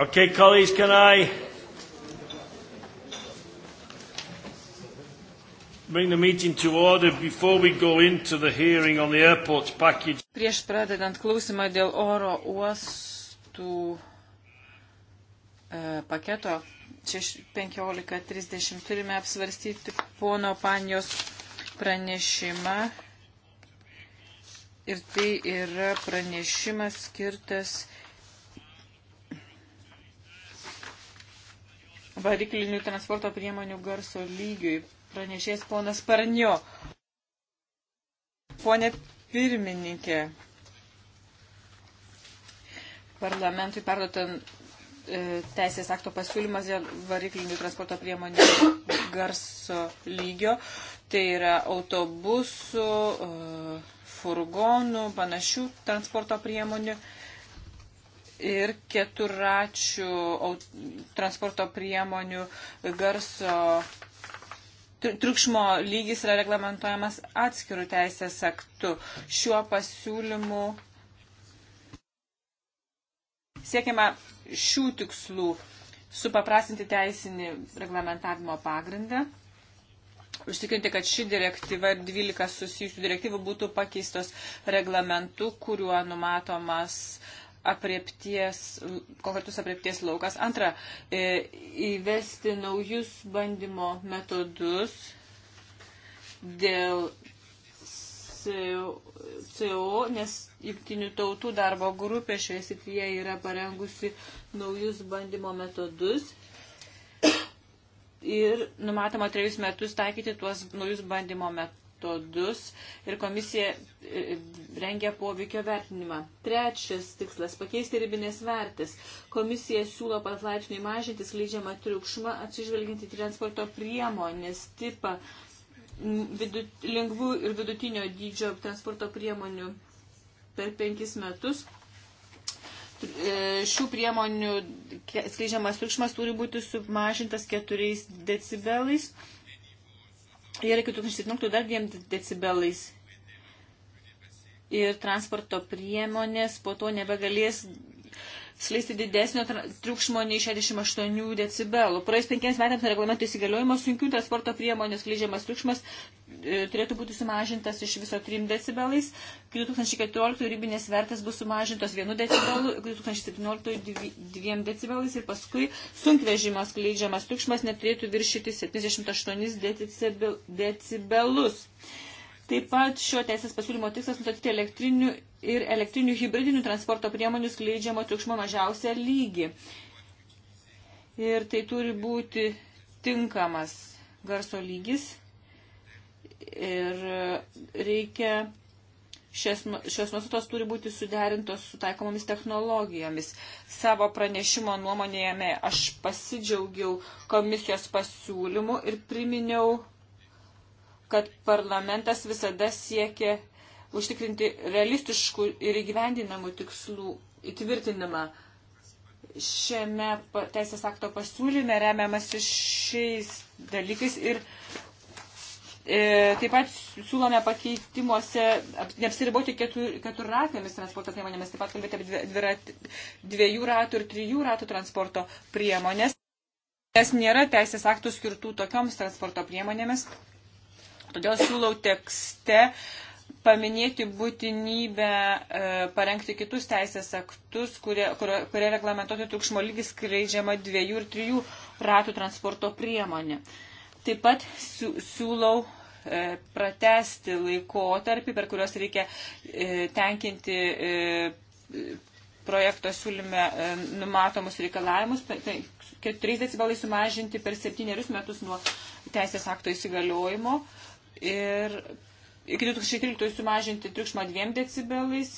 Okay, colleagues, can I bring the meeting to order before we go into the hearing on the airports package? Prieš pradedant klausimą dėl oro uostų e, paketo 15.30 turime apsvarstyti pono Panijos pranešimą. Ir tai yra pranešimas skirtas variklinių transporto priemonių garso lygiui. Pranešės ponas Parnio. Pone pirmininkė, parlamentui perduota e, teisės akto pasiūlymas dėl variklinių transporto priemonių garso lygio. Tai yra autobusų, e, furgonų, panašių transporto priemonių ir keturačių transporto priemonių garso triukšmo lygis yra reglamentojamas atskirų teisės aktų. Šiuo pasiūlymu siekiama šių tikslų supaprastinti teisinį reglamentavimo pagrindą užtikrinti, kad ši direktyva ir 12 susijusių direktyvų būtų pakeistos reglamentu, kuriuo numatomas apriepties, konkretus apriepties laukas. Antra, e, įvesti naujus bandymo metodus dėl CO, nes jungtinių tautų darbo grupė šioje srityje yra parengusi naujus bandymo metodus. Ir numatoma trejus metus taikyti tuos naujus bandymo metus metodus ir komisija e, e, rengia poveikio vertinimą. Trečias tikslas - pakeisti ribinės vertis. Komisija siūlo patlaipsniui mažinti skleidžiamą triukšmą atsižvelginti transporto priemonės tipą vidut, lengvų ir vidutinio dydžio transporto priemonių per penkis metus e, šių priemonių skleidžiamas triukšmas turi būti sumažintas 4 decibelais ir iki 2017 dar 2 decibelais. Ir transporto priemonės po to nebegalės sleisti didesnio triukšmo nei 68 decibelų. Praėjus penkiems metams reglamento įsigaliojimo sunkių transporto priemonių skleidžiamas triukšmas e, turėtų būti sumažintas iš viso 3 decibelais. 2014 ribinės vertas bus sumažintos 1 decibelu, 2017 2 decibelais ir paskui sunkvežimas skleidžiamas triukšmas neturėtų viršyti 78 decibelus. Taip pat šio teisės pasiūlymo tikslas nustatyti elektrinių ir elektrinių hybridinių transporto priemonių skleidžiamo triukšmo mažiausią lygį. Ir tai turi būti tinkamas garso lygis ir reikia šios, šios nuostatos turi būti suderintos su taikomomis technologijomis. Savo pranešimo nuomonėjame aš pasidžiaugiau komisijos pasiūlymu ir priminiau kad parlamentas visada siekia užtikrinti realistiškų ir įgyvendinamų tikslų įtvirtinimą. Šiame teisės akto pasiūlyme remiamasi šiais dalykais ir e, taip pat siūlome pakeitimuose neapsiriboti keturratėmis transporto priemonėmis, taip pat kalbėti apie dvirat, dviejų ratų ir trijų ratų transporto priemonės, nes nėra teisės aktų skirtų tokioms transporto priemonėmis. Todėl siūlau tekste paminėti būtinybę e, parengti kitus teisės aktus, kurie, kurie, kurie reglamentuotų triukšmo lygį skleidžiamą dviejų ir trijų ratų transporto priemonę. Taip pat siūlau e, pratesti laikotarpį, per kuriuos reikia e, tenkinti e, projekto siūlyme e, numatomus reikalavimus, 4 decibelai sumažinti per 7 metus nuo teisės akto įsigaliojimo ir iki 2013 sumažinti triukšmą 2 decibelais,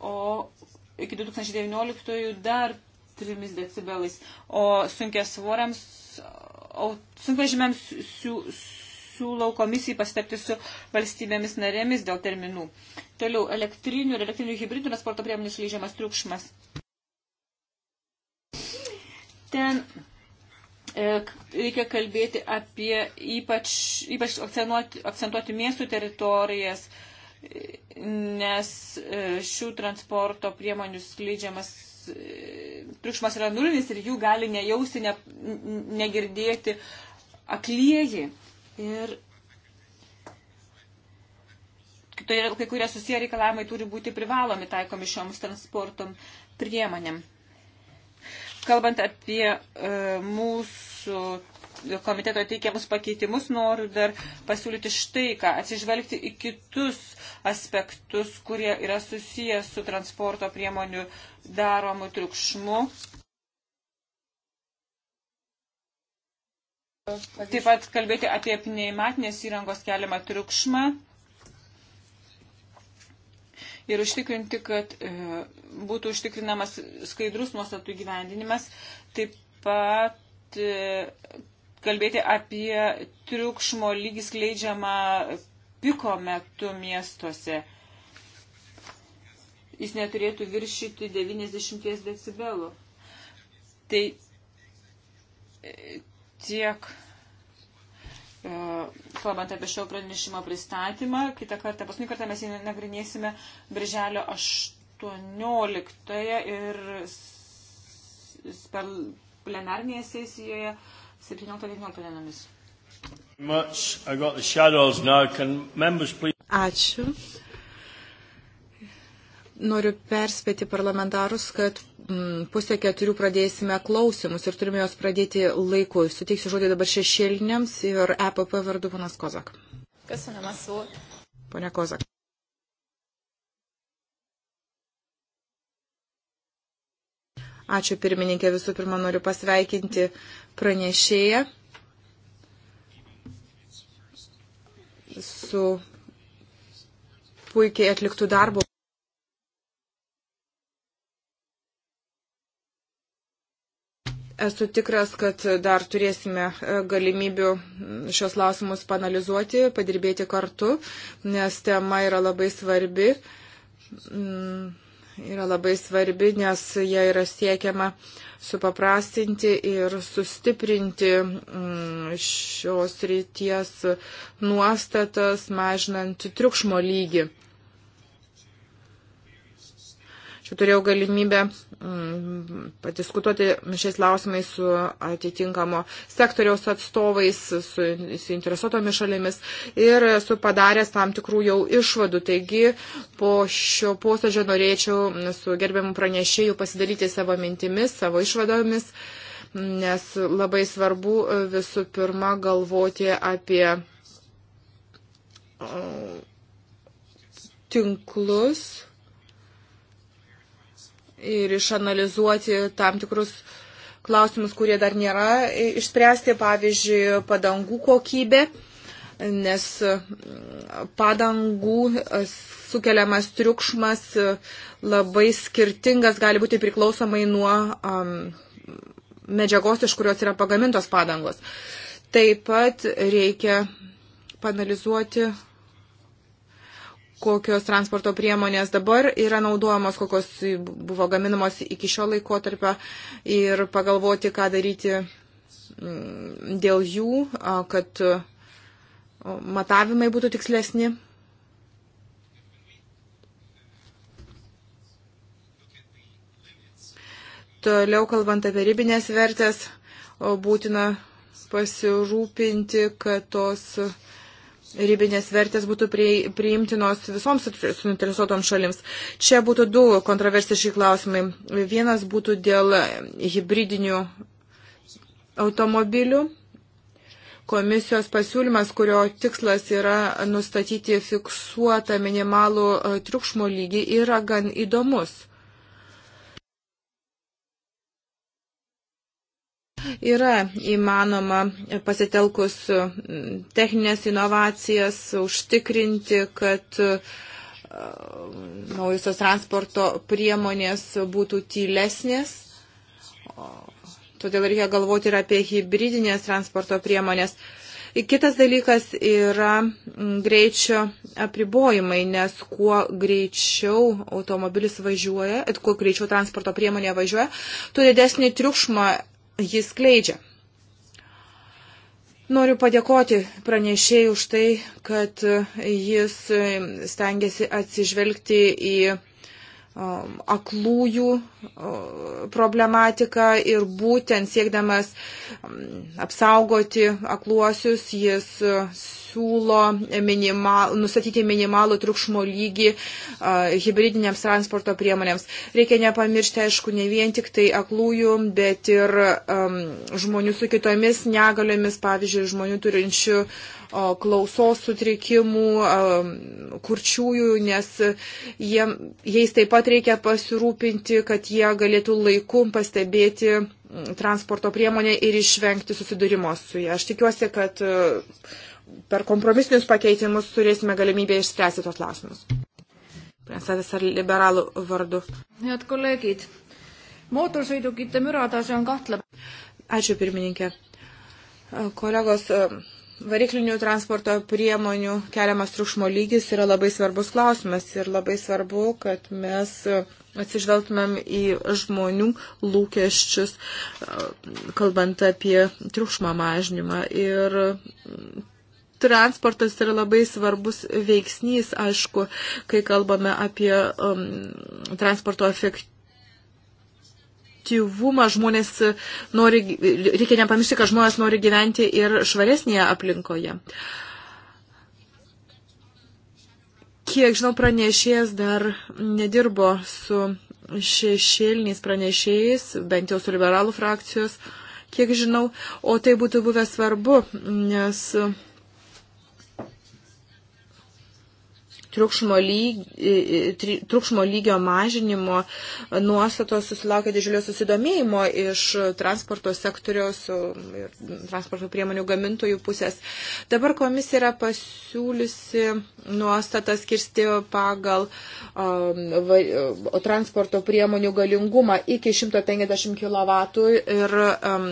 o iki 2019 dar 3 decibelais, o sunkia svoriams, o sunkvežimiams siūlau komisijai pasitarti su valstybėmis narėmis dėl terminų. Toliau, elektrinių ir elektrinių hybridų transporto priemonių išleidžiamas triukšmas. Ten E, reikia kalbėti apie ypač, ypač akcentuoti, akcentuoti miestų teritorijas, nes e, šių transporto priemonių skleidžiamas e, triukšmas yra nulinis ir jų gali nejausti, ne, negirdėti aklieji. Ir tai kai kurie susiję reikalavimai turi būti privalomi taikomi šioms transportom priemonėm. Kalbant apie e, mūsų komiteto teikiamus pakeitimus, noriu dar pasiūlyti štai ką, atsižvelgti į kitus aspektus, kurie yra susijęs su transporto priemonių daromu triukšmu. Taip pat kalbėti apie pneumatinės įrangos keliamą triukšmą ir užtikrinti, kad e, būtų užtikrinamas skaidrus nuostatų gyvendinimas, taip pat e, kalbėti apie triukšmo lygį skleidžiamą piko metu miestuose. Jis neturėtų viršyti 90 decibelų. Tai e, tiek E, kalbant apie šio pranešimo pristatymą. Kitą kartą, paskutinį kartą mes jį nagrinėsime birželio 18 ir plenarnėje sesijoje 17-19 dienomis. Ačiū. Noriu perspėti parlamentarus, kad mm, pusę keturių pradėsime klausimus ir turime juos pradėti laiku. Suteiksiu žodį dabar šešėliniams ir EPP vardu panas Kozak. Kas su namasu? Pone Kozak. Ačiū pirmininkė, visų pirma noriu pasveikinti pranešėją su puikiai atliktų darbų. Esu tikras, kad dar turėsime e, galimybių šios lausimus panalizuoti, padirbėti kartu, nes tema yra labai svarbi. Mm, yra labai svarbi, nes jie yra siekiama supaprastinti ir sustiprinti mm, šios ryties nuostatas, mažinant triukšmo lygį. Čia turėjau galimybę mm, padiskutuoti šiais klausimais su atitinkamo sektoriaus atstovais, su, su interesuotomis šalimis ir esu padaręs tam tikrų jau išvadų. Taigi po šio posėdžio norėčiau su gerbiamu pranešėju pasidalyti savo mintimis, savo išvadomis, nes labai svarbu e, visų pirma galvoti apie e, tinklus ir išanalizuoti tam tikrus klausimus, kurie dar nėra išspręsti, pavyzdžiui, padangų kokybė, nes padangų sukeliamas triukšmas labai skirtingas gali būti priklausomai nuo um, medžiagos, iš kurios yra pagamintos padangos. Taip pat reikia panalizuoti kokios transporto priemonės dabar yra naudojamos, kokios buvo gaminamos iki šio laiko tarpio ir pagalvoti, ką daryti mm, dėl jų, kad matavimai būtų tikslesni. Toliau kalbant apie ribinės vertės, būtina pasirūpinti, kad tos uh, ribinės vertės būtų prie, priimtinos visoms suinteresuotoms šalims. Čia būtų du kontroversiški klausimai. Vienas būtų dėl hybridinių automobilių. Komisijos pasiūlymas, kurio tikslas yra nustatyti fiksuotą minimalų e, triukšmo lygį, yra gan įdomus. Yra įmanoma pasitelkus techninės inovacijas užtikrinti, kad e, naujusios transporto priemonės būtų tylesnės. Todėl reikia galvoti ir apie hybridinės transporto priemonės. Kitas dalykas yra greičio apribojimai, nes kuo greičiau automobilis važiuoja, kuo greičiau transporto priemonė važiuoja, tuo didesnį triukšmą jis kleidžia. Noriu padėkoti pranešėjai už tai, kad jis stengiasi atsižvelgti į um, aklųjų problematika ir būtent siekdamas apsaugoti akluosius jis e, siūlo minimal, nustatyti minimalų triukšmo lygį uh, e, hybridinėms transporto priemonėms. Reikia nepamiršti, aišku, ne vien tik tai aklųjų, bet ir um, žmonių su kitomis negaliomis, pavyzdžiui, žmonių turinčių uh, klausos sutrikimų, um, kurčiųjų, nes jie, jais taip pat reikia pasirūpinti, kad kad jie galėtų laiku pastebėti mm, transporto priemonę ir išvengti susidūrimo su ja. Aš tikiuosi, kad e, per kompromisinius pakeitimus turėsime galimybę išspręsti tos klausimus. Savęs ar liberalų vardu. Head kolleegid, mootorsõidukite müratase on kahtle. Ačiū pirmininkė. E, kolegos, e, variklinių transporto priemonių keliamas triukšmo lygis yra labai svarbus klausimas ir labai svarbu, kad mes atsižvelgtumėm į žmonių lūkesčius, kalbant apie triukšmą mažinimą. Ir transportas yra labai svarbus veiksnys, aišku, kai kalbame apie um, transporto efektyvumą aktyvumą žmonės nori, reikia nepamiršti, kad žmonės nori gyventi ir švaresnėje aplinkoje. Uh, Kiek žinau, pranešėjas dar nedirbo su šešėliniais pranešėjais, bent jau su liberalų frakcijos, kiek žinau, o tai būtų buvę svarbu, nes triukšmo, lyg, triukšmo lygio mažinimo nuostatos susilaukė didžiulio susidomėjimo iš transporto sektoriaus ir transporto priemonių gamintojų pusės. Dabar komisija yra pasiūliusi nuostatą skirsti pagal um, transporto priemonių galingumą iki 150 kW ir um,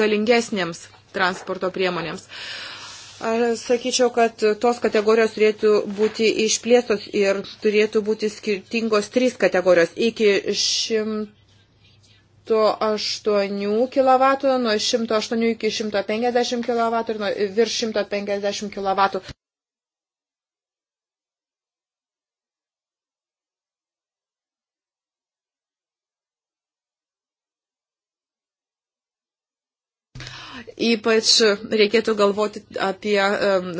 galingesnėms transporto priemonėms. Uh, Aš sakyčiau, kad tos kategorijos turėtų būti išplėstos ir turėtų būti skirtingos trys kategorijos iki 108 kW, nuo 108 iki 150 kW ir nuo virš 150 kW. Ypač reikėtų galvoti apie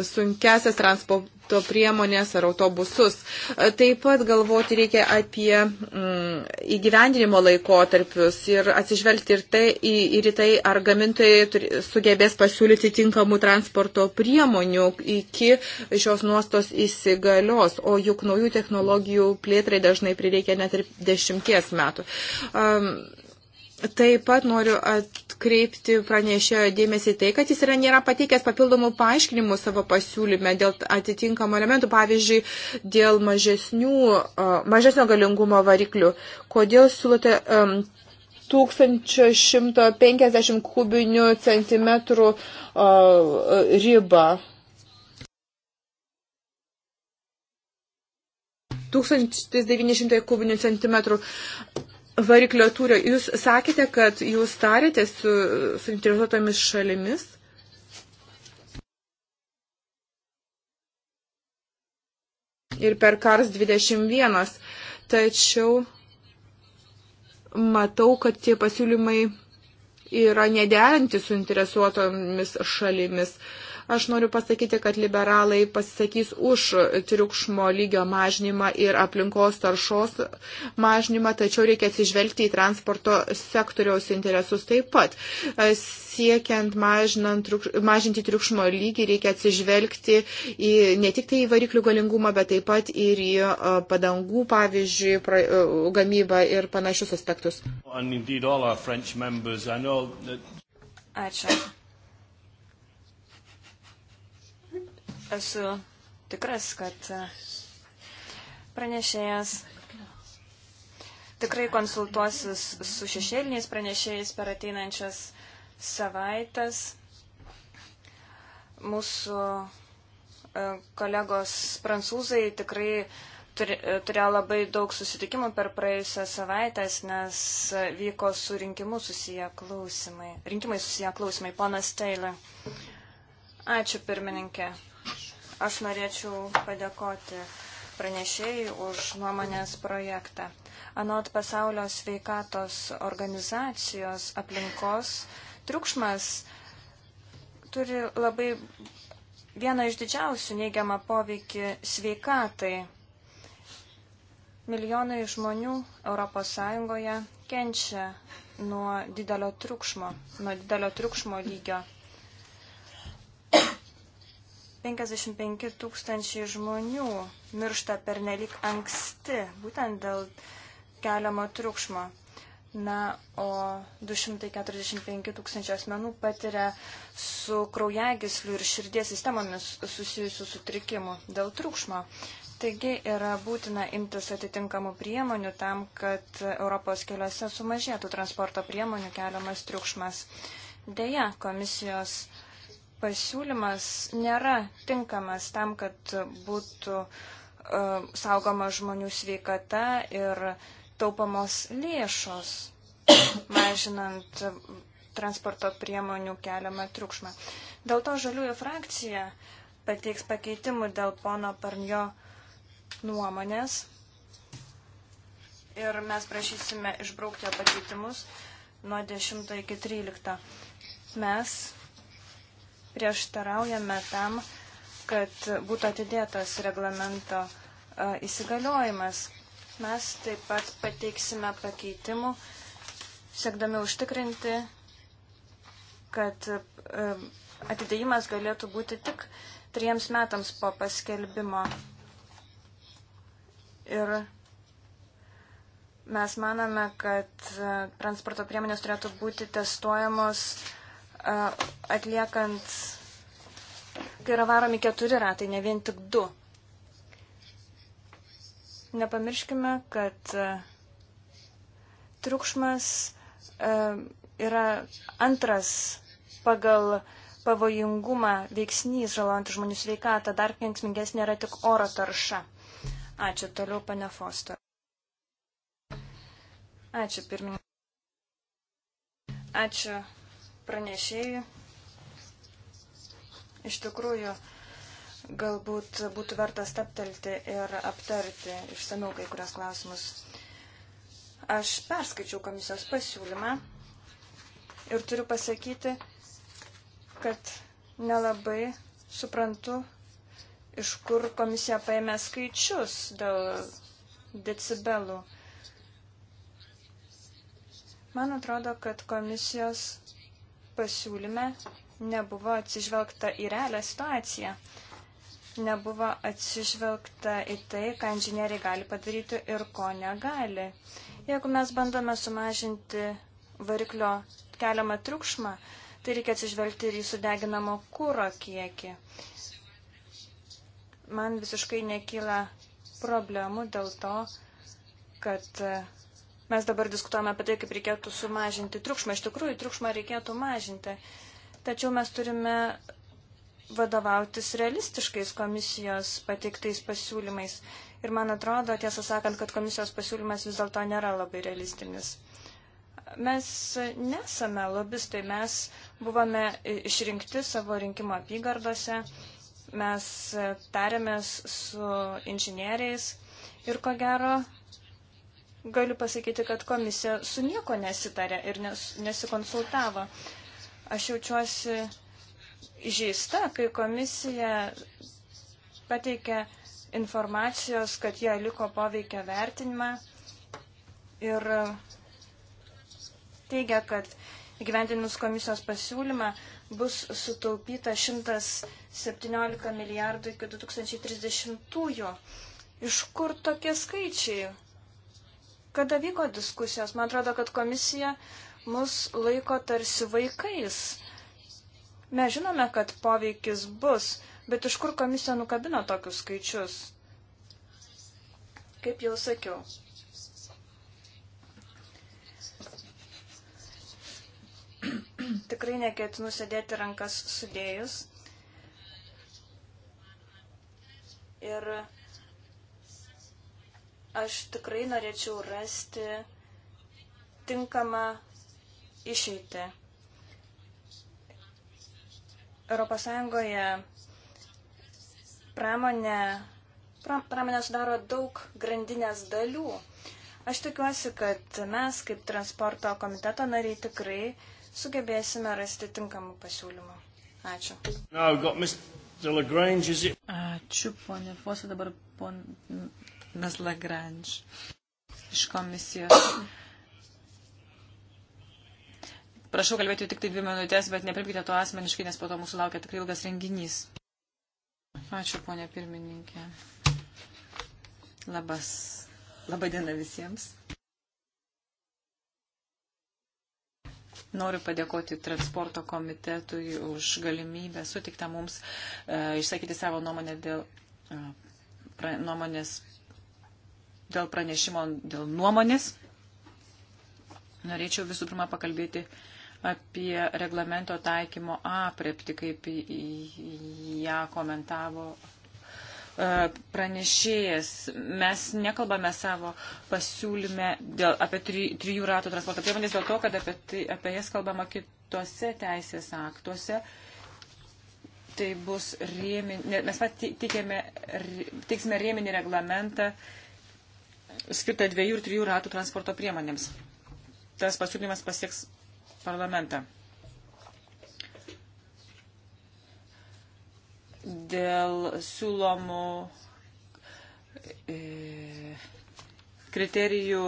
sunkesias transporto priemonės ar autobusus. E, taip pat galvoti reikia apie mm, įgyvendinimo laikotarpius ir atsižvelgti ir, tai, ir į tai, ar gamintojai sugebės pasiūlyti tinkamų transporto priemonių iki šios nuostos įsigalios, o juk naujų technologijų plėtrai dažnai prireikia net ir dešimties metų. Um, Taip pat noriu atkreipti pranešėjo dėmesį tai, kad jis yra nėra pateikęs papildomų paaiškinimų savo pasiūlyme dėl atitinkamų elementų, pavyzdžiui, dėl mažesnių, mažesnio galingumo variklių. Kodėl siūlote um, 1150 kubinių centimetrų uh, ribą? 1900 kubinių centimetrų. Uh, variklio tūrio. Jūs sakėte, kad jūs tarėte su suinteresuotomis šalimis. Ir per Kars 21. Tačiau matau, kad tie pasiūlymai yra nederinti suinteresuotomis šalimis. Uh, Aš noriu pasakyti, kad liberalai pasisakys už triukšmo lygio mažnymą ir aplinkos taršos mažnymą, tačiau reikia atsižvelgti į transporto sektoriaus interesus taip pat. Siekiant triukš, mažinti triukšmo lygį reikia atsižvelgti į, ne tik tai į variklių galingumą, bet taip pat ir į e, padangų, pavyzdžiui, pra, e, gamybą ir panašius aspektus. Ačiū. Esu tikras, kad pranešėjas tikrai konsultuosis su šešėliniais pranešėjais per ateinančias savaitės. Mūsų e, kolegos prancūzai tikrai e, turėjo labai daug susitikimų per praėjusią savaitęs, nes vyko su rinkimu susiję klausimai. Rinkimai susiję klausimai. Ponas Taylor. Ačiū pirmininkė. Aš norėčiau padėkoti pranešėjai už nuomonės projektą. Anot pasaulio sveikatos organizacijos aplinkos triukšmas turi labai vieną iš didžiausių neigiamą poveikį sveikatai. Milijonai žmonių ES kenčia nuo didelio triukšmo, nuo didelio triukšmo lygio. 55 tūkstančiai žmonių miršta per nelik anksti, būtent dėl keliamo triukšmo. Na, o 245 tūkstančių asmenų patiria su kraujagislių ir širdies sistemomis susijusių sutrikimų dėl triukšmo. Taigi yra būtina imtis atitinkamų priemonių tam, kad Europos keliuose sumažėtų transporto priemonių keliamas triukšmas. Deja, komisijos pasiūlymas nėra tinkamas tam, kad būtų uh, saugoma žmonių sveikata ir taupamos lėšos, mažinant transporto priemonių keliamą triukšmą. Dėl to žaliųjų frakcija pateiks pakeitimų dėl pono Parnio nuomonės ir mes prašysime išbraukti jo pakeitimus nuo 10 iki 13. Mes prieštaraujame tam, kad būtų atidėtas reglamento e, įsigaliojimas. Mes taip pat pateiksime pakeitimų, siekdami užtikrinti, kad e, atidėjimas galėtų būti tik triems metams po paskelbimo. Ir mes manome, kad e, transporto priemonės turėtų būti testuojamos uh, atliekant, kai yra varomi keturi ratai, ne vien tik du. Nepamirškime, kad triukšmas yra antras pagal pavojingumą veiksnys žalojant žmonių sveikatą, dar kenksmingesnė yra tik oro tarša. Ačiū toliau, pane Foster. Ačiū pirmininkai. Ačiū pranešėjai. Iš tikrųjų, galbūt būtų verta staptelti ir aptarti išsamiau kai kurios klausimus. Aš perskaičiau komisijos pasiūlymą ir turiu pasakyti, kad nelabai suprantu, iš kur komisija paėmė skaičius dėl decibelų. Man atrodo, kad komisijos pasiūlyme nebuvo atsižvelgta į realią situaciją. Nebuvo atsižvelgta į tai, ką inžinieriai gali padaryti ir ko negali. Jeigu mes bandome sumažinti variklio keliamą triukšmą, tai reikia atsižvelgti ir į sudeginamo kūro kiekį. Man visiškai nekyla problemų dėl to, kad Mes dabar diskutuojame apie tai, kaip reikėtų sumažinti triukšmą. Iš tikrųjų, triukšmą reikėtų mažinti. Tačiau mes turime vadovautis realistiškais komisijos pateiktais pasiūlymais. Ir man atrodo, tiesą sakant, kad komisijos pasiūlymas vis dėlto nėra labai realistinis. Mes nesame lobistai, mes buvome išrinkti savo rinkimo apygardose, mes tarėmės su inžinieriais ir ko gero galiu pasakyti, kad komisija su nieko nesitarė ir nes, nesikonsultavo. Aš jaučiuosi žįsta, kai komisija pateikė informacijos, kad jie liko poveikia vertinimą ir teigia, kad įgyvendinus komisijos pasiūlymą bus sutaupyta 117 milijardų iki 2030-ųjų. Iš kur tokie skaičiai? Kada vyko diskusijos? Man atrodo, kad komisija mus laiko tarsi vaikais. Mes žinome, kad poveikis bus, bet iš kur komisija nukabino tokius skaičius? Kaip jau sakiau. Tikrai neketinu sėdėti rankas sudėjus. Ir Aš tikrai norėčiau rasti tinkamą išeitį. Europos Sąjungoje pramonė, pramonė sudaro daug grandinės dalių. Aš tikiuosi, kad mes kaip transporto komiteto nariai tikrai sugebėsime rasti tinkamų pasiūlymų. Ačiū. Ačiū, ponė Fosa, dabar pon... Mes Lagrange iš komisijos. Prašau kalbėti tik tai dvi minutės, bet nepirkite to asmeniškai, nes po to mūsų laukia tikrai ilgas renginys. Ačiū, ponė pirmininkė. Labas. Labadiena visiems. Noriu padėkoti transporto komitetui už galimybę sutikta mums e, išsakyti savo nuomonę dėl e, pra, nuomonės dėl pranešimo, dėl nuomonės. Norėčiau visų pirma pakalbėti apie reglamento taikymo aprepti, kaip ją komentavo e, pranešėjas. Mes nekalbame savo pasiūlyme dėl, apie tri, trijų ratų transporto priemonės dėl to, kad apie, tai, apie jas kalbama kitose teisės aktuose. Tai bus rėminė, mes pat teikėme, teiksime rėminį reglamentą uh, skirtą dviejų ir trijų ratų transporto priemonėms. Tas pasiūlymas pasieks parlamentą. Dėl siūlomų e, kriterijų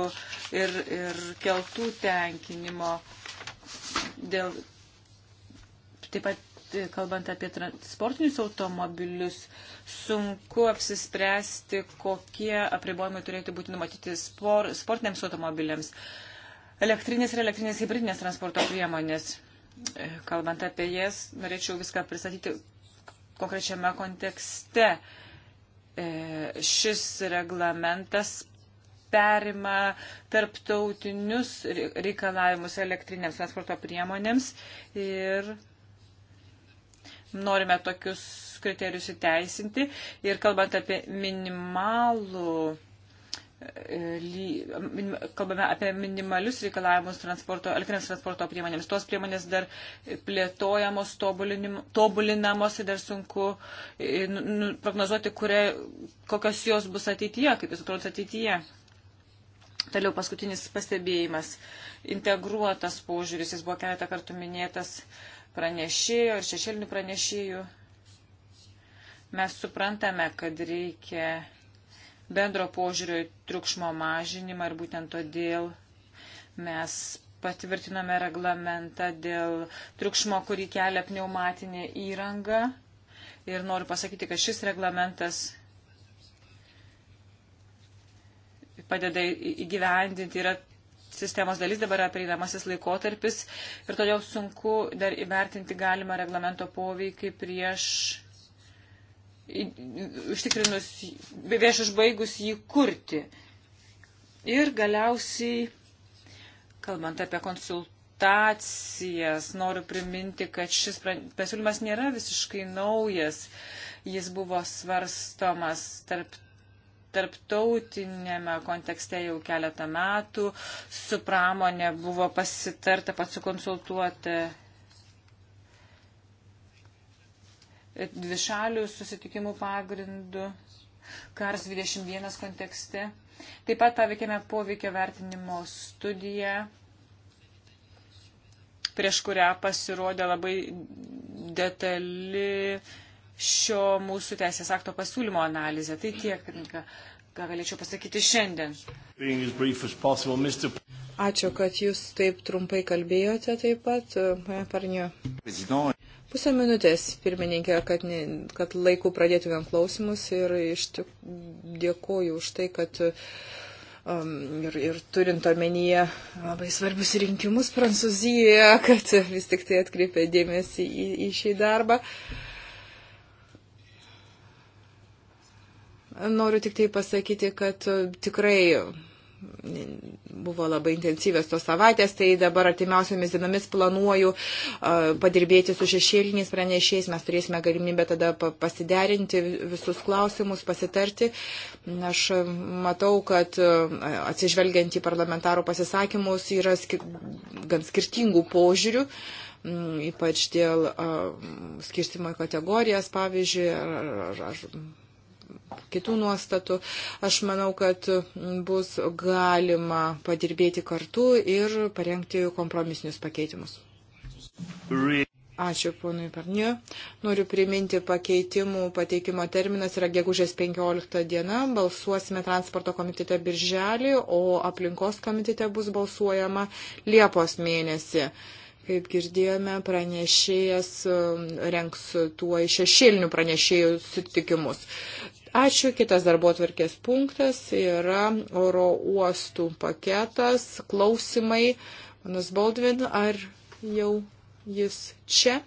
ir, ir keltų tenkinimo, dėl taip pat E, kalbant apie transportinius automobilius, sunku apsispręsti, kokie apribojimai turėtų būti numatyti spor, sportiniams automobiliams. Elektrinės ir elektrinės hybridinės transporto priemonės. E, kalbant apie jas, norėčiau viską pristatyti konkrečiame kontekste. E, šis reglamentas perima tarptautinius reikalavimus elektrinėms transporto priemonėms ir norime tokius kriterijus įteisinti ir kalbant apie minimalų e, kalbame apie minimalius reikalavimus transporto, elektrinės transporto priemonėms. Tos priemonės dar plėtojamos, tobulinamos ir dar sunku e, nu, nu, prognozuoti, kurie, kokios jos bus ateityje, kaip jis atrodo ateityje. Toliau paskutinis pastebėjimas. Integruotas požiūris, jis buvo keletą kartų minėtas. Uh, pranešėjo ir šešėlinių pranešėjų. Mes suprantame, kad reikia bendro požiūrio į triukšmo mažinimą ir būtent todėl mes patvirtinome reglamentą dėl triukšmo, kurį kelia pneumatinė įranga. Ir noriu pasakyti, kad šis reglamentas padeda įgyvendinti, yra sistemos dalis, dabar yra prieinamasis laikotarpis ir todėl sunku dar įvertinti galimą reglamento poveikį prieš užtikrinus, prieš užbaigus jį kurti. Ir galiausiai, kalbant apie konsultacijas, noriu priminti, kad šis pasiūlymas nėra visiškai naujas. Jis buvo svarstomas tarp tarptautinėme kontekste jau keletą metų, su pramonė buvo pasitarta, pasikonsultuoti dvišalių susitikimų pagrindų, KARS 21 kontekste. Taip pat paveikėme poveikio vertinimo studiją, prieš kurią pasirodė labai detali šio mūsų teisės akto pasiūlymo analizę. Tai tiek, ką, ką galėčiau pasakyti šiandien. Ačiū, kad jūs taip trumpai kalbėjote taip pat, Parnio. Pusę minutės, pirmininkė, kad, ne, kad laiku pradėtumėm klausimus ir iš tik dėkoju už tai, kad um, ir, ir turint omenyje labai svarbius rinkimus Prancūzijoje, kad vis tik tai atkreipė dėmesį į, į šį darbą. Uh, Noriu tik tai pasakyti, kad e, tikrai buvo labai intensyvės tos savaitės, tai dabar artimiausiomis dienomis planuoju e, padirbėti su šešėliniais pranešėjais, mes turėsime galimybę tada pasiderinti visus klausimus, pasitarti. Aš matau, kad e, atsižvelgiant į parlamentarų pasisakymus yra skir gan skirtingų požiūrių ypač dėl uh, skirstimo į kategorijas, pavyzdžiui, ar, ar, ar kitų nuostatų, aš manau, kad bus galima padirbėti kartu ir parengti kompromisinius pakeitimus. Ačiū ponui Parniu. Noriu priminti pakeitimų pateikimo terminas yra gegužės 15 diena. Balsuosime transporto komitete birželį, o aplinkos komitete bus balsuojama Liepos mėnesį. Kaip girdėjome, pranešėjas um, renks tuo šešėlinių pranešėjų sutikimus. Ačiū. Kitas darbo atvarkės punktas yra oro uostų paketas, klausimai. Manas Baldvin, ar jau jis čia?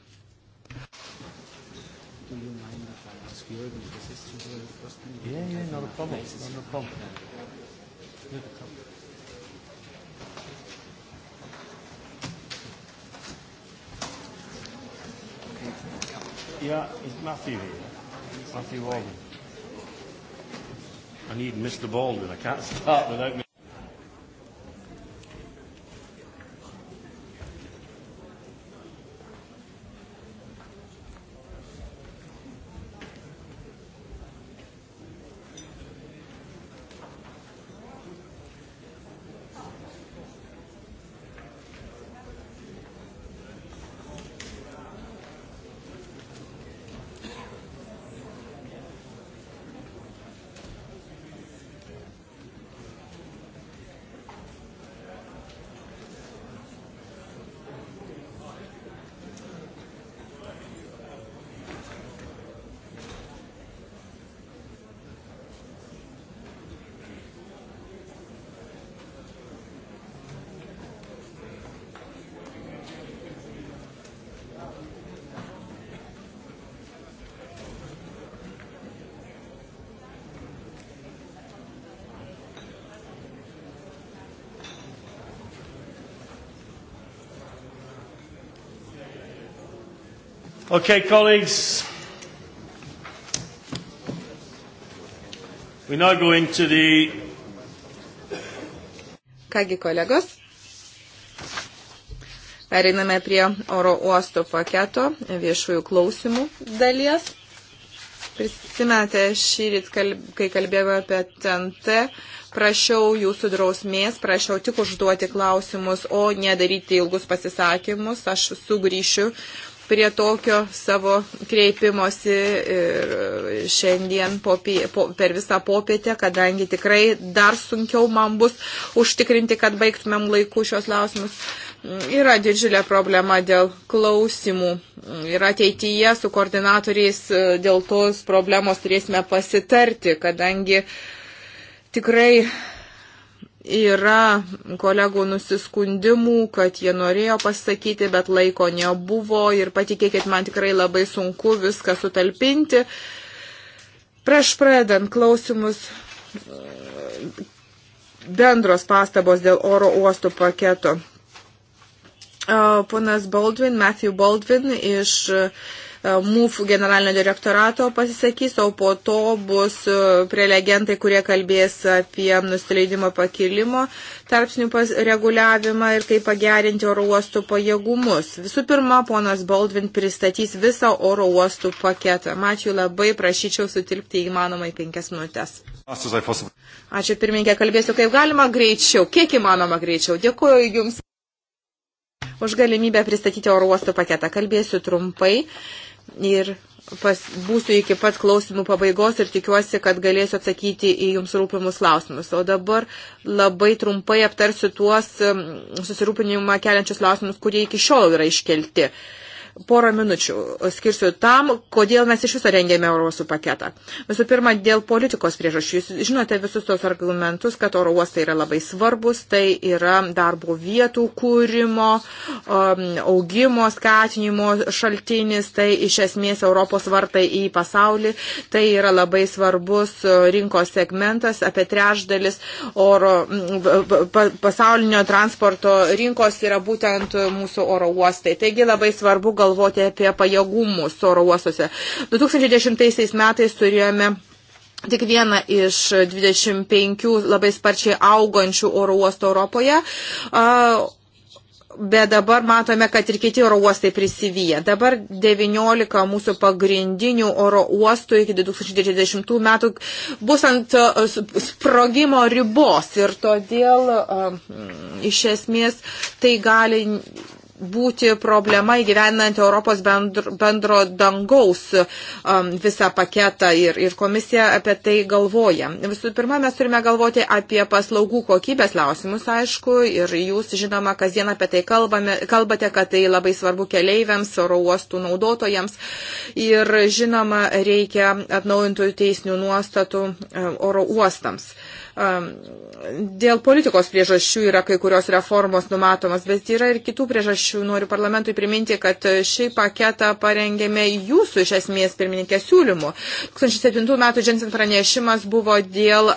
Yeah, yeah, not a problem. Not a problem. Not a problem. Yeah, it's Matthew here. Matthew Walden. I need Mr. Baldwin. I can't start without Okay, colleagues. We now go into the... Kągi kolegos, pereiname prie oro uosto paketo viešųjų klausimų dalies. Prisimenate šį ryt, kai kalbėjome apie TNT, prašiau jūsų drausmės, prašiau tik užduoti klausimus, o nedaryti ilgus pasisakymus. Aš sugrįšiu uh, prie tokio savo kreipimosi ir šiandien popie, po, per visą popietę, kadangi tikrai dar sunkiau man bus užtikrinti, kad baigtumėm laiku šios lausimus. Yra didžiulė problema dėl klausimų ir ateityje su koordinatoriais e, dėl tos problemos turėsime pasitarti, kadangi tikrai Yra kolegų nusiskundimų, kad jie norėjo pasakyti, bet laiko nebuvo ir patikėkit, man tikrai labai sunku viską sutalpinti. Prieš pradedant klausimus, bendros pastabos dėl oro uostų paketo. Ponas Baldwin, Matthew Baldwin iš uh, E, MUF generalinio direktorato pasisakys, o po to bus e, prelegentai, kurie kalbės apie nusileidimo pakilimo tarpsnių reguliavimą ir kaip pagerinti oro uostų pajėgumus. Visų pirma, ponas Baldvin pristatys visą oro uostų paketą. Ačiū labai, prašyčiau sutilpti įmanomai penkias minutės. Ačiū pirmininkė, kalbėsiu kaip galima greičiau, kiek įmanoma greičiau. Dėkuoju Jums už galimybę pristatyti oro uostų paketą. Kalbėsiu trumpai ir pas, būsiu iki pat klausimų pabaigos ir tikiuosi, kad galėsiu atsakyti į jums rūpimus klausimus. O dabar labai trumpai aptarsiu tuos um, susirūpinimą keliančius klausimus, kurie iki šiol yra iškelti. Uh, porą minučių skirsiu tam, kodėl mes iš viso rengėme oro uostų paketą. Visų pirma, dėl politikos priežasčių. Jūs žinote visus tos argumentus, kad oro uostai yra labai svarbus, tai yra darbo vietų kūrimo, um, augimo, skatinimo šaltinis, tai iš esmės Europos vartai į pasaulį, tai yra labai svarbus uh, rinkos segmentas, apie trešdalis oro pasaulinio transporto rinkos yra būtent mūsų oro uostai. Taigi labai svarbu galvoti galvoti apie pajėgumus oro uostuose. 2010 metais turėjome tik vieną iš 25 labai sparčiai augančių oro uostų Europoje. Bet dabar matome, kad ir kiti oro uostai prisivyja. Dabar 19 mūsų pagrindinių oro uostų iki 2030 metų bus ant sprogimo ribos ir todėl iš esmės tai gali būti problema įgyvenant Europos bendro, bendro dangaus um, visą paketą ir, ir komisija apie tai galvoja. Visų pirma, mes turime galvoti apie paslaugų kokybės klausimus, aišku, ir jūs, žinoma, kasdien apie tai kalbame, kalbate, kad tai labai svarbu keleiviams, oro uostų naudotojams ir, žinoma, reikia atnaujintų teisinių nuostatų um, oro uostams. Um, Dėl politikos priežasčių yra kai kurios reformos numatomas, bet yra ir kitų priežasčių. Noriu parlamentui priminti, kad šį paketą parengėme jūsų iš esmės pirmininkė siūlymų. 2007 metų Jensen pranešimas buvo dėl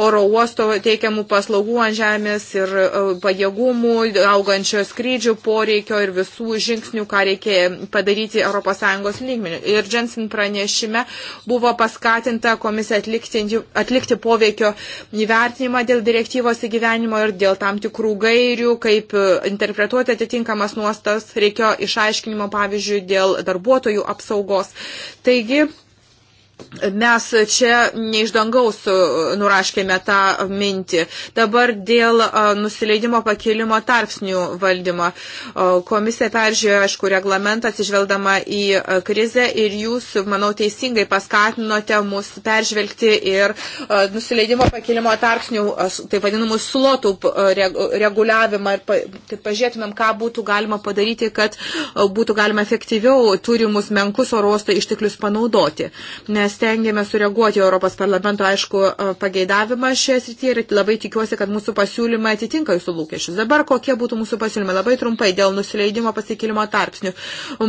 oro uosto teikiamų paslaugų ant žemės ir pajėgumų, augančio skrydžių poreikio ir visų žingsnių, ką reikia padaryti ES lygmenių. Ir Jensen pranešime buvo paskatinta komisija atlikti, atlikti poveikio įvertinimą dėl dėl direktyvos įgyvenimo ir dėl tam tikrų gairių, kaip e, interpretuoti atitinkamas nuostas, reikėjo išaiškinimo, pavyzdžiui, dėl darbuotojų apsaugos. Taigi, Mes čia neiš dangaus e, nuraškėme tą mintį. Dabar dėl e, nusileidimo pakilimo tarpsnių valdymo. E, komisija peržiūrėjo, aišku, reglamentą atsižvelgdama į krizę ir jūs, manau, teisingai paskatinote mus peržvelgti ir nusileidimo pakilimo tarpsnių, taip vadinamų slotų reguliavimą ir kad pažiūrėtumėm, ką būtų galima padaryti, kad būtų galima efektyviau turimus menkus oro uosto išteklius panaudoti. Nes mes tengiame sureaguoti Europos parlamento, aišku, e, pageidavimą šioje srityje ir labai tikiuosi, kad mūsų pasiūlymai atitinka jūsų lūkesčius. Dabar kokie būtų mūsų pasiūlymai? Labai trumpai dėl nusileidimo pasikilimo tarpsnių.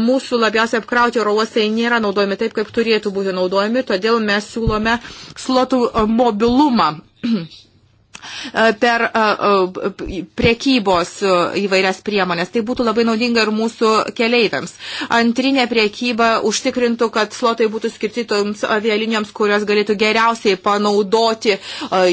Mūsų labiausiai apkrauti oro uostai nėra naudojami taip, kaip turėtų būti naudojami, todėl mes siūlome slotų mobilumą. E, per e, e, priekybos įvairias priemonės. Tai būtų labai naudinga ir mūsų keleiviams. Antrinė priekyba užtikrintų, kad slotai būtų skirti toms avialinijoms, kurios galėtų geriausiai panaudoti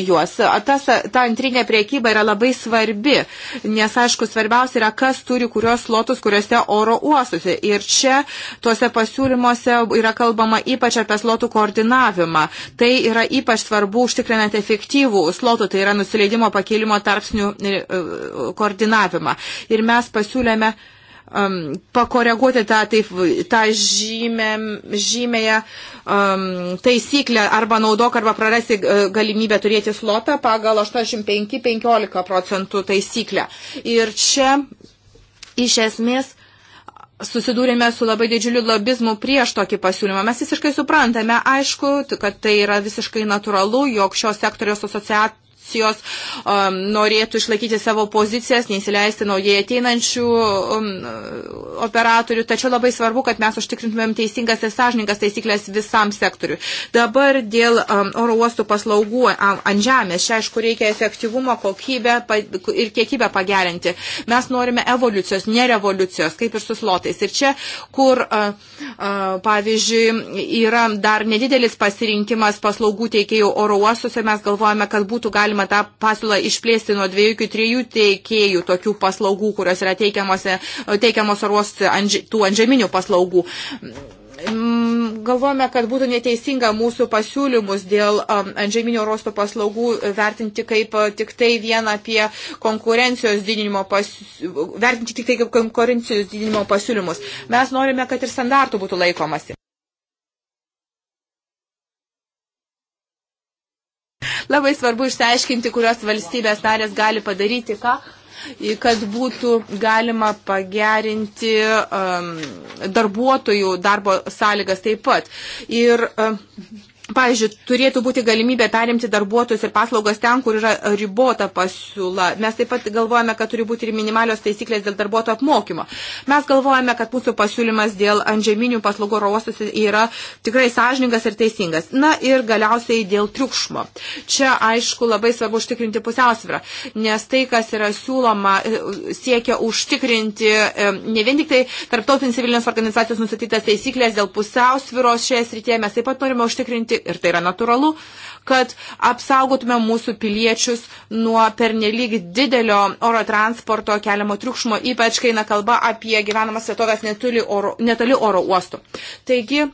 juos. Tas, ta antrinė priekyba yra labai svarbi, nes, aišku, svarbiausia yra, kas turi kurios slotus, kuriuose oro uostuose. Ir čia tuose pasiūlymuose yra kalbama ypač apie slotų koordinavimą. Tai yra ypač svarbu užtikrinant efektyvų slotų, tai yra nusileidimo pakeilimo tarpsnių e, e, koordinavimą. Ir mes pasiūlėme um, pakoreguoti tą, taip, tą žymę, žymėje um, taisyklę arba naudok arba prarasi e, galimybę turėti slotą pagal 85-15 procentų taisyklę. Ir čia iš esmės susidūrėme su labai didžiuliu lobizmu prieš tokį pasiūlymą. Mes visiškai suprantame, aišku, kad tai yra visiškai natūralu, jog šios sektoriaus asociacijos frakcijos um, norėtų išlaikyti savo pozicijas, neįsileisti naujai ateinančių um, operatorių, tačiau labai svarbu, kad mes užtikrintumėm teisingas ir sąžininkas taisyklės visam sektoriui. Dabar dėl um, oro uostų paslaugų ant žemės, čia aišku reikia efektyvumo, kokybę ir kiekybę pagerinti. Mes norime evoliucijos, ne revoliucijos, kaip ir su slotais. Ir čia, kur, pavyzdžiui, yra dar nedidelis pasirinkimas paslaugų teikėjų oro uostuose, mes galvojame, kad būtų galima galima tą pasiūlą išplėsti nuo dviejų iki trijų teikėjų tokių paslaugų, kurios yra teikiamos oruose ant, tų antžeminių paslaugų mm, galvojame, kad būtų neteisinga mūsų pasiūlymus dėl um, antžeminio rosto paslaugų vertinti kaip uh, tik tai vieną apie konkurencijos didinimo, pas, vertinti tik tai kaip konkurencijos didinimo pasiūlymus. Mes norime, kad ir standartų būtų laikomasi. Labai svarbu išsiaiškinti, kurios valstybės narės gali padaryti ką, kad būtų galima pagerinti um, darbuotojų darbo sąlygas taip pat. Ir um, Pavyzdžiui, turėtų būti galimybė perimti darbuotojus ir paslaugas ten, kur yra ribota pasiūla. Mes taip pat galvojame, kad turi būti ir minimalios taisyklės dėl darbuotojų apmokymo. Mes galvojame, kad mūsų pasiūlymas dėl antžeminių paslaugų rovostus yra tikrai sąžiningas ir teisingas. Na ir galiausiai dėl triukšmo. Čia, aišku, labai svarbu užtikrinti pusiausvyrą, nes tai, kas yra siūloma, e, siekia užtikrinti e, ne vien tik tai tarptautinės civilinės organizacijos nustatytas taisyklės dėl pusiausvyros šioje srityje, mes taip pat norime užtikrinti ir tai yra natūralu, kad apsaugotume mūsų piliečius nuo pernelyg didelio oro transporto keliamo triukšmo, ypač kai eina kalba apie gyvenamas vietovės netoli oro, netoli oro uostų. Taigi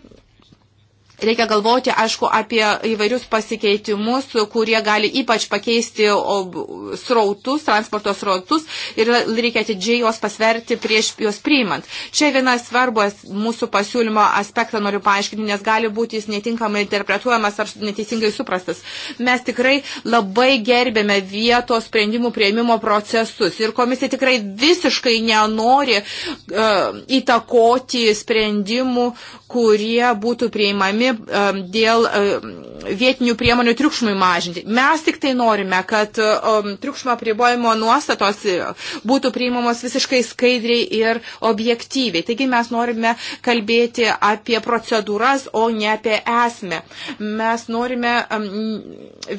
Reikia galvoti, aišku, apie įvairius pasikeitimus, kurie gali ypač pakeisti srautus, transporto srautus ir reikia atidžiai juos pasverti prieš juos priimant. Čia vienas svarbus mūsų pasiūlymo aspektą noriu paaiškinti, nes gali būti jis netinkamai interpretuojamas ar neteisingai suprastas. Mes tikrai labai gerbėme vietos sprendimų prieimimo procesus ir komisija tikrai visiškai nenori uh, įtakoti sprendimų, kurie būtų prieimami priimami dėl vietinių priemonių triukšmui mažinti. Mes tik tai norime, kad triukšmo pribojimo nuostatos e, būtų priimamos visiškai skaidriai ir objektyviai. Taigi mes norime kalbėti apie procedūras, o ne apie esmę. Mes norime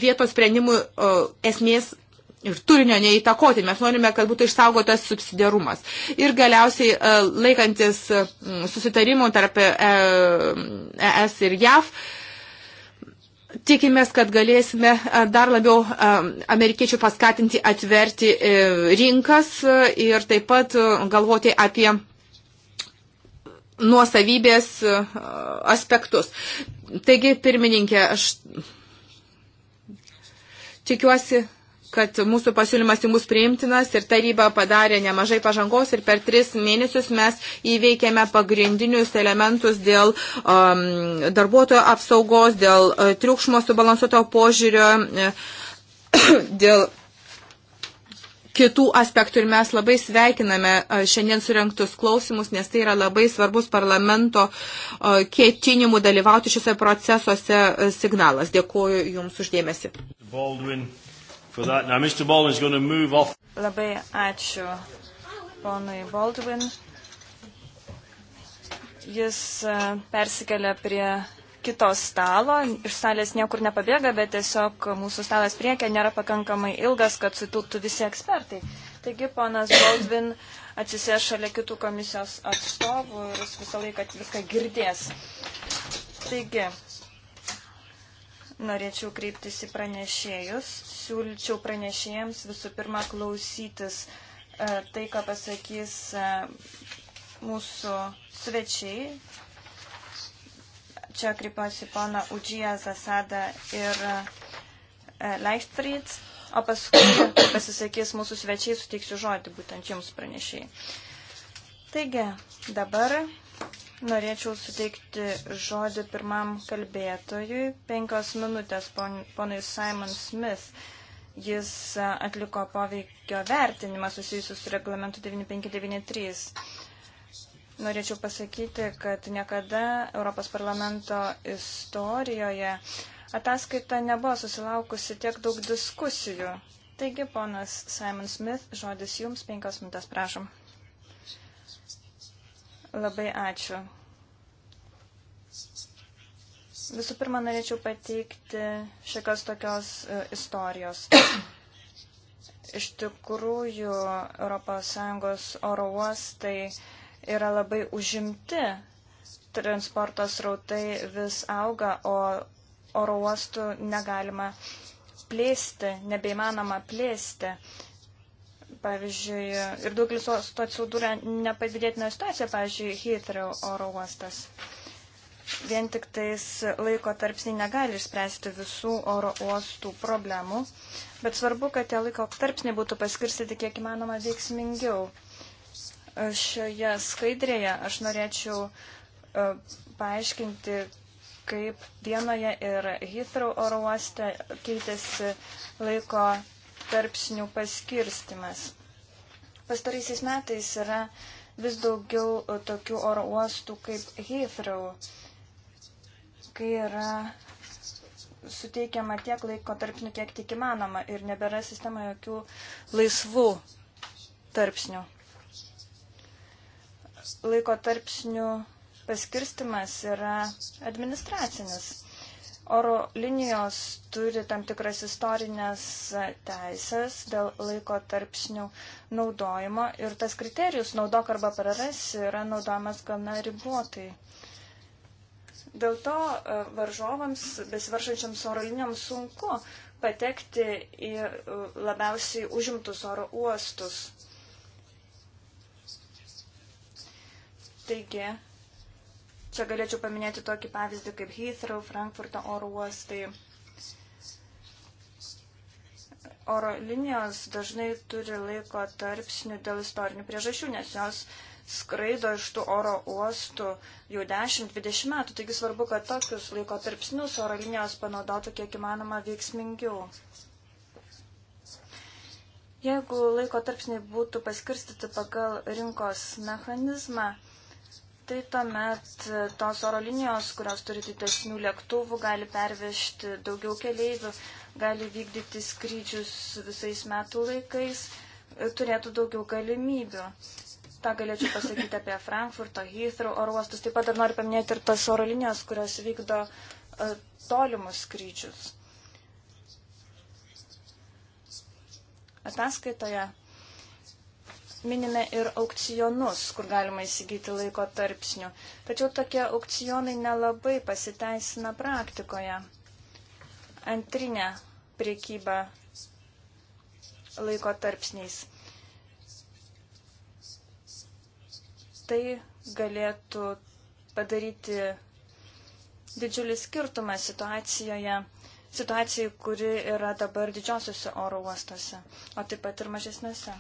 vietos sprendimų e, esmės ir turinio neįtakoti. Mes norime, kad būtų išsaugotas subsidiarumas. Ir galiausiai e, laikantis e, susitarimų tarp ES e, ir JAV. Tikimės, kad galėsime dar labiau amerikiečių paskatinti atverti rinkas ir taip pat galvoti apie nuosavybės aspektus. Taigi, pirmininkė, aš tikiuosi, kad mūsų pasiūlymas į mus priimtinas ir taryba padarė nemažai pažangos ir per tris mėnesius mes įveikėme pagrindinius elementus dėl um, darbuotojo apsaugos, dėl uh, triukšmo subalansuoto požiūrio, uh, dėl kitų aspektų ir mes labai sveikiname uh, šiandien surinktus klausimus, nes tai yra labai svarbus parlamento uh, ketinimų dalyvauti šiuose procesuose uh, signalas. Dėkuoju Jums uždėmesi. Baldwin. Now, Labai ačiū ponui Baldwin. Jis e, persikelia prie kito stalo. Iš salės niekur nepabėga, bet tiesiog mūsų stalas priekė nėra pakankamai ilgas, kad sutilptų visi ekspertai. Taigi ponas Baldwin atsisės šalia kitų komisijos atstovų ir jis visą laiką viską girdės. Taigi, norėčiau kreiptis į pranešėjus. Siūlyčiau pranešėjams visų pirma klausytis e, tai, ką pasakys e, mūsų svečiai. Čia kreipiuosi pana Udžija Zasada ir e, Leichtfried, o paskui pasisakys mūsų svečiai, suteiksiu žodį būtent jums pranešėjai. Taigi, dabar Norėčiau suteikti žodį pirmam kalbėtojui. Penkios minutės pon, ponui Simon Smith. Jis atliko poveikio vertinimą susijusiu su reglamentu 9593. Norėčiau pasakyti, kad niekada Europos parlamento istorijoje ataskaita nebuvo susilaukusi tiek daug diskusijų. Taigi, ponas Simon Smith, žodis jums, penkios minutės, prašom. Labai ačiū. Visų pirma, norėčiau pateikti šiekas tokios e, istorijos. Iš tikrųjų, ES oro uostai yra labai užimti, transporto srautai vis auga, o oro uostų negalima plėsti, nebeimanoma plėsti pavyzdžiui, ir daugelis to atsidūrė nepasidėtinę situaciją, pavyzdžiui, Heathrow oro uostas. Vien tik tais laiko tarpsniai negali išspręsti visų oro uostų problemų, bet svarbu, kad tie laiko tarpsniai būtų paskirstyti kiek įmanoma veiksmingiau. Šioje skaidrėje aš norėčiau uh, paaiškinti, kaip vienoje ir Heathrow oro uoste keitėsi laiko tarpsnių paskirstimas. Pastaraisiais metais yra vis daugiau e, tokių oro uostų kaip Heathrow, kai yra suteikiama tiek laiko tarpsnių, kiek tik įmanoma ir nebėra sistemoje jokių laisvų tarpsnių. Laiko tarpsnių paskirstimas yra administracinis. Oro linijos turi tam tikras istorinės teisės dėl laiko tarpsnių naudojimo ir tas kriterijus naudok arba prarasi yra naudojamas gana ribotai. Dėl to e, varžovams, besivaršančiams oro linijoms sunku patekti į e, labiausiai užimtus oro uostus. Taigi, Čia galėčiau paminėti tokį pavyzdį kaip Heathrow, Frankfurto oro uostai. Oro linijos dažnai turi laiko tarpsnių dėl istorinių priežasčių, nes jos skraido iš tų oro uostų jau 10-20 metų, taigi svarbu, kad tokius laiko tarpsnius oro linijos panaudotų kiek įmanoma veiksmingiau. Jeigu laiko tarpsniai būtų paskirstyti pagal rinkos mechanizmą, tai tuomet e, tos oro linijos, kurios turi didesnių lėktuvų, gali pervežti daugiau keleivių, gali vykdyti skrydžius visais metų laikais, e, turėtų daugiau galimybių. Ta galėčiau pasakyti apie Frankfurto, Heathrow oro uostus. Taip pat dar noriu paminėti ir tas oro linijos, kurios vykdo e, tolimus skrydžius. Ataskaitoje minime ir aukcionus, kur galima įsigyti laiko tarpsnių. Tačiau tokie aukcionai nelabai pasiteisina praktikoje. Antrinė priekyba laiko tarpsniais. Tai galėtų padaryti didžiulį skirtumą situacijoje, situacijai, kuri yra dabar didžiosiuose oro uostuose, o taip pat ir mažesniuose.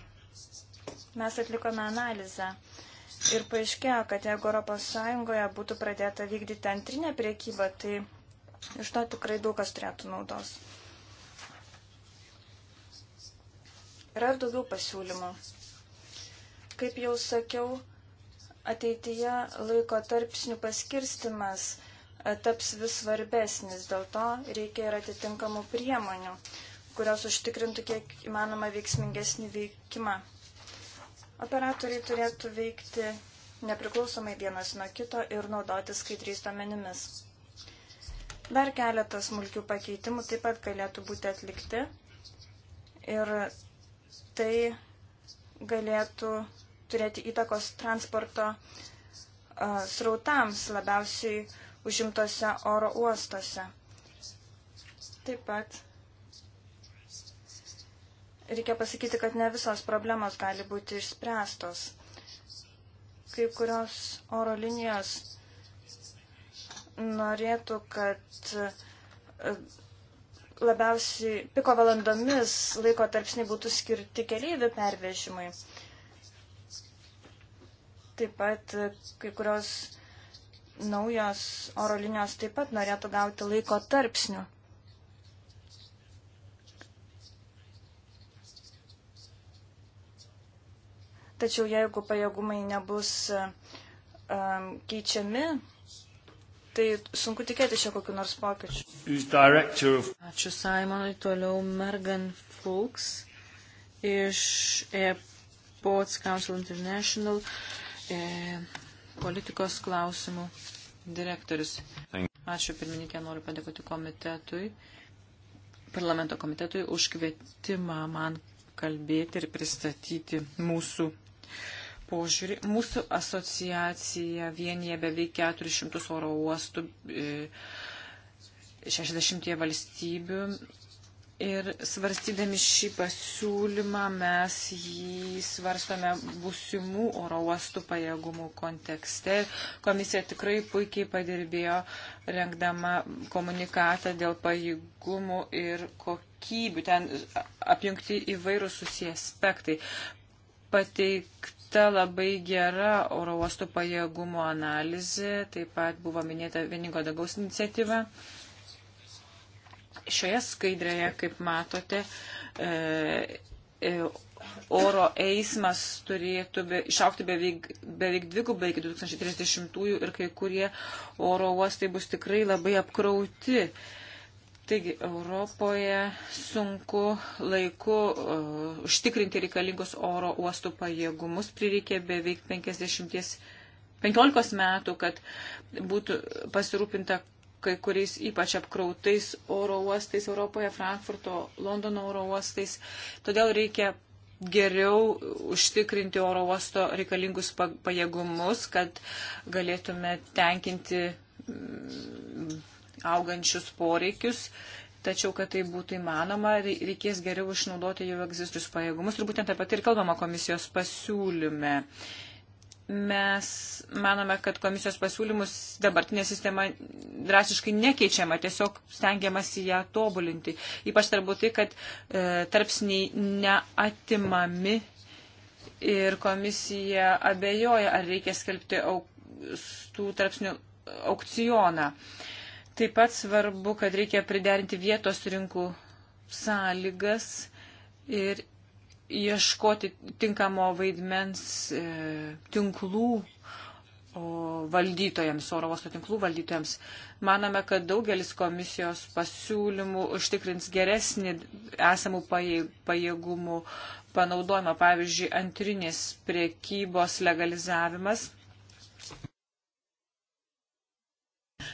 Mes atlikome analizę ir paaiškėjo, kad jeigu ES būtų pradėta vykdyti antrinę priekybą, tai iš to tikrai daug kas turėtų naudos. Yra ir daugiau pasiūlymų. Kaip jau sakiau, ateityje laiko tarpsnių paskirstimas e, taps vis svarbesnis, dėl to reikia ir atitinkamų priemonių, kurios užtikrintų kiek įmanoma veiksmingesnį veikimą. Operatoriai turėtų veikti nepriklausomai vienas nuo kito ir naudoti skaidriais domenimis. Dar keletas smulkių pakeitimų taip pat galėtų būti atlikti ir tai galėtų turėti įtakos transporto uh, srautams labiausiai užimtose oro uostose. Taip pat reikia pasakyti, kad ne visos problemos gali būti išspręstos. Kai kurios oro linijos norėtų, kad e, labiausiai piko valandomis laiko tarpsniai būtų skirti keleivių pervežimui. Taip pat e, kai kurios naujos oro linijos taip pat norėtų gauti laiko tarpsnių. Tačiau jeigu pajėgumai nebus um, keičiami, tai sunku tikėti čia kokiu nors pokyčiu. Ačiū Simonui, toliau Mergan Fulks iš Airports Council International e, politikos klausimų direktorius. Ačiū pirmininkė, noriu padėkoti komitetui, parlamento komitetui už kvietimą man kalbėti ir pristatyti mūsų požiūrį. Mūsų asociacija vienyje beveik 400 oro uostų 60 e, valstybių. Ir svarstydami šį pasiūlymą mes jį svarstome būsimų oro uostų pajėgumų kontekste. Komisija tikrai puikiai padirbėjo rengdama komunikatą dėl pajėgumų ir kokių aplinkybių, ten apjungti įvairių susiję aspektai. Pateikta labai gera oro uostų pajėgumo analizė, taip pat buvo minėta vieningo dangaus iniciatyva. Šioje skaidrėje, kaip matote, e, e, oro eismas turėtų be, išaukti beveik, beveik dvigubai iki 2030-ųjų ir kai kurie oro uostai bus tikrai labai apkrauti. E, Taigi Europoje sunku laiku uh, užtikrinti reikalingus oro uostų pajėgumus. Prireikė beveik 50, 15 metų, kad būtų pasirūpinta kai kuriais ypač apkrautais oro uostais Europoje, Frankfurto, Londono oro uostais. Todėl reikia geriau užtikrinti oro uosto reikalingus pajėgumus, kad galėtume tenkinti. Mm, augančius poreikius, tačiau, kad tai būtų įmanoma, reikės geriau išnaudoti jau egzistusius pajėgumus ir būtent apie tai ir kalbama komisijos pasiūlyme. Mes manome, kad komisijos pasiūlymus dabartinė sistema drastiškai nekeičiama, tiesiog stengiamasi ją tobulinti. Ypač turbūt tai, kad e, tarpsniai neatimami ir komisija abejoja, ar reikia skelbti au, tų tarpsnių aukcioną. E, Taip pat svarbu, kad reikia priderinti vietos rinkų sąlygas ir ieškoti tinkamo vaidmens e, tinklų o, valdytojams, oro uosto tinklų valdytojams. Manome, kad daugelis komisijos pasiūlymų užtikrins geresnį esamų pajėgumų panaudojimą, pavyzdžiui, antrinės priekybos legalizavimas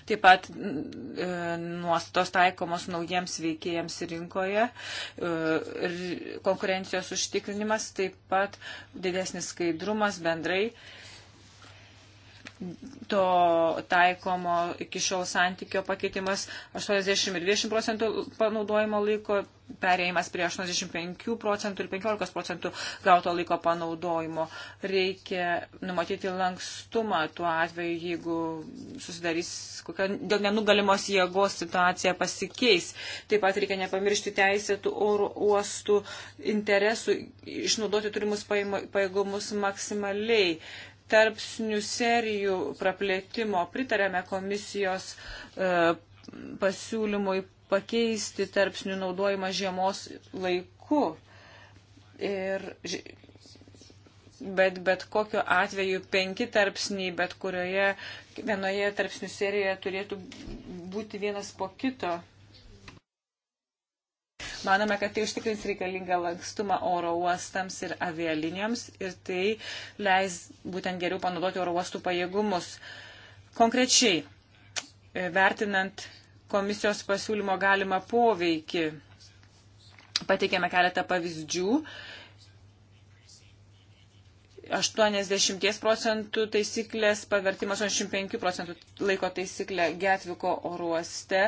Taip pat e, nuostos taikomos naujiems veikėjams rinkoje, e, konkurencijos užtikrinimas, taip pat didesnis skaidrumas bendrai. E, to taikomo iki šiol santykio pakeitimas 80 ir 20 procentų panaudojimo laiko, perėjimas prie 85 procentų ir 15 procentų gauto laiko panaudojimo. Reikia numatyti lankstumą tuo atveju, jeigu susidarys kokia dėl nenugalimos jėgos situacija pasikeis. Taip pat reikia nepamiršti teisėtų oro uostų interesų, išnaudoti turimus pajėgumus maksimaliai. Uh, tarpsnių serijų praplėtimo. Pritarėme komisijos e, pasiūlymui pakeisti tarpsnių naudojimą žiemos laiku. Ir, bet, bet kokiu atveju penki tarpsniai, bet kurioje vienoje tarpsnių serijoje turėtų būti vienas po kito. Manome, kad tai užtikrins reikalingą lankstumą oro uostams ir avialinijoms ir tai leis būtent geriau panaudoti oro uostų pajėgumus. Konkrečiai, e, vertinant komisijos pasiūlymo galimą poveikį, pateikėme keletą pavyzdžių 80 procentų taisyklės pavertimas 85 procentų laiko taisyklė Getviko oruoste,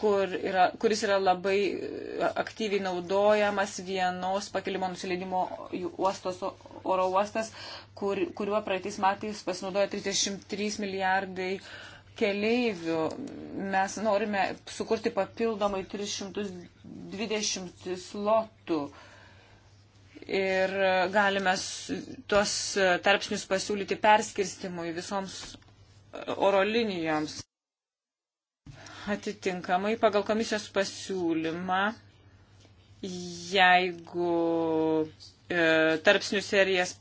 kur yra, kuris yra labai e, aktyviai naudojamas vienos pakelimo nusileidimo uostos, oro uostas, kur, kuriuo praeitais metais pasinaudoja 33 milijardai keleivių. Mes norime sukurti papildomai 320 slotų ir galime tuos tarpsnius pasiūlyti perskirstimui visoms e, oro linijoms. Atitinkamai, pagal komisijos pasiūlymą, jeigu e, tarpsnių serijas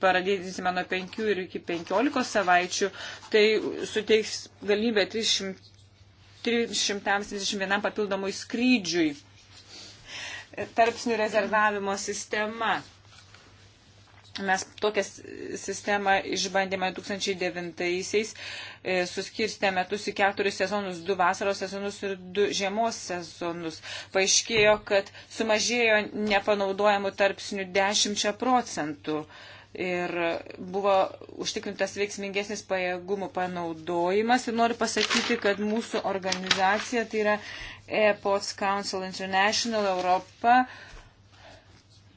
paradėdinsime nuo 5 ir iki 15 savaičių, tai suteiks galimybę 300, 321 papildomui skrydžiui tarpsnių rezervavimo sistema. Mes tokią sistemą išbandėme 2009-aisiais, e, suskirstė metus į keturis sezonus, du vasaros sezonus ir du žiemos sezonus. Paaiškėjo, kad sumažėjo nepanaudojamų tarpsnių 10 procentų. E, ir buvo užtikrintas veiksmingesnis pajėgumų panaudojimas. Ir noriu pasakyti, kad mūsų organizacija, tai yra Airports Council International Europa,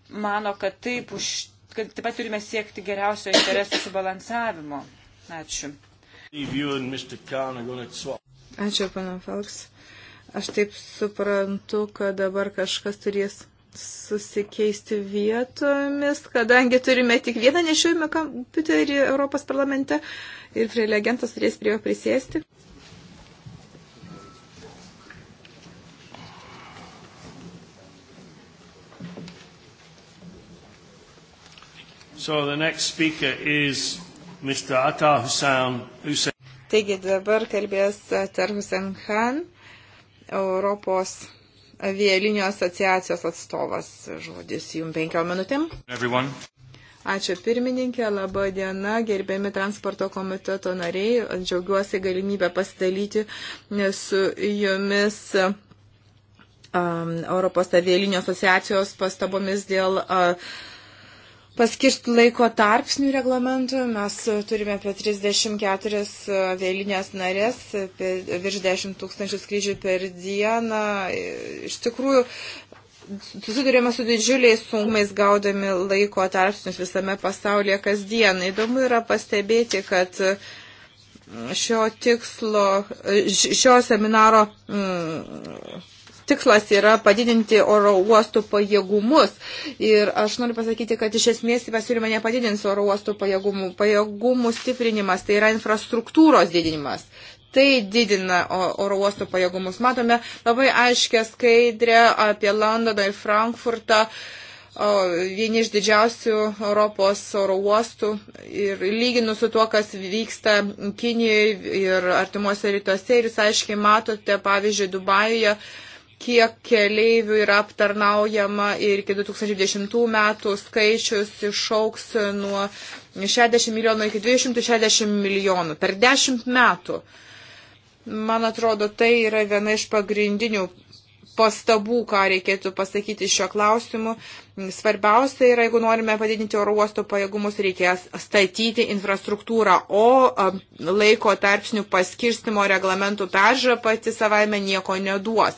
mano, kad taip, už, kad taip pat turime siekti geriausio interesų subalansavimo. Ačiū. Ačiū, pana Felks. Aš taip suprantu, kad dabar kažkas turės susikeisti vietomis, kadangi turime tik vieną nešiojimą kompiuterį Europos parlamente ir prelegentas turės prie jo prisėsti. So the next speaker is Mr. Atar Hussain. Hussain. Taigi dabar kalbės Atar Hussain Khan, Europos avialinijų asociacijos atstovas. Žodis jums penkiom minutėm. Everyone. Ačiū pirmininkė, laba diena, gerbiami transporto komiteto nariai. Džiaugiuosi galimybę pasidalyti su jumis um, Europos avialinijų asociacijos pastabomis dėl uh, paskirti laiko tarpsnių reglamentų. Mes turime apie 34 e, vėlinės narės, virš 10 tūkstančių skrydžių per dieną. E, iš tikrųjų, susidurėme su didžiuliais sunkumais gaudami laiko tarpsnius visame pasaulyje kasdien. Įdomu yra pastebėti, kad mm, šio tikslo, e, šio seminaro. Mm, tikslas yra padidinti oro uostų pajėgumus. Ir aš noriu pasakyti, kad iš esmės pasiūlymą nepadidins oro uostų pajėgumų. Pajėgumų stiprinimas tai yra infrastruktūros didinimas. Tai didina oro uostų pajėgumus. Matome labai aiškę skaidrę apie Londoną ir Frankfurtą vieni iš didžiausių Europos oro uostų ir lyginu su tuo, kas vyksta Kinijoje ir artimuose rytuose ir jūs aiškiai matote, pavyzdžiui, Dubajuje kiek keleivių yra aptarnaujama ir iki 2010 metų skaičius išauks nuo 60 milijonų iki 260 milijonų per 10 metų. Man atrodo, tai yra viena iš pagrindinių pastabų, ką reikėtų pasakyti šio klausimu. Svarbiausia yra, jeigu norime padidinti oro uosto pajėgumus, reikės statyti infrastruktūrą, o laiko tarpsnių paskirstimo reglamentų perža pati savaime nieko neduos.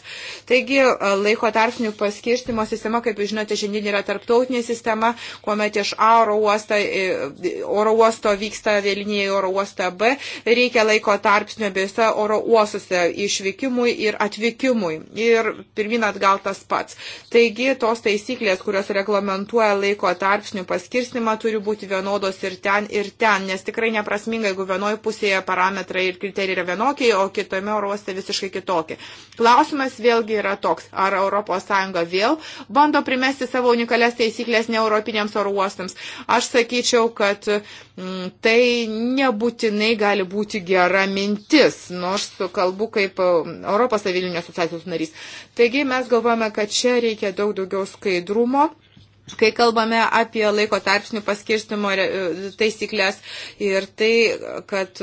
Taigi, laiko tarpsnių paskirstimo sistema, kaip jūs žinote, šiandien yra tarptautinė sistema, kuomet iš A oro uosto, e, oro uosto vyksta vėlinėje oro uosto B, reikia laiko tarpsnio abiejose oro uostose išvykimui ir atvykimui. Ir pirmin atgal tas pats. Taigi tos taisyklės, kurios reglamentuoja laiko tarpsnių paskirstimą, turi būti vienodos ir ten, ir ten, nes tikrai neprasminga, jeigu vienoje pusėje parametrai ir kriterijai yra vienokie, o kitame oruoste visiškai kitokie. Klausimas vėlgi yra toks, ar ES vėl bando primesti savo unikalias taisyklės ne europiniams oruostams. Aš sakyčiau, kad m, mm, tai nebūtinai gali būti gera mintis, nors kalbu kaip mm, Europos avilinio asociacijos narys. Taigi mes galvojame, kad čia reikia daug daugiau skaidrumo. Kai kalbame apie laiko tarpsnių paskirstimo e, taisyklės ir tai, kad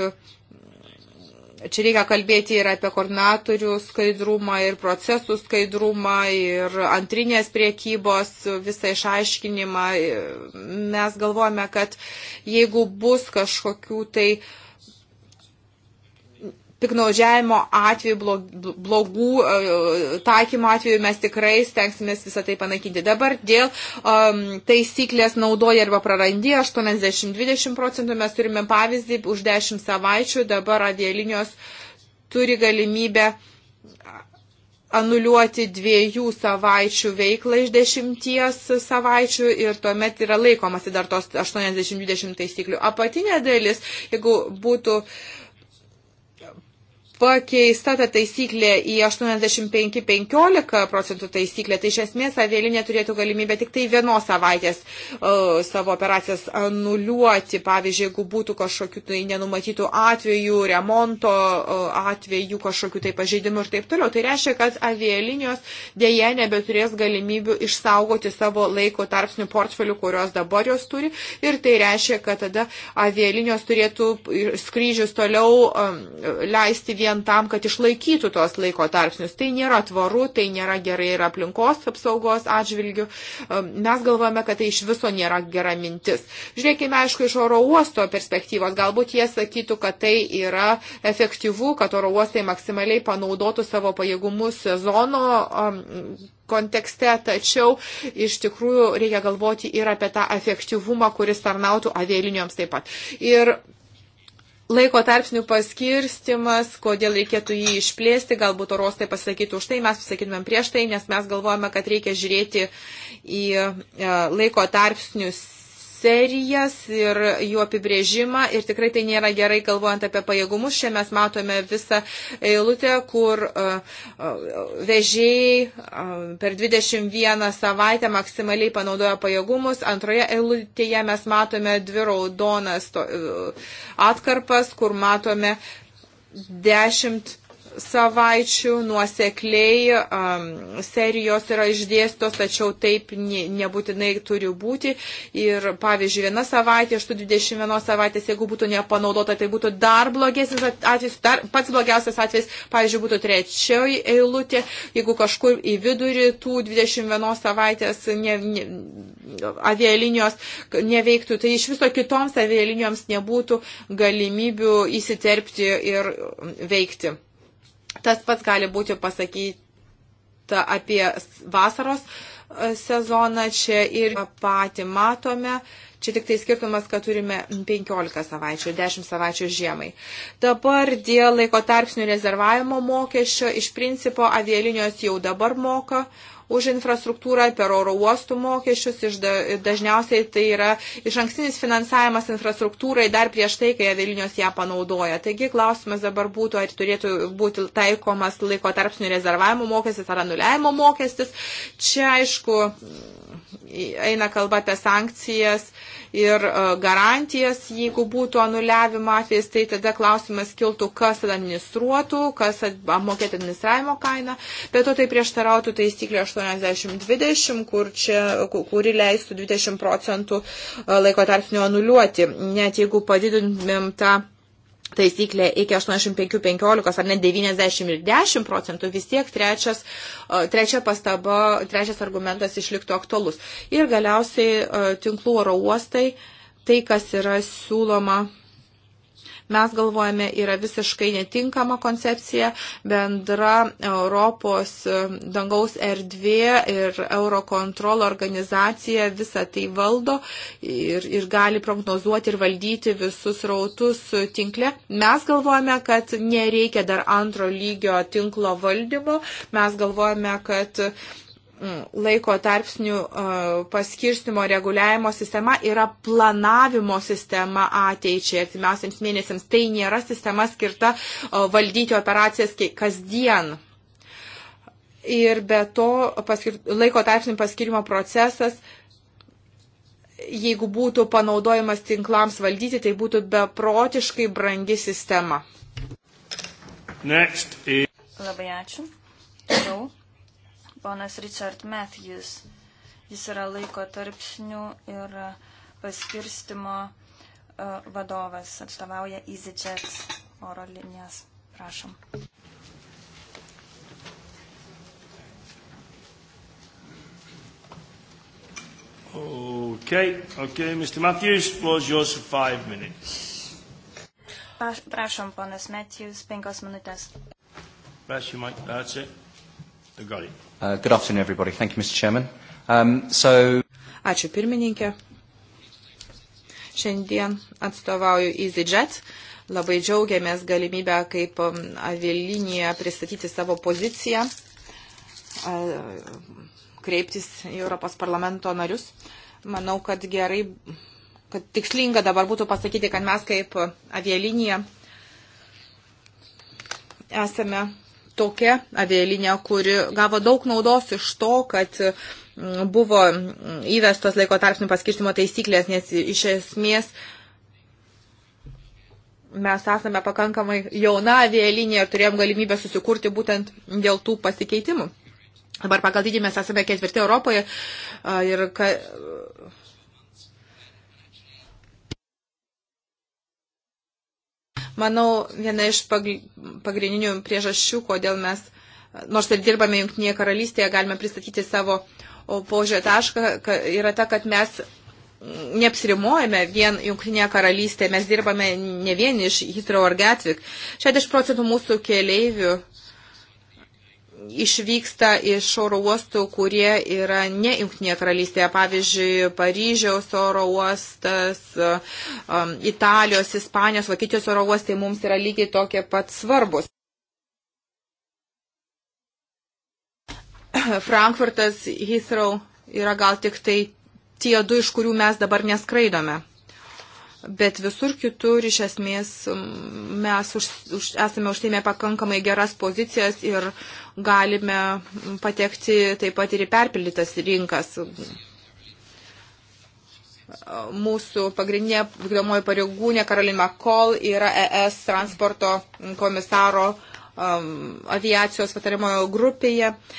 čia reikia kalbėti ir apie koordinatorių skaidrumą, ir procesų skaidrumą, ir antrinės priekybos visą išaiškinimą. Mes galvojame, kad jeigu bus kažkokių tai uh, piknaudžiavimo atveju, blogų e, taikymo atveju mes tikrai stengsimės visą tai panaikinti. Dabar dėl um, taisyklės naudoja arba prarandi 80-20 procentų, mes turime pavyzdį, už 10 savaičių dabar avialinijos turi galimybę anuliuoti dviejų savaičių veiklą iš dešimties savaičių ir tuomet yra laikomasi dar tos 80-20 taisyklių. Apatinė dalis, jeigu būtų uh, pakeista ta taisyklė į 85-15 procentų taisyklę, tai iš esmės avialinė turėtų galimybę tik tai vienos savaitės uh, savo operacijas anuliuoti, pavyzdžiui, jeigu būtų kažkokių tai nenumatytų atvejų, remonto uh, atvejų, kažkokių tai pažeidimų ir taip toliau. Tai reiškia, kad avialinijos dėje nebeturės galimybių išsaugoti savo laiko tarpsnių portfelių, kurios dabar jos turi ir tai reiškia, kad tada avialinijos turėtų skrydžius toliau um, leisti vieną vien tam, kad išlaikytų tos laiko tarpsnius. Tai nėra tvaru, tai nėra gerai ir aplinkos apsaugos atžvilgių. Mes galvojame, kad tai iš viso nėra gera mintis. Žiūrėkime, aišku, iš oro uosto perspektyvos. Galbūt jie sakytų, kad tai yra efektyvu, kad oro uostai maksimaliai panaudotų savo pajėgumus sezono kontekste, tačiau iš tikrųjų reikia galvoti ir apie tą efektyvumą, kuris tarnautų avialinijoms taip pat. Ir laiko tarpsnių paskirstimas, kodėl reikėtų jį išplėsti, galbūt orostai pasakytų už tai, mes pasakytumėm prieš tai, nes mes galvojame, kad reikia žiūrėti į e, laiko tarpsnius serijas ir jų apibrėžimą ir tikrai tai nėra gerai, kalbant apie pajėgumus. Šiandien mes matome visą eilutę, kur e, e, vežėjai e, per 21 savaitę maksimaliai panaudoja pajėgumus. Antroje eilutėje mes matome dvi raudonas atkarpas, kur matome 10 savaičių nuosekliai um, serijos yra išdėstos, tačiau taip ne, nebūtinai turi būti. Ir pavyzdžiui, viena savaitė, iš tų 21 savaitės, jeigu būtų nepanaudota, tai būtų dar blogesnis atvejs, dar pats blogiausias atvejs, pavyzdžiui, būtų trečioji eilutė, jeigu kažkur į vidurį tų 21 savaitės ne, ne, avialinijos neveiktų, tai iš viso kitoms avialinijoms nebūtų galimybių įsiterpti ir veikti. Tas pats gali būti pasakyta apie vasaros e, sezoną. Čia ir patį matome. Čia tik tai skirtumas, kad turime 15 savaičių, 10 savaičių žiemai. Dabar dėl laiko tarpsnių rezervavimo mokesčio iš principo avialinijos jau dabar moka už infrastruktūrą, per oro uostų mokesčius, iš da, dažniausiai tai yra iš ankstinis finansavimas infrastruktūrai dar prieš tai, kai avialinijos ją panaudoja. Taigi klausimas dabar būtų, ar turėtų būti taikomas laiko tarpsnių rezervavimo mokestis ar anuliavimo mokestis. Čia aišku eina kalba apie sankcijas ir e, garantijas, jeigu būtų anuliavimo atvejs, tai tada klausimas kiltų, kas administruotų, kas apmokėtų administravimo kainą, bet to tai prieštarautų taisyklė 80-20, kur čia, kuri leistų 20 procentų e, laiko tarpsnio anuliuoti, net jeigu padidintumėm tą taisyklė iki 85-15 ar net 90 ir 10 procentų, vis tiek trečias, trečia pastaba, trečias argumentas išliktų aktualus. Ir galiausiai tinklų oro uostai, tai kas yra siūloma mes galvojame, yra visiškai netinkama koncepcija. Bendra Europos dangaus erdvė ir Eurokontrolo organizacija visą tai valdo ir, ir gali prognozuoti ir valdyti visus rautus tinkle. Mes galvojame, kad nereikia dar antro lygio tinklo valdymo. Mes galvojame, kad Mm, laiko tarpsnių paskirstimo reguliavimo sistema yra planavimo sistema ateičiai artimiausiams mėnesiams. Tai nėra sistema skirta valdyti operacijas kasdien. Ir be to paskir... laiko tarpsnių paskirimo procesas jeigu būtų panaudojimas tinklams valdyti, tai būtų beprotiškai brangi sistema. Next. Labai ačiū. Toliau ponas Richard Matthews. Jis yra laiko tarpsnių ir paskirstimo e, vadovas, atstovauja EasyJet oro linijas. Prašom. Okay, okay, Mr. Matthews, floor's yours for five minutes. Prašom, ponas Matthews, penkios minutės. Prašom, Mike, that's it. Got it. Uh, good afternoon, everybody. Thank you, Mr. Chairman. Um, so... Ačiū pirmininkė. Šiandien atstovauju EasyJet. Labai džiaugiamės galimybę kaip um, avialinija pristatyti savo poziciją, uh, kreiptis į Europos parlamento narius. Manau, kad gerai, kad tikslinga dabar būtų pasakyti, kad mes kaip avialinija esame tokia avialinė, kuri gavo daug naudos iš to, kad mm, buvo įvestos laiko tarpsnių paskirstimo taisyklės, nes iš esmės mes esame pakankamai jauna avialinė ir turėjom galimybę susikurti būtent dėl tų pasikeitimų. Dabar pagal dydį mes esame ketvirti Europoje ir ka, Manau, viena iš pagrindinių priežasčių, kodėl mes, nors ir dirbame Junktinėje karalystėje, galime pristatyti savo požiūrį tašką, yra ta, kad mes neapsirimuojame vien Junktinėje karalystėje, mes dirbame ne vien iš Hitro ar Gatvik. 60 procentų mūsų keleivių išvyksta iš oro uostų, kurie yra ne Junktinėje karalystėje, pavyzdžiui, Paryžiaus oro uostas, um, Italijos, Ispanijos, Vokietijos oro uostai mums yra lygiai tokie pat svarbus. Frankfurtas, Heathrow yra gal tik tai tie du, iš kurių mes dabar neskraidome bet visur kitur iš esmės mes už, už, esame užsėmę pakankamai geras pozicijas ir galime patekti taip pat ir į perpildytas rinkas. Mūsų pagrindinė vykdomoji pareigūnė Karolina Kol yra ES transporto komisaro um, aviacijos patarimojo grupėje. Uh,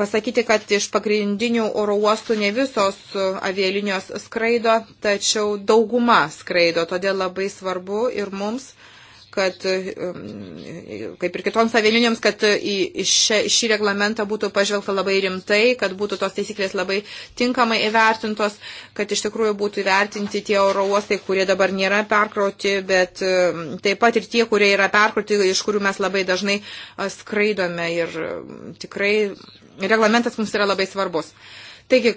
pasakyti, kad iš pagrindinių oro uostų ne visos e, avialinijos skraido, tačiau dauguma skraido, todėl labai svarbu ir mums uh, kad, um, kaip ir kitoms avialinėms, kad į šį reglamentą būtų pažvelgta labai rimtai, kad būtų tos teisyklės labai tinkamai įvertintos, kad iš tikrųjų būtų įvertinti tie oro uostai, kurie dabar nėra perkrauti, bet um, taip pat ir tie, kurie yra perkrauti, iš kurių mes labai dažnai uh, skraidome ir um, tikrai reglamentas mums yra labai svarbus. Taigi,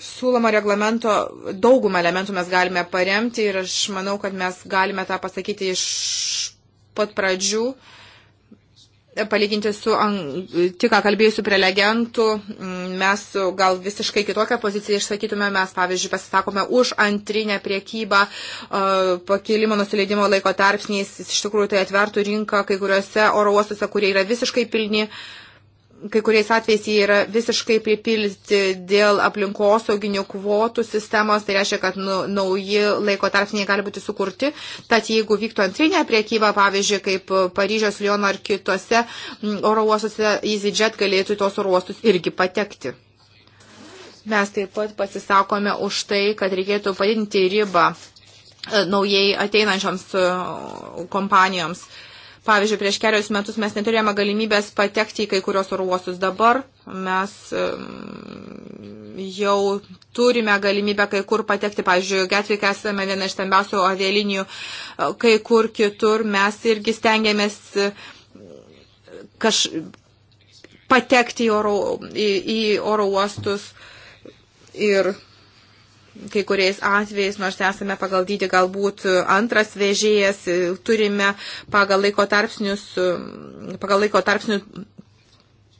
siūloma reglamento daugumą elementų mes galime paremti ir aš manau, kad mes galime tą pasakyti iš pat pradžių, palyginti su tik ką kalbėjusiu prelegentu, mes gal visiškai kitokią poziciją išsakytume, mes pavyzdžiui pasisakome už antrinę priekybą, pakilimo nusileidimo laiko tarpsniais, iš tikrųjų tai atvertų rinką kai kuriuose oro uostuose, kurie yra visiškai pilni. Uh, kai kuriais atvejais jie yra visiškai pripilti dėl aplinkosauginių kvotų sistemos, tai reiškia, kad nu, nauji laiko tarpsniai gali būti sukurti. Tad jeigu vyktų antrinė priekyba, pavyzdžiui, kaip Paryžiaus, Liono ar kitose oro uostuose, EasyJet galėtų į tos oro uostus irgi patekti. Mes taip pat pasisakome už tai, kad reikėtų padidinti ribą e, naujai ateinančioms e, kompanijoms. Uh, Pavyzdžiui, prieš kelius metus mes neturėjome galimybės patekti į kai kurios oro uostus. Dabar mes jau turime galimybę kai kur patekti. Pavyzdžiui, Gatvik esame viena iš stambiausių avialinijų, e, kai kur kitur mes irgi stengiamės e, kaž... patekti į oro, į, į oro uostus. Ir kai kuriais atvejais, nors esame pagal dydį galbūt antras vežėjas, e, turime pagal laiko tarpsnius, e, pagal laiko tarpsnius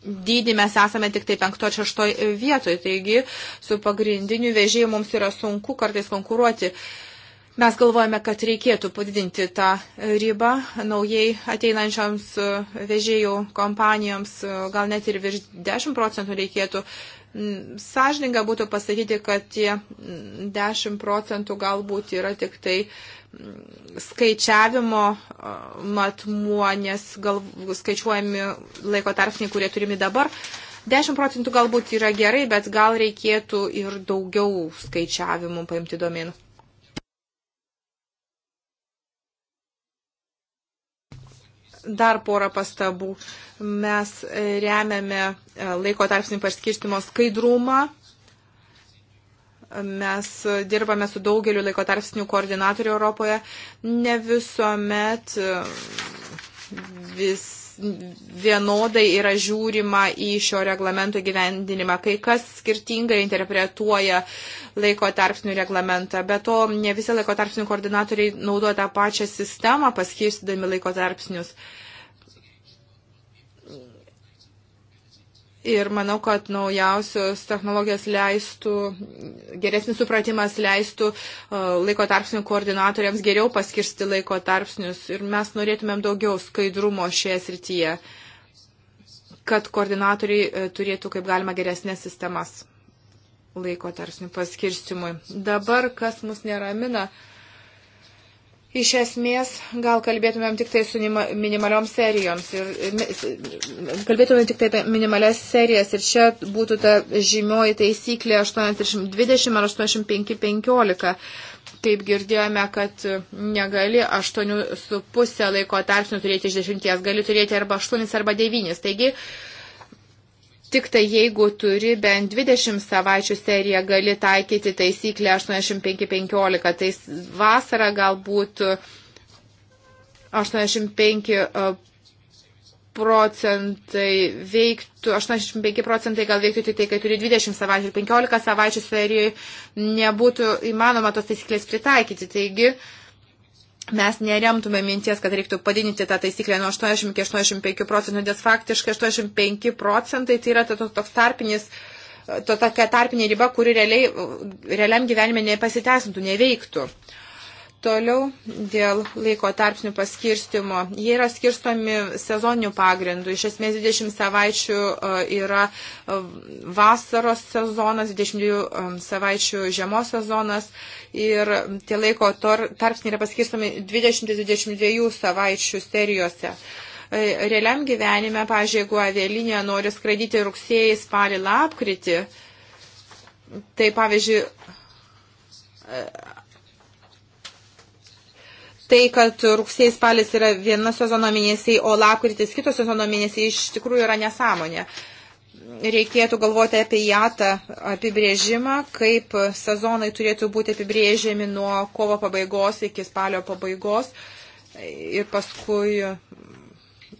dydį mes esame tik tai penkto šeštoj e, vietoj, taigi su pagrindiniu vežėju mums yra sunku kartais konkuruoti. Mes galvojame, kad reikėtų padidinti tą ribą naujai ateinančioms vežėjų kompanijoms, gal net ir virš 10 procentų reikėtų Sažininga būtų pasakyti, kad tie 10 procentų galbūt yra tik tai mm, skaičiavimo matmuo, nes gal, skaičiuojami laiko tarpsniai, kurie turimi dabar. 10 procentų galbūt yra gerai, bet gal reikėtų ir daugiau skaičiavimų paimti domenų. dar porą pastabų. Mes e, remiame e, laiko tarpsnių paskirstimo skaidrumą. Mes e, dirbame su daugeliu laiko tarpsnių koordinatorių Europoje. Ne visuomet vis vienodai yra žiūrima į šio reglamento gyvendinimą, kai kas skirtingai interpretuoja laiko tarpsnių reglamentą. Be to, ne visi laiko tarpsnių koordinatoriai naudoja tą pačią sistemą paskirstydami laiko tarpsnius. Uh, Ir manau, kad naujausios technologijos leistų, geresnis supratimas leistų uh, laiko tarpsnių koordinatoriams geriau paskirsti laiko tarpsnius. Ir mes norėtumėm daugiau skaidrumo šioje srityje, kad koordinatoriai uh, turėtų kaip galima geresnės sistemas laiko tarpsnių paskirstimui. Dabar, kas mus neramina, Iš esmės, gal kalbėtumėm tik tai su minimaliom serijoms ir kalbėtumėm tik tai apie minimalias serijas ir čia būtų ta žymioji taisyklė 820 ar 8515. Taip girdėjome, kad negali 8,5 laiko tarpsnių turėti iš 10, gali turėti arba 8 arba 9. Taigi, uh, Tik tai jeigu turi bent 20 savaičių seriją, gali taikyti taisyklę 85-15. Tai vasara galbūt 85 e, e, procentai veiktų, 85 procentai gal veiktų tik tai, kai turi 20 savaičių ir 15 savaičių serijoje nebūtų įmanoma tos taisyklės pritaikyti. Taigi, uh, mes neremtume minties, kad reiktų padidinti tą taisyklę nuo 80 iki 85 procentų, nes faktiškai 85 procentai tai yra toks, toks tarpinis, to tokia tarpinė riba, kuri realiai, realiam gyvenime nepasiteisintų, neveiktų. Uh, Toliau dėl laiko tarpsnių paskirstimo. Jie yra skirstomi sezoninių pagrindų. Iš esmės 20 savaičių e, yra e, vasaros sezonas, 22 e, savaičių žiemos sezonas ir tie laiko tarpsniai yra paskirstomi 20-22 savaičių serijose realiam gyvenime, pažiūrėjau, jeigu avialinė nori skraidyti rugsėjai, spalį, lapkritį, tai pavyzdžiui, tai, kad rugsėjais spalis yra viena sezono mėnesiai, o lapkritis kitos sezono mėnesiai iš tikrųjų yra nesąmonė. Reikėtų galvoti apie jatą apibrėžimą, kaip sezonai turėtų būti apibrėžiami nuo kovo pabaigos iki spalio pabaigos ir paskui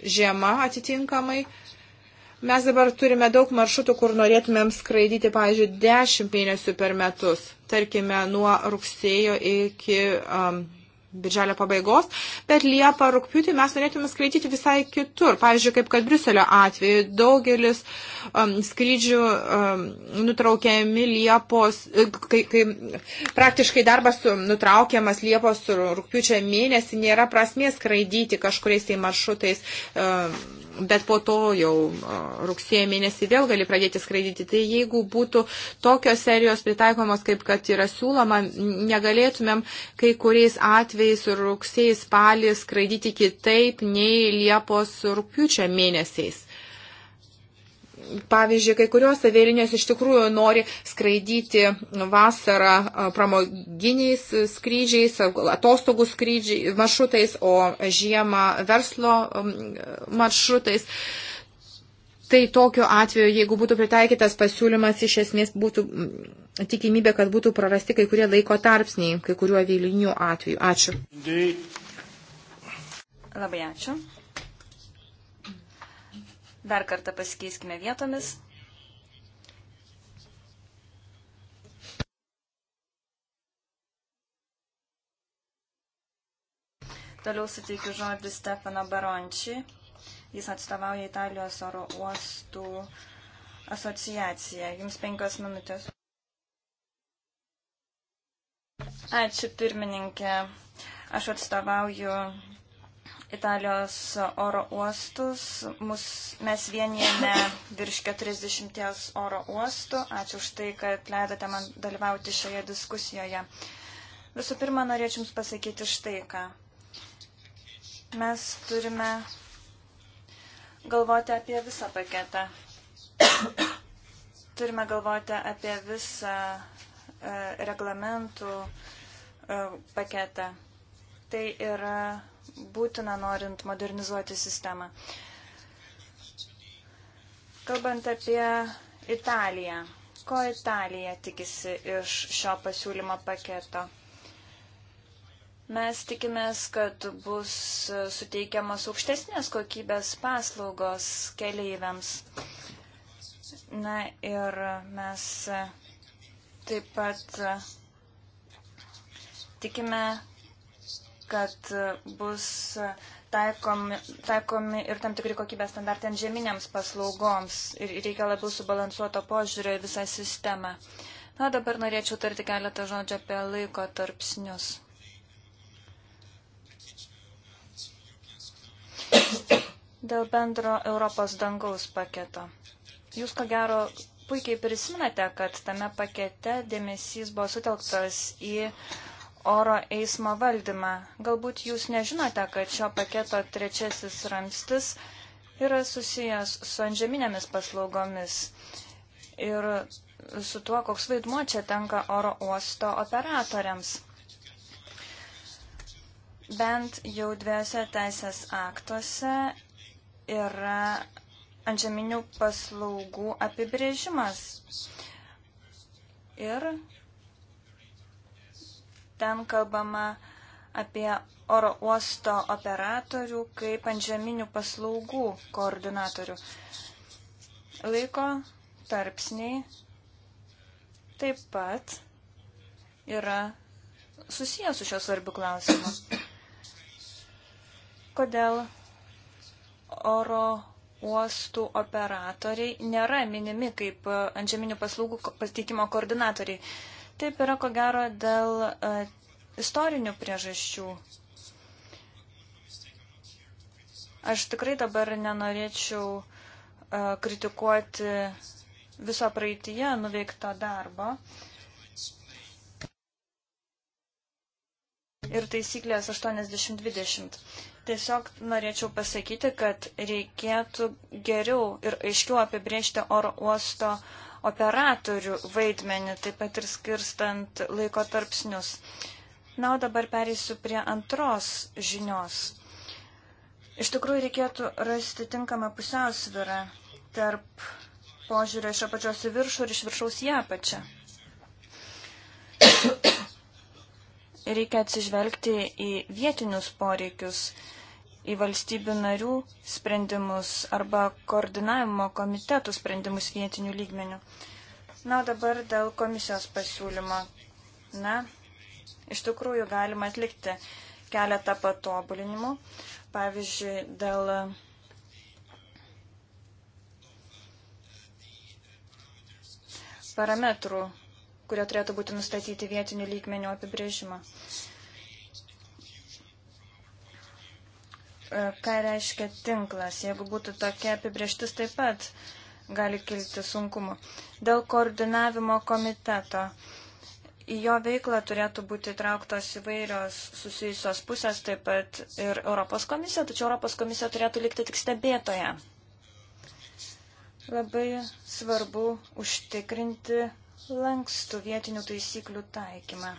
žiema atitinkamai. Mes dabar turime daug maršrutų, kur norėtumėm skraidyti, pavyzdžiui, 10 mėnesių per metus, tarkime, nuo rugsėjo iki um, birželio pabaigos, bet Liepą rūpjūtį mes norėtume skraidyti visai kitur. Pavyzdžiui, kaip kad Briuselio atveju daugelis um, skrydžių um, nutraukiami Liepos, e, kai, kai praktiškai darbas nutraukiamas Liepos rūpjūčio mėnesį, nėra prasmės skraidyti kažkuriais tai maršrutais. Um, bet po to jau rugsėjo mėnesį vėl gali pradėti skraidyti. Tai jeigu būtų tokios serijos pritaikomos, kaip kad yra siūloma, negalėtumėm kai kuriais atvejais rugsėjais spalį skraidyti kitaip nei Liepos rūpiučio mėnesiais. Pavyzdžiui, kai kurios avialinijos iš tikrųjų nori skraidyti vasarą pramoginiais skrydžiais, atostogų skrydžiais, maršrutais, o žiemą verslo maršrutais. Tai tokiu atveju, jeigu būtų pritaikytas pasiūlymas, iš esmės būtų tikimybė, kad būtų prarasti kai kurie laiko tarpsniai, kai kuriuo avialinių atveju. Ačiū. Labai ačiū. Dar kartą pasikeiskime vietomis. Toliau suteikiu žodį Stefano Baronči. Jis atstovauja Italijos oro uostų asociaciją. Jums penkios minutės. Ačiū pirmininkė. Aš atstovauju Italijos oro uostus. Mus, mes vienijame virš 40 oro uostų. Ačiū už tai, kad leidote man dalyvauti šioje diskusijoje. Visų pirma, norėčiau Jums pasakyti štai ką. Mes turime galvoti apie visą paketą. Turime galvoti apie visą e, reglamentų e, paketą. Tai yra būtina norint modernizuoti sistemą. Kalbant apie Italiją, ko Italija tikisi iš šio pasiūlymo paketo? Mes tikimės, kad bus suteikiamas aukštesnės kokybės paslaugos keleiviams. Na ir mes taip pat tikime, kad bus taikomi, taikomi ir tam tikri kokybės standartai ant žeminiams paslaugoms ir reikia labiau subalansuoto požiūrio į visą sistemą. Na, dabar norėčiau tarti keletą žodžių apie laiko tarpsnius. Dėl bendro Europos dangaus paketo. Jūs ko gero puikiai prisiminate, kad tame pakete dėmesys buvo sutelktas į uh, oro eismo valdymą. Galbūt jūs nežinote, kad šio paketo trečiasis ramstis yra susijęs su antžeminėmis paslaugomis ir su tuo, koks vaidmuo čia tenka oro uosto operatoriams. Bent jau dviejose teisės aktuose yra antžeminių paslaugų apibrėžimas. Ir Ten kalbama apie oro uosto operatorių kaip antžeminių paslaugų koordinatorių. Laiko tarpsniai taip pat yra susijęs su šios svarbių klausimu. Kodėl oro uostų operatoriai nėra minimi kaip antžeminių paslaugų pateikimo koordinatoriai? Taip yra ko gero dėl e, istorinių priežasčių. Aš tikrai dabar nenorėčiau e, kritikuoti viso praeitie nuveikto darbo. ir taisyklės 80-20. Tiesiog norėčiau pasakyti, kad reikėtų geriau ir aiškiau apibriežti oro uosto operatorių vaidmenį, taip pat ir skirstant laiko tarpsnius. Na, o dabar pereisiu prie antros žinios. Iš tikrųjų, reikėtų rasti tinkamą pusiausvyrą tarp požiūrio iš apačios į viršų ir iš viršaus į apačią. Reikia atsižvelgti į vietinius poreikius į valstybių narių sprendimus arba koordinavimo komitetų sprendimus vietinių lygmenių. Na, o dabar dėl komisijos pasiūlymo. Na, iš tikrųjų galima atlikti keletą patobulinimų. Pavyzdžiui, dėl parametrų, kurie turėtų būti nustatyti vietinių lygmenių apibrėžimą. E, ką reiškia tinklas. Jeigu būtų tokia apibrieštis, taip pat gali kilti sunkumu. Dėl koordinavimo komiteto. Į jo veiklą turėtų būti trauktos įvairios susijusios pusės, taip pat ir Europos komisija, tačiau Europos komisija turėtų likti tik stebėtoje. Labai svarbu užtikrinti lankstų vietinių taisyklių taikymą.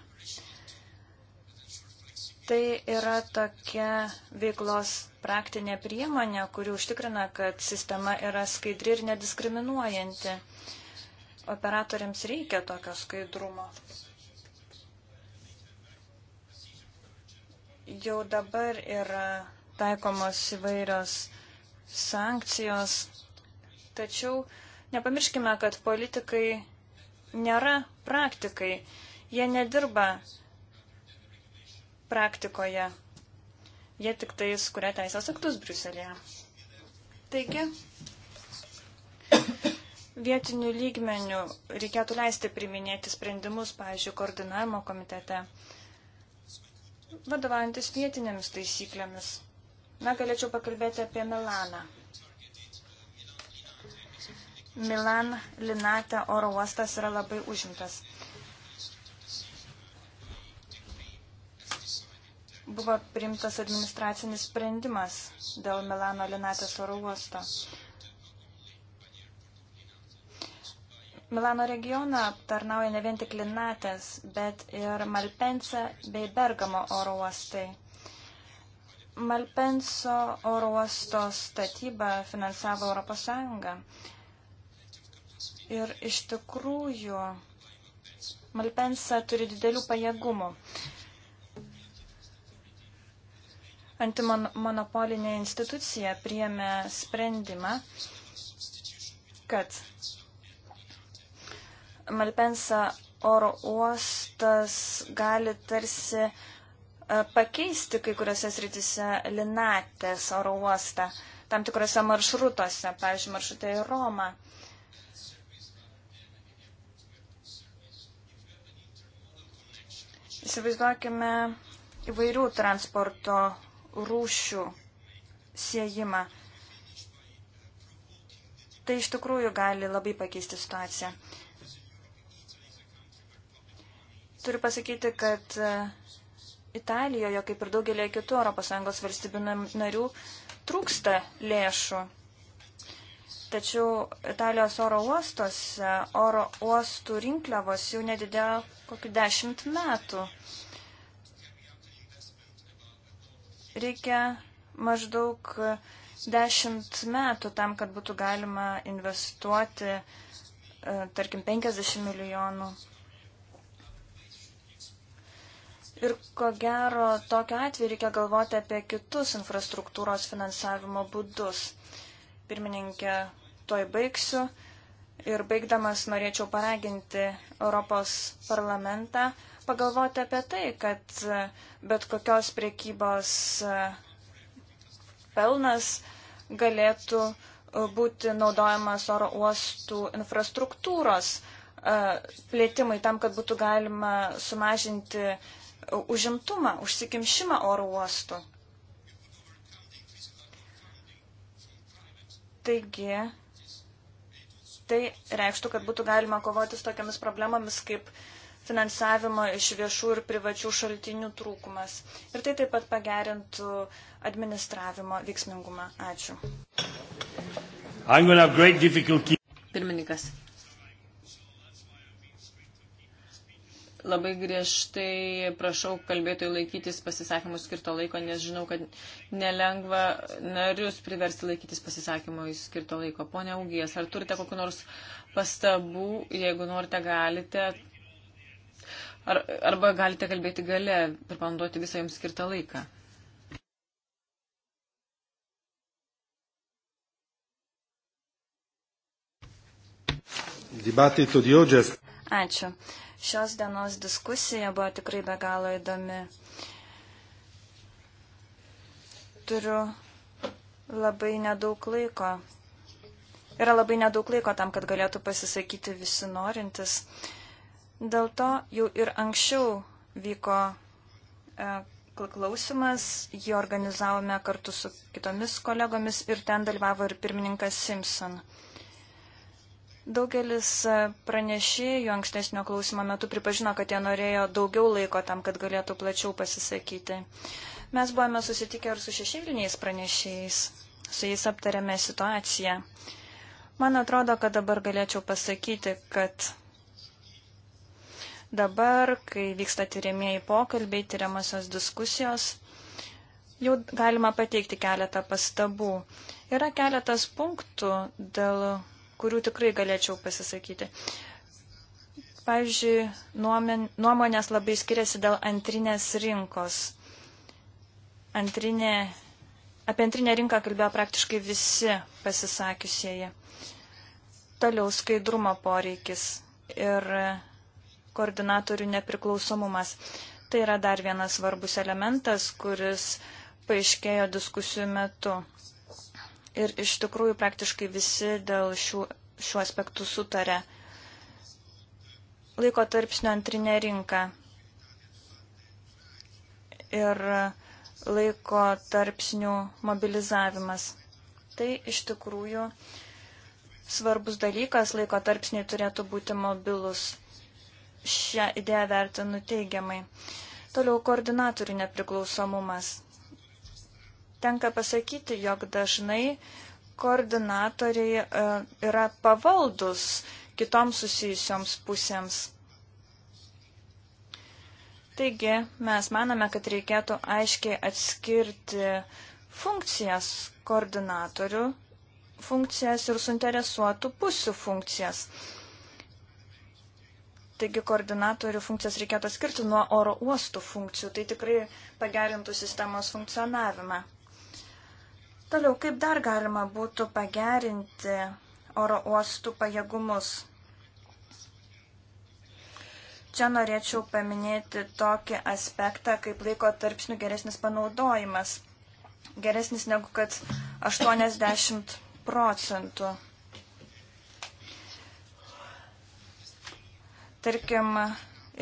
Tai yra tokia veiklos praktinė priemonė, kuri užtikrina, kad sistema yra skaidri ir nediskriminuojanti. Operatoriams reikia tokio skaidrumo. Jau dabar yra taikomos įvairios sankcijos, tačiau nepamirškime, kad politikai nėra praktikai. Jie nedirba praktikoje. Jie tik tais kuria teisės aktus Briuselėje. Taigi, vietinių lygmenių reikėtų leisti priminėti sprendimus, pavyzdžiui, koordinavimo komitete, vadovaujantis vietinėmis taisyklėmis. Na, galėčiau pakalbėti apie Milaną. Milan Linate oro uostas yra labai užimtas. buvo priimtas administracinis sprendimas dėl Milano Linatės oro uosto. Milano regioną aptarnauja ne vien tik Linatės, bet ir Malpensa bei Bergamo oro uostai. Malpenso oro uosto statybą finansavo Europos Sąjunga. Ir iš tikrųjų Malpensa turi didelių pajėgumų. Antimonopolinė institucija priėmė sprendimą, kad Malpensa oro uostas gali tarsi e, pakeisti kai kuriuose sritise Linatės oro uostą, tam tikrose maršrutuose, pavyzdžiui, maršrutai į Romą. Įsivaizduokime įvairių transporto rūšių siejimą. Tai iš tikrųjų gali labai pakeisti situaciją. Turiu pasakyti, kad e, Italijoje, kaip ir daugelėje kitų ES valstybių narių, trūksta lėšų. Tačiau Italijos oro uostose oro uostų rinkliavos jau nedidėjo kokiu dešimt metų. Reikia maždaug dešimt metų tam, kad būtų galima investuoti, e, tarkim, 50 milijonų. Ir ko gero, tokiu atveju reikia galvoti apie kitus infrastruktūros finansavimo būdus. Pirmininkė, toj baigsiu. Ir baigdamas norėčiau paraginti Europos parlamentą pagalvoti apie tai, kad e, bet kokios priekybos e, pelnas galėtų e, būti naudojamas oro uostų infrastruktūros plėtimai tam, kad būtų galima sumažinti užimtumą, užsikimšimą oro uostų. Taigi, tai reikštų, kad būtų galima kovoti su tokiamis problemomis kaip finansavimo iš viešų ir privačių šaltinių trūkumas. Ir tai taip pat pagerintų administravimo veiksmingumą. Ačiū. Pirmininkas. Labai griežtai prašau kalbėtojų laikytis pasisakymų skirto laiko, nes žinau, kad nelengva narius priversti laikytis pasisakymų skirto laiko. Pone Augijas, ar turite kokiu nors pastabų, jeigu norite, galite Ar, arba galite kalbėti gale ir panduoti visą jums skirtą laiką. Ačiū. Šios dienos diskusija buvo tikrai be galo įdomi. Turiu labai nedaug laiko. Yra labai nedaug laiko tam, kad galėtų pasisakyti visi norintys. Uh, Dėl to jau ir anksčiau vyko e, klausimas, jį organizavome kartu su kitomis kolegomis ir ten dalyvavo ir pirmininkas Simpson. Daugelis e, pranešėjų ankstesnio klausimo metu pripažino, kad jie norėjo daugiau laiko tam, kad galėtų plačiau pasisakyti. Mes buvome susitikę ir su šešėliniais pranešėjais, su jais aptarėme situaciją. Man atrodo, kad dabar galėčiau pasakyti, kad Dabar, kai vyksta tyrimieji pokalbiai, tyriamasios diskusijos, jau galima pateikti keletą pastabų. Yra keletas punktų, dėl kurių tikrai galėčiau pasisakyti. Pavyzdžiui, nuomonės labai skiriasi dėl antrinės rinkos. Antrinė, apie antrinę rinką kalbėjo praktiškai visi pasisakiusieji. Toliau skaidrumo poreikis ir koordinatorių nepriklausomumas. Tai yra dar vienas svarbus elementas, kuris paaiškėjo diskusijų metu. Ir iš tikrųjų praktiškai visi dėl šių, šių aspektų sutarė. Laiko tarpsnio antrinė rinka ir laiko tarpsnių mobilizavimas. Tai iš tikrųjų svarbus dalykas, laiko tarpsniai turėtų būti mobilus šią idėją vertinu teigiamai. Toliau koordinatorių nepriklausomumas. Tenka pasakyti, jog dažnai koordinatoriai e, yra pavaldus kitoms susijusioms pusėms. Taigi mes manome, kad reikėtų aiškiai atskirti funkcijas koordinatorių funkcijas ir suinteresuotų pusių funkcijas. Taigi koordinatorių funkcijas reikėtų atskirti nuo oro uostų funkcijų. Tai tikrai pagerintų sistemos funkcionavimą. Toliau, kaip dar galima būtų pagerinti oro uostų pajėgumus? Čia norėčiau paminėti tokį aspektą, kaip laiko tarpsnių geresnis panaudojimas. Geresnis negu kad 80 procentų. Tarkim,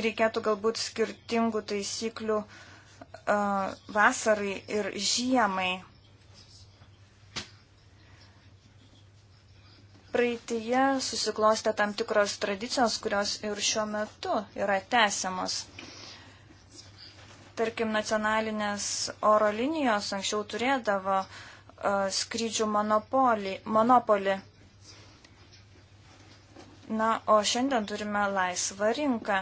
reikėtų galbūt skirtingų taisyklių uh, vasarai ir žiemai. Praeitie susiklostė tam tikros tradicijos, kurios ir šiuo metu yra tęsiamos. Tarkim, nacionalinės oro linijos anksčiau turėdavo uh, skrydžių monopolį. monopolį. Na, o šiandien turime laisvą rinką,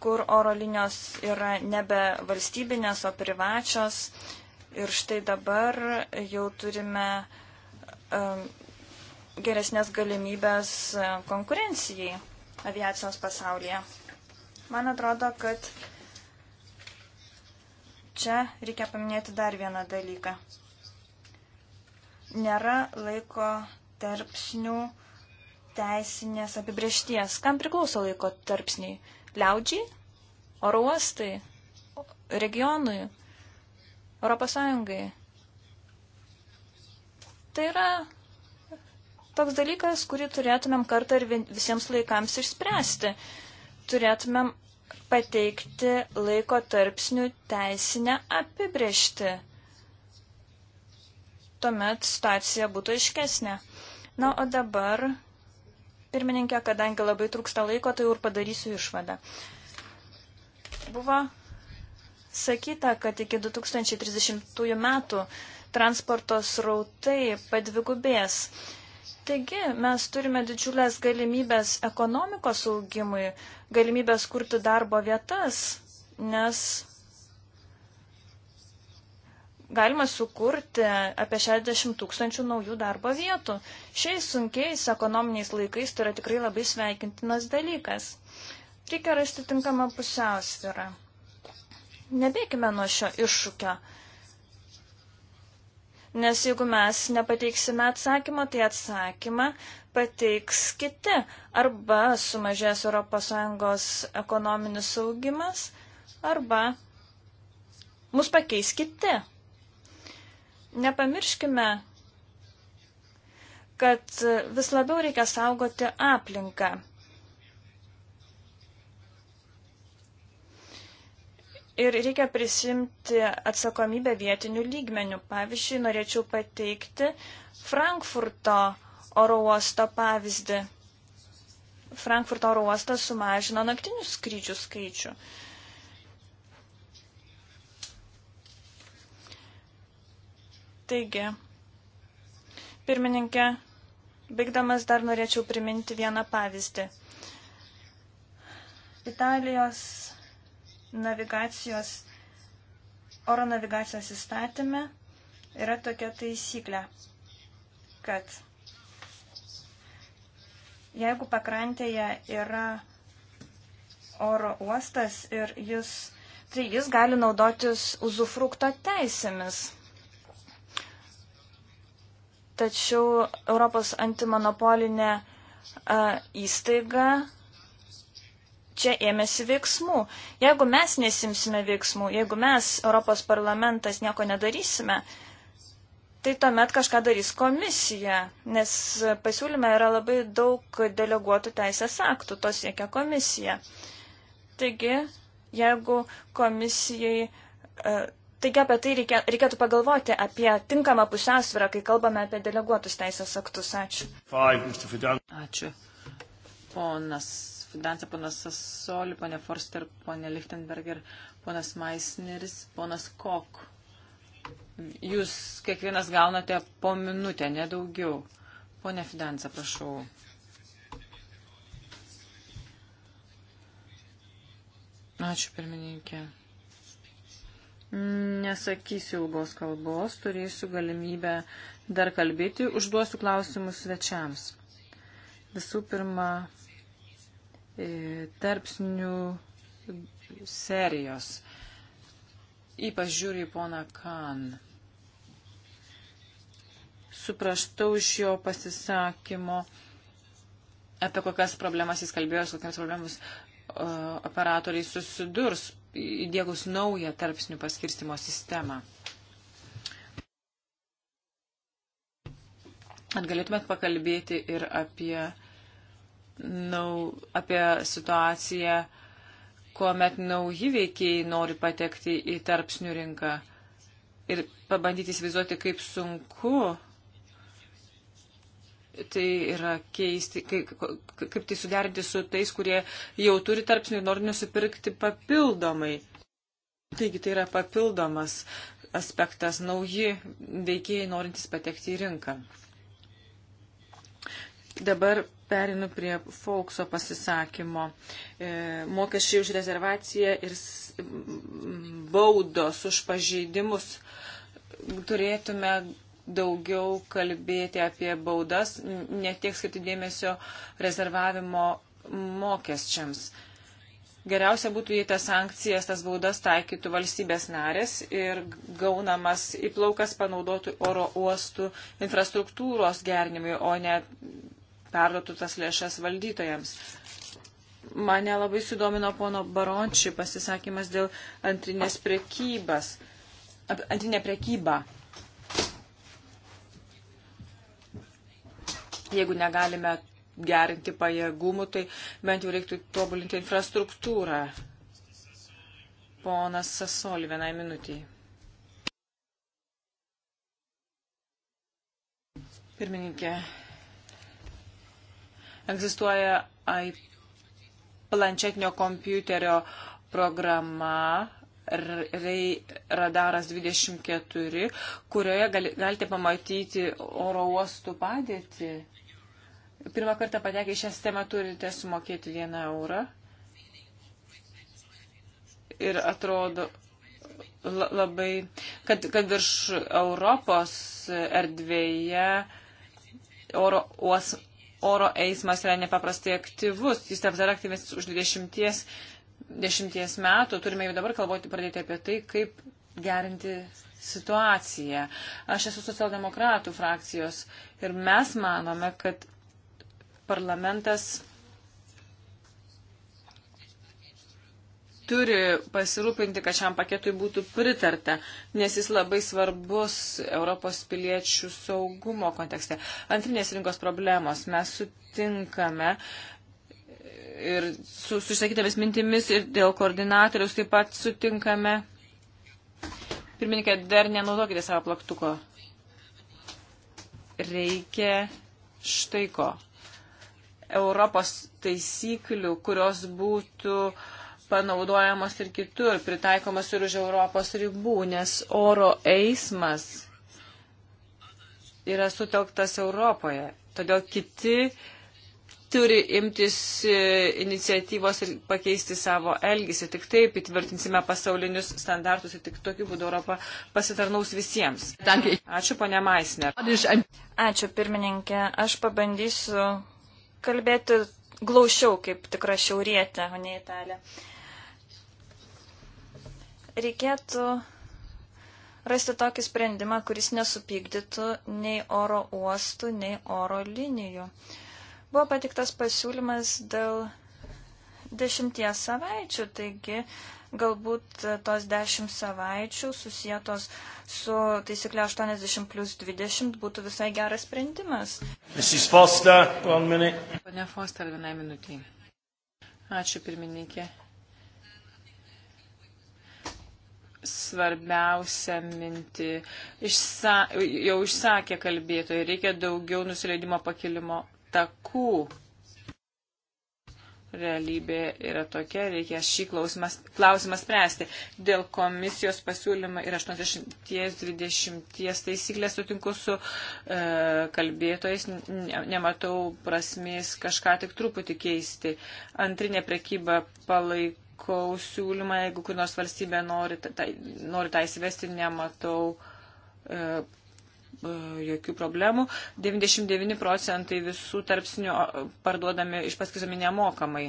kur oro linijos yra nebe valstybinės, o privačios. Ir štai dabar jau turime um, geresnės galimybės e, konkurencijai aviacijos pasaulyje. Man atrodo, kad čia reikia paminėti dar vieną dalyką. Nėra laiko tarpsnių teisinės apibriešties. Kam priklauso laiko tarpsniai? Liaudžiai? Oro uostai? Regionui? Europos Sąjungai? Tai yra toks dalykas, kurį turėtumėm kartą ir visiems laikams išspręsti. Turėtumėm pateikti laiko tarpsnių teisinę apibriešti. Tuomet situacija būtų iškesnė. Na, o dabar pirmininkė, kadangi labai trūksta laiko, tai jau ir padarysiu išvadą. Buvo sakyta, kad iki 2030 metų transporto srautai padvigubės. Taigi mes turime didžiulės galimybės ekonomikos augimui, galimybės kurti darbo vietas, nes galima sukurti apie 60 tūkstančių naujų darbo vietų. Šiais sunkiais ekonominiais laikais tai yra tikrai labai sveikintinas dalykas. Reikia rasti tinkamą pusiausvyrą. Nebėkime nuo šio iššūkio. Nes jeigu mes nepateiksime atsakymą, tai atsakymą pateiks kiti. Arba sumažės ES ekonominis augimas, arba mus pakeis kiti. Nepamirškime, kad vis labiau reikia saugoti aplinką. Ir reikia prisimti atsakomybę vietinių lygmenių. Pavyzdžiui, norėčiau pateikti Frankfurto oro uosto pavyzdį. Frankfurto oro uostas sumažino naktinių skrydžių skaičių. Uh, Taigi, pirmininkė, baigdamas dar norėčiau priminti vieną pavyzdį. Italijos navigacijos, oro navigacijos įstatymė yra tokia taisyklė, kad jeigu pakrantėje yra oro uostas ir jis, tai jis gali naudotis uzufrukto teisėmis tačiau Europos antimonopolinė e, įstaiga čia ėmėsi veiksmų. Jeigu mes nesimsime veiksmų, jeigu mes, Europos parlamentas, nieko nedarysime, tai tuomet kažką darys komisija, nes pasiūlyme yra labai daug deleguotų teisės aktų, to siekia komisija. Taigi, jeigu komisijai e, Taigi apie tai reikia, reikėtų pagalvoti apie tinkamą pusiausvyrą, kai kalbame apie deleguotus teisės aktus. Ačiū. Ačiū. Ponas Fidansa, ponas Sasoli, ponė Forster, ponė Lichtenberger, ponas Maisneris, ponas Kok. Jūs kiekvienas gaunate po minutę, nedaugiau. Pone Fidansa, prašau. Ačiū, pirmininkė. Nesakysiu ilgos kalbos, turėsiu galimybę dar kalbėti, užduosiu klausimus svečiams. Visų pirma, e, tarpsnių serijos. Ypač žiūri į poną Kan. Suprastau iš jo pasisakymo, apie kokias problemas jis kalbėjo, su kokiams problemus e, operatoriai susidurs įdėgus naują tarpsnių paskirstimo sistemą. Ar galėtumėt pakalbėti ir apie, nau, apie situaciją, kuomet nauji veikėjai nori patekti į tarpsnių rinką ir pabandyti įsivaizduoti, kaip sunku tai yra keisti, kaip, kaip tai suderinti su tais, kurie jau turi tarpsnių ir nori nusipirkti papildomai. Taigi tai yra papildomas aspektas, nauji veikėjai norintys patekti į rinką. Dabar perinu prie Faukso pasisakymo. E, mokesčiai už rezervaciją ir baudos už pažeidimus turėtume daugiau kalbėti apie baudas, netiek skirti dėmesio rezervavimo mokesčiams. Geriausia būtų, jei tas sankcijas, tas baudas taikytų valstybės narės ir gaunamas įplaukas panaudotų oro uostų infrastruktūros gernimui, o ne perduotų tas lėšas valdytojams. Mane labai sudomino pono Barončių pasisakymas dėl antrinės prekybas. Antrinė prekyba. Jeigu negalime gerinti pajėgumų, tai bent jau reiktų tobulinti infrastruktūrą. Ponas Sasoli, vienai minutiai. Pirmininkė, egzistuoja planšetinio kompiuterio programa REI Radaras 24, kurioje galite pamatyti oro uostų padėtį pirmą kartą patekę į šią sistemą turite sumokėti vieną eurą. Ir atrodo labai, kad, kad virš Europos erdvėje oro, uos, oro eismas yra nepaprastai aktyvus. Jis taps dar aktyvesnis už 20, 10 metų. Turime jau dabar kalboti, pradėti apie tai, kaip gerinti situaciją. Aš esu socialdemokratų frakcijos ir mes manome, kad parlamentas turi pasirūpinti, kad šiam paketui būtų pritarta, nes jis labai svarbus Europos piliečių saugumo kontekste. Antrinės rinkos problemos mes sutinkame ir su susakytėmis mintimis ir dėl koordinatorius taip pat sutinkame. Pirmininkė, dar nenaudokite savo plaktuko. Reikia štai ko. Europos taisyklių, kurios būtų panaudojamos ir kitur, pritaikomas ir už Europos ribų, nes oro eismas yra sutelktas Europoje. Todėl kiti turi imtis e, iniciatyvos ir pakeisti savo elgesį. Tik taip įtvirtinsime pasaulinius standartus ir tik tokiu būdu Europa pasitarnaus visiems. Ačiū, ponia Maisner. Ačiū, pirmininkė. Aš pabandysiu kalbėti glaušiau, kaip tikra šiaurietė, o ne italė. Reikėtų rasti tokį sprendimą, kuris nesupykdytų nei oro uostų, nei oro linijų. Buvo patiktas pasiūlymas dėl dešimties savaičių, taigi Galbūt e, tos 10 savaičių susijėtos su taisykle 80 plus 20 būtų visai geras sprendimas. Mrs. Foster, one minute. Pane Foster, vienai minutį. Ačiū pirmininkė. svarbiausią mintį Išsa, jau išsakė kalbėtojai, reikia daugiau nusileidimo pakilimo takų realybė yra tokia, reikia šį klausimą, klausimą spręsti. Dėl komisijos pasiūlymą ir 80-20 taisyklės sutinku su e, kalbėtojais, ne, nematau prasmės kažką tik truputį keisti. Antrinė prekyba palaikau siūlymą, jeigu kur nors valstybė nori, tai, nori tą įsivesti, nematau. E, E, jokių problemų. 99 procentai visų tarpsnių parduodami iš paskizami nemokamai.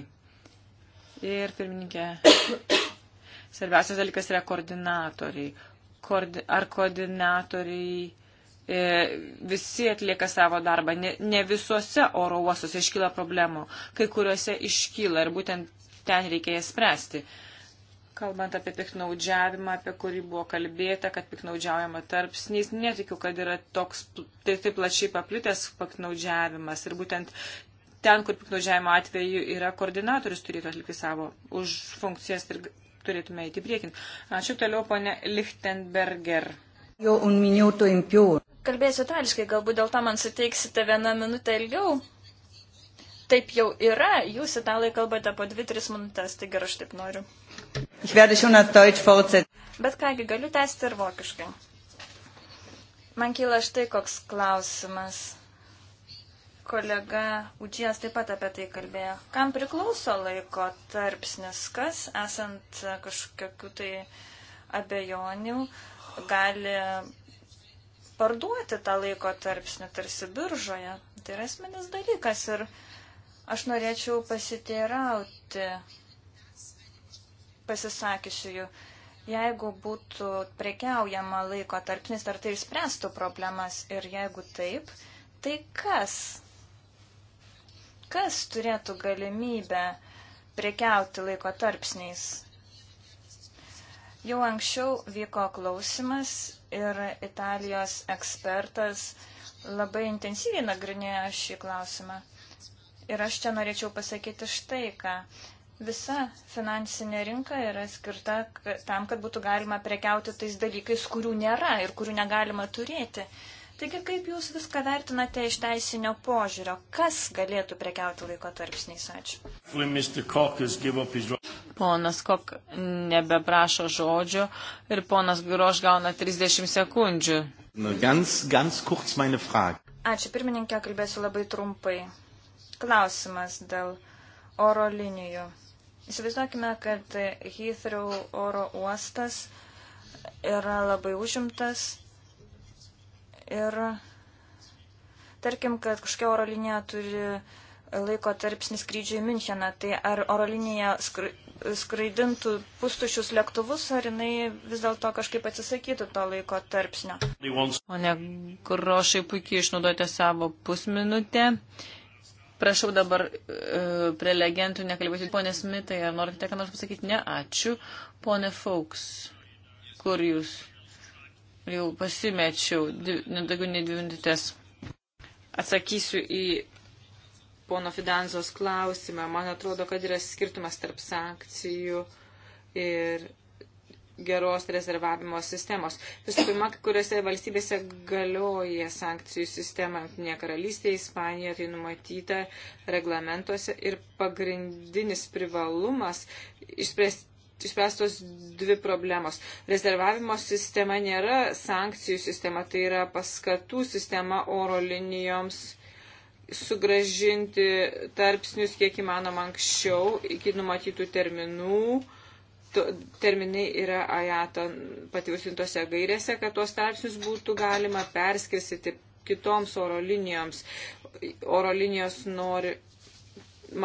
Ir pirmininkė, svarbiausias dalykas yra koordinatoriai. Koordi, ar koordinatoriai e, visi atlieka savo darbą? Ne, ne visuose oro uostuose iškyla problemų, kai kuriuose iškyla ir būtent ten reikia jas spręsti. E, Kalbant apie piknaudžiavimą, apie kurį buvo kalbėta, kad piknaudžiaujama tarpsniais, netikiu, kad yra toks taip, taip plačiai paplitęs piknaudžiavimas. Ir būtent ten, kur piknaudžiavimo atveju yra, koordinatorius turėtų atlikti savo už funkcijas ir turėtume eiti priekin. Ačiū toliau, ponė Lichtenberger. Jau un minuto impiu. Kalbėsiu itališkai, galbūt dėl to man suteiksite vieną minutę ilgiau taip jau yra, jūs italai kalbate po 2-3 minutės, taigi aš taip noriu. Bet kągi, galiu tęsti ir vokiškai. Man kyla štai koks klausimas. Kolega Udžijas taip pat apie tai kalbėjo. Kam priklauso laiko tarpsnis, kas esant kažkokiu tai abejonių gali parduoti tą laiko tarpsnį tarsi biržoje. Tai yra esminis dalykas ir aš norėčiau pasiteirauti pasisakysiu, jeigu būtų prekiaujama laiko tarpnis, ar tai išspręstų problemas ir jeigu taip, tai kas? Kas turėtų galimybę prekiauti laiko tarpsniais? Jau anksčiau vyko klausimas ir Italijos ekspertas labai intensyviai nagrinėjo šį klausimą. Ir aš čia norėčiau pasakyti štai ką. Visa finansinė rinka yra skirta tam, kad būtų galima prekiauti tais dalykais, kurių nėra ir kurių negalima turėti. Taigi, kaip jūs viską vertinate iš teisinio požiūrio? Kas galėtų prekiauti laiko tarpsniais? Ačiū. Ponas Kok nebeprašo žodžio ir ponas Groš gauna 30 sekundžių. Ganz, ganz kurz meine Frage. Ačiū, pirmininkė, kalbėsiu labai trumpai. Klausimas dėl oro linijų. Įsivaizduokime, kad Heathrow oro uostas yra labai užimtas ir tarkim, kad kažkokia oro linija turi laiko tarpsnį skrydžių į Müncheną, tai ar oro linija skraidintų pustušius lėktuvus, ar jinai vis dėlto kažkaip atsisakytų to laiko tarpsnio? O ne, grošai puikiai išnaudojate savo pusminutę. Uh, Prašau dabar e, prie legendų nekalbėti. Pone Smitai, ar norite ką nors pasakyti? Ne, ačiū. Pone Fauks, kur jūs? Jau pasimečiau, nedaugiau nei dvi minutės. Atsakysiu į pono Fidanzos klausimą. Man atrodo, kad yra skirtumas tarp sankcijų ir geros rezervavimo sistemos. Visų pirma, kuriuose valstybėse galioja sankcijų sistema, ne karalystė, Ispanija, tai numatyta reglamentuose ir pagrindinis privalumas išspręsti. Išspręstos dvi problemos. Rezervavimo sistema nėra sankcijų sistema, tai yra paskatų sistema oro linijoms sugražinti tarpsnius kiek įmanoma anksčiau iki numatytų terminų terminai yra ajato patvirtintose gairėse, kad tuos tarpsnius būtų galima perskirstyti kitoms oro linijoms. Oro linijos nori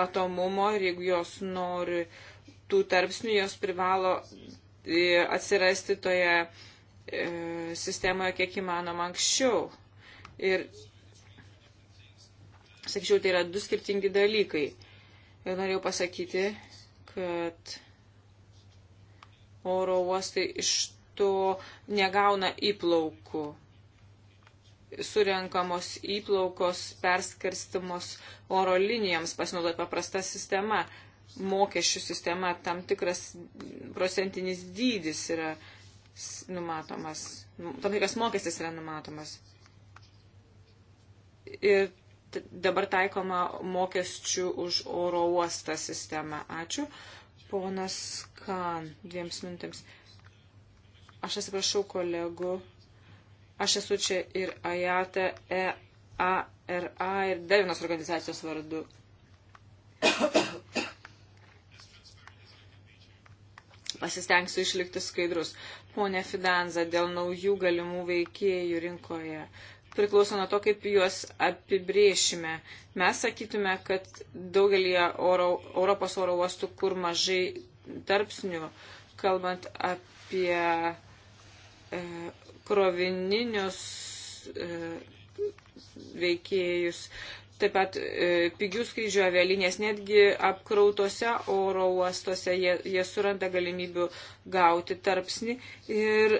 matomumo ir jeigu jos nori tų tarpsnių, jos privalo e, atsirasti toje e, sistemoje kiek įmanoma anksčiau. Ir, sakyčiau, tai yra du skirtingi dalykai. Ir norėjau pasakyti, kad oro uostai iš to negauna įplaukų. Surenkamos įplaukos perskirstimos oro linijams pasinaudoja paprasta sistema. Mokesčių sistema tam tikras procentinis dydis yra numatomas, nu, tam tikras mokestis yra numatomas. Ir dabar taikoma mokesčių už oro uostą sistema. Ačiū. Ponas Kan dviems minutėms. Aš atsiprašau kolegų. Aš esu čia ir Ajata, e EARA ir dar vienos organizacijos vardu. Pasistengsiu išlikti skaidrus. Pone Fidanza, dėl naujų galimų veikėjų rinkoje priklauso nuo to, kaip juos apibriešime. Mes sakytume, kad daugelį oro, Europos oro uostų, kur mažai tarpsnių, kalbant apie e, krovininius e, veikėjus, taip pat e, pigių skrydžių avialinės, netgi apkrautose oro uostuose jie, jie suranda galimybių gauti tarpsnį ir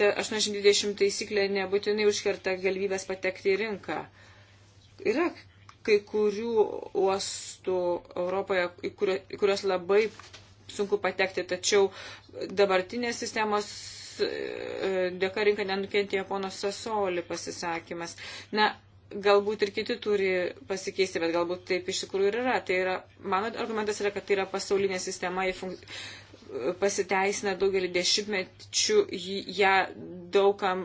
ta 820 taisyklė nebūtinai užkerta galimybės patekti į rinką. Yra kai kurių uostų Europoje, kurios labai sunku patekti, tačiau dabartinės sistemos e, dėka rinka nenukentėjo pono Sasoli pasisakymas. Na, galbūt ir kiti turi pasikeisti, bet galbūt taip iš tikrųjų ir yra. Tai yra mano argumentas yra, kad tai yra pasaulinė sistema, pasiteisina daugelį dešimtmečių, ją daugam,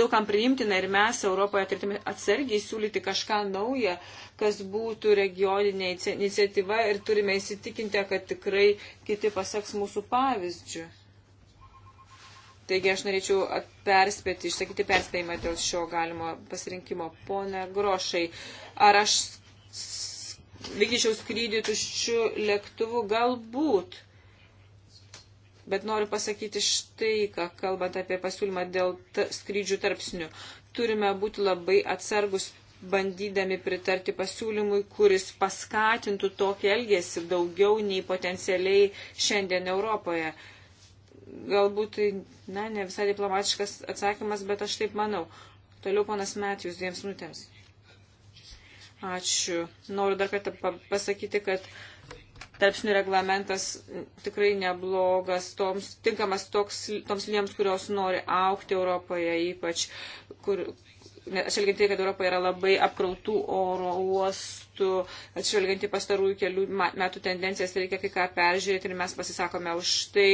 daugam priimtina ir mes Europoje turėtume atsargiai siūlyti kažką naują, kas būtų regioninė iniciatyva ir turime įsitikinti, kad tikrai kiti paseks mūsų pavyzdžių. Taigi aš norėčiau perspėti, išsakyti perspėjimą dėl šio galimo pasirinkimo. Pone Grošai, ar aš vykdyčiau skrydį tuščiu lėktuvu? Galbūt Bet noriu pasakyti štai, ką kalbant apie pasiūlymą dėl skrydžių tarpsnių. Turime būti labai atsargus, bandydami pritarti pasiūlymui, kuris paskatintų tokį elgesį daugiau nei potencialiai šiandien Europoje. Galbūt, na, ne visai diplomatiškas atsakymas, bet aš taip manau. Toliau ponas Metijus, dviems minutėms. Ačiū. Noriu dar kartą pasakyti, kad uh, tarpsnių reglamentas tikrai neblogas, toms, tinkamas toks, toms linijoms, kurios nori aukti Europoje, ypač, kur, atsižvelgiant tai, kad Europoje yra labai apkrautų oro uostų mastu, atšvelgiant į pastarųjų kelių metų tendencijas, tai reikia kai ką peržiūrėti ir mes pasisakome už tai,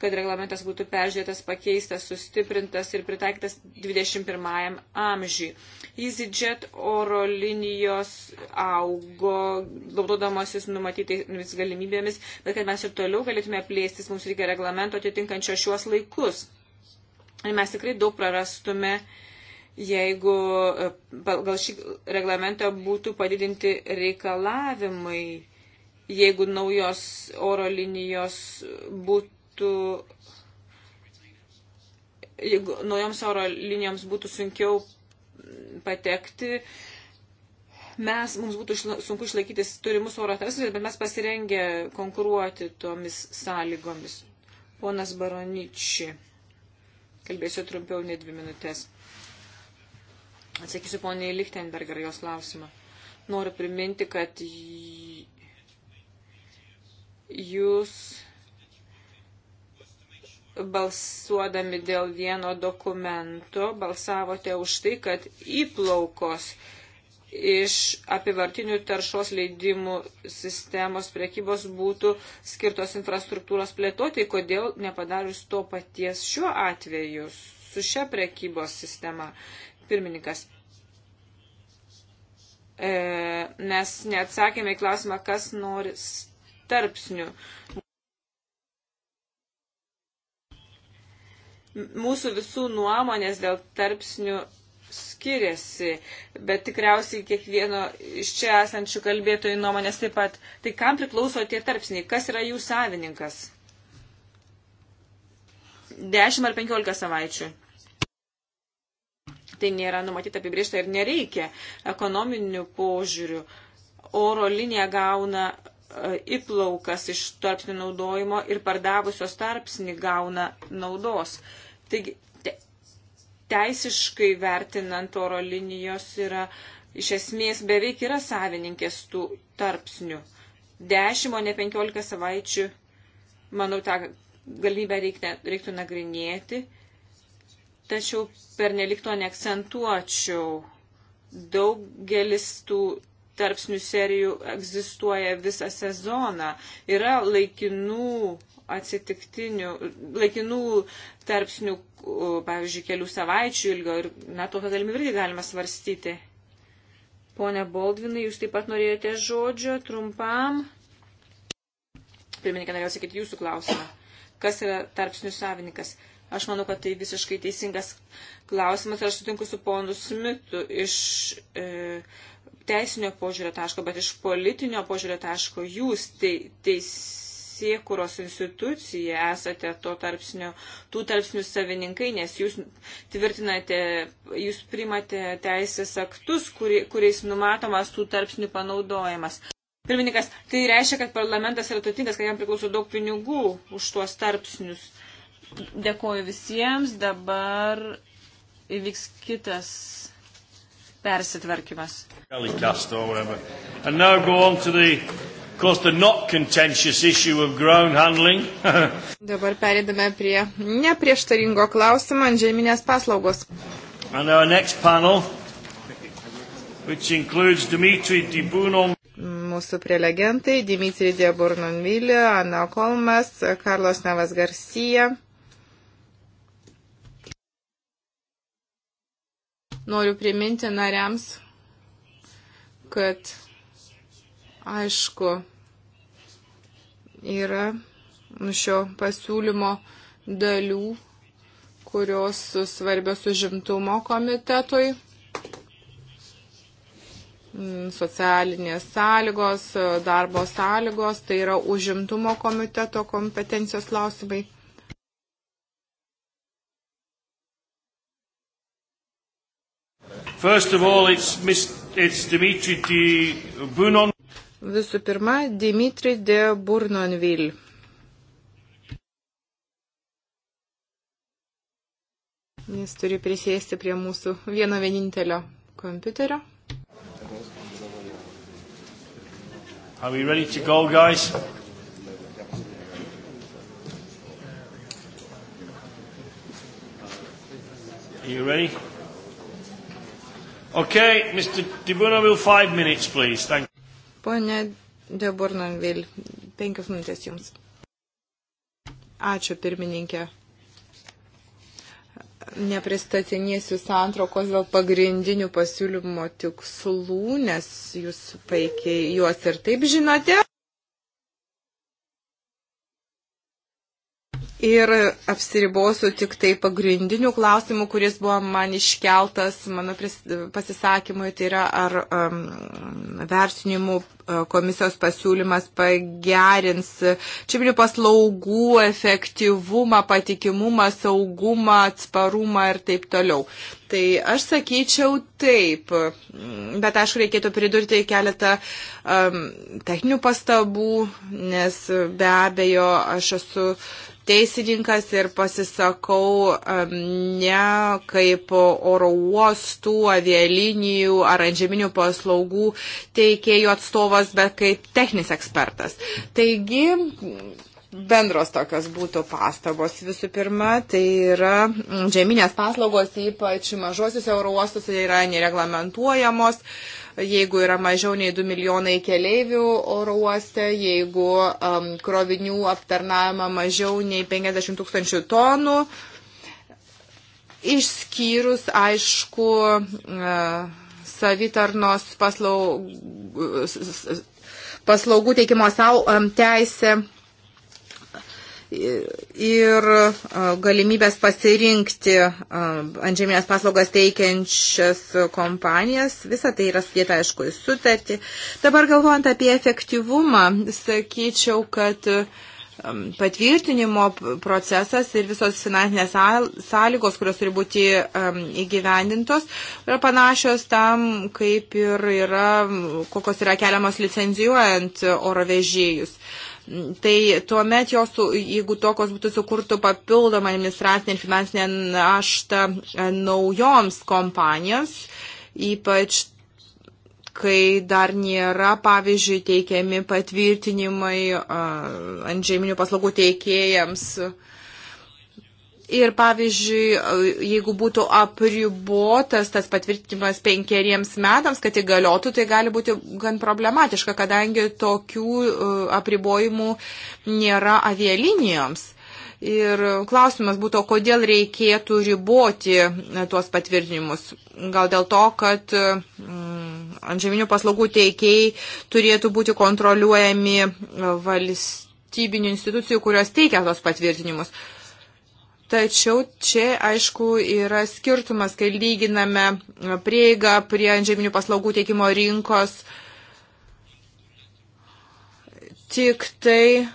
kad reglamentas būtų peržiūrėtas, pakeistas, sustiprintas ir pritaikytas 21 amžiui. EasyJet oro linijos augo, naudodamasis numatytais galimybėmis, bet kad mes ir toliau galėtume plėstis, mums reikia reglamento atitinkančio šiuos laikus. Ir mes tikrai daug prarastume uh, jeigu e, gal šį reglamentą būtų padidinti reikalavimai, jeigu naujos oro linijos būtų jeigu naujoms oro linijoms būtų sunkiau patekti, mes, mums būtų šla, sunku išlaikyti turimus oro tarsus, bet mes pasirengę konkuruoti tomis sąlygomis. Ponas Baroničiai, kalbėsiu trumpiau nei dvi minutės. Atsakysiu poniai Lichtenberger jos klausimą. Noriu priminti, kad jūs balsuodami dėl vieno dokumento balsavote už tai, kad įplaukos iš apivartinių taršos leidimų sistemos priekybos būtų skirtos infrastruktūros plėtoti, kodėl nepadarius to paties šiuo atveju su šia priekybos sistema. Pirmininkas. E, mes neatsakėme į klausimą, kas nori tarpsnių. Mūsų visų nuomonės dėl tarpsnių skiriasi, bet tikriausiai kiekvieno iš čia esančių kalbėtojų nuomonės taip pat. Tai kam priklauso tie tarpsniai? Kas yra jų savininkas? 10 ar 15 savaičių tai nėra numatyta apibriešta ir nereikia ekonominių požiūrių. Oro linija gauna e, įplaukas iš tarpsnių naudojimo ir pardavusios tarpsnį gauna naudos. Taigi, te, teisiškai vertinant oro linijos yra iš esmės beveik yra savininkės tų tarpsnių. 10, o ne 15 savaičių, manau, tą galimybę reikne, reiktų nagrinėti tačiau per nelikto neakcentuočiau. Daugelis tų tarpsnių serijų egzistuoja visą sezoną. Yra laikinų atsitiktinių, laikinų tarpsnių, pavyzdžiui, kelių savaičių ilgio ir, na, tokią galimybę irgi galima svarstyti. Pone Boldvinai, jūs taip pat norėjote žodžio trumpam. Pirmininkė, norėjau sakyti jūsų klausimą. Kas yra tarpsnių savininkas? Uh, Aš manau, kad tai visiškai teisingas klausimas ir aš sutinku su ponu Smitu iš e, teisinio požiūrio taško, bet iš politinio požiūrio taško jūs te, teisėkuros institucija esate to tarpsnio, tų tarpsnių savininkai, nes jūs tvirtinate, jūs primate teisės aktus, kuri, kuriais numatomas tų tarpsnių panaudojimas. Pirmininkas, tai reiškia, kad parlamentas yra turtingas, kad jam priklauso daug pinigų už tuos tarpsnius. Dėkoju visiems. Dabar įvyks kitas persitvarkymas. And now go on to the Of course, the not contentious issue of ground handling. Dabar perėdame prie neprieštaringo klausimo ant žeminės paslaugos. And our next panel, which includes Dimitri Dibunon. Mūsų prelegentai Dimitri Diaburnonvilė, Ana Kolmas, Karlos Navas Garcija. Noriu priminti nariams, kad aišku yra šio pasiūlymo dalių, kurios svarbios užimtumo komitetui mm, socialinės sąlygos, darbo sąlygos, tai yra užimtumo komiteto kompetencijos klausimai. First of all, it's, mis, it's Dimitri de Bunon. Visų pirma, Dimitri de Burnonville. Jis turi prisėsti prie mūsų vieno vienintelio kompiuterio. Are we ready to go, guys? Are you ready? Okay, Mr. De Bournonville, five minutes, please. Thank you. Pone De Bournonville, penkios minutės jums. Ačiū, pirmininkė. Nepristatinėsiu santraukos dėl pagrindinių pasiūlymo tikslų, nes jūs paikiai juos ir taip žinote. ir apsiribosiu tik tai pagrindiniu klausimu, kuris buvo man iškeltas mano pasisakymui, tai yra ar um, vertinimų E, komisijos pasiūlymas pagerins čiabrinių paslaugų efektyvumą, patikimumą, saugumą, atsparumą ir taip toliau. Tai aš sakyčiau taip, bet aišku, reikėtų pridurti keletą um, techninių pastabų, nes be abejo aš esu teisininkas ir pasisakau um, ne kaip oro uostų, avialinijų ar antžeminių paslaugų teikėjų atstovas vadovas, bet kaip techninis ekspertas. Taigi, bendros tokios būtų pastabos. Visų pirma, tai yra mm, žeminės paslaugos, ypač mažosius eurouostus, yra nereglamentuojamos. Jeigu yra mažiau nei 2 milijonai keleivių oro uoste, jeigu um, krovinių aptarnavimą mažiau nei 50 tūkstančių tonų, išskyrus, aišku, uh, savitarnos paslaugų, paslaugų teikimo savo teisę ir e, galimybės pasirinkti e, antžeminės paslaugas teikiančias kompanijas. Visa tai yra sudėta, aišku, į sutartį. Dabar galvojant apie efektyvumą, sakyčiau, kad uh, Um, patvirtinimo procesas ir visos finansinės sąlygos, kurios turi būti um, įgyvendintos, yra panašios tam, kaip ir yra, kokios yra keliamos licenzijuojant oro vežėjus. Tai tuomet jos, jeigu tokios būtų sukurtų papildomą administracinę ir finansinę naštą e, naujoms kompanijoms, ypač kai dar nėra, pavyzdžiui, teikiami patvirtinimai ant žeminių paslaugų teikėjams. Ir pavyzdžiui, jeigu būtų apribotas tas patvirtinimas penkeriems metams, kad įgaliotų, tai gali būti gan problematiška, kadangi tokių apribojimų nėra avialinijoms. Ir klausimas būtų, kodėl reikėtų riboti e, tuos patvirtinimus. Gal dėl to, kad mm, antžeminių paslaugų teikėjai turėtų būti kontroliuojami e, valstybinių institucijų, kurios teikia tos patvirtinimus. Tačiau čia, aišku, yra skirtumas, kai lyginame e, prieigą prie antžeminių paslaugų teikimo rinkos tik tai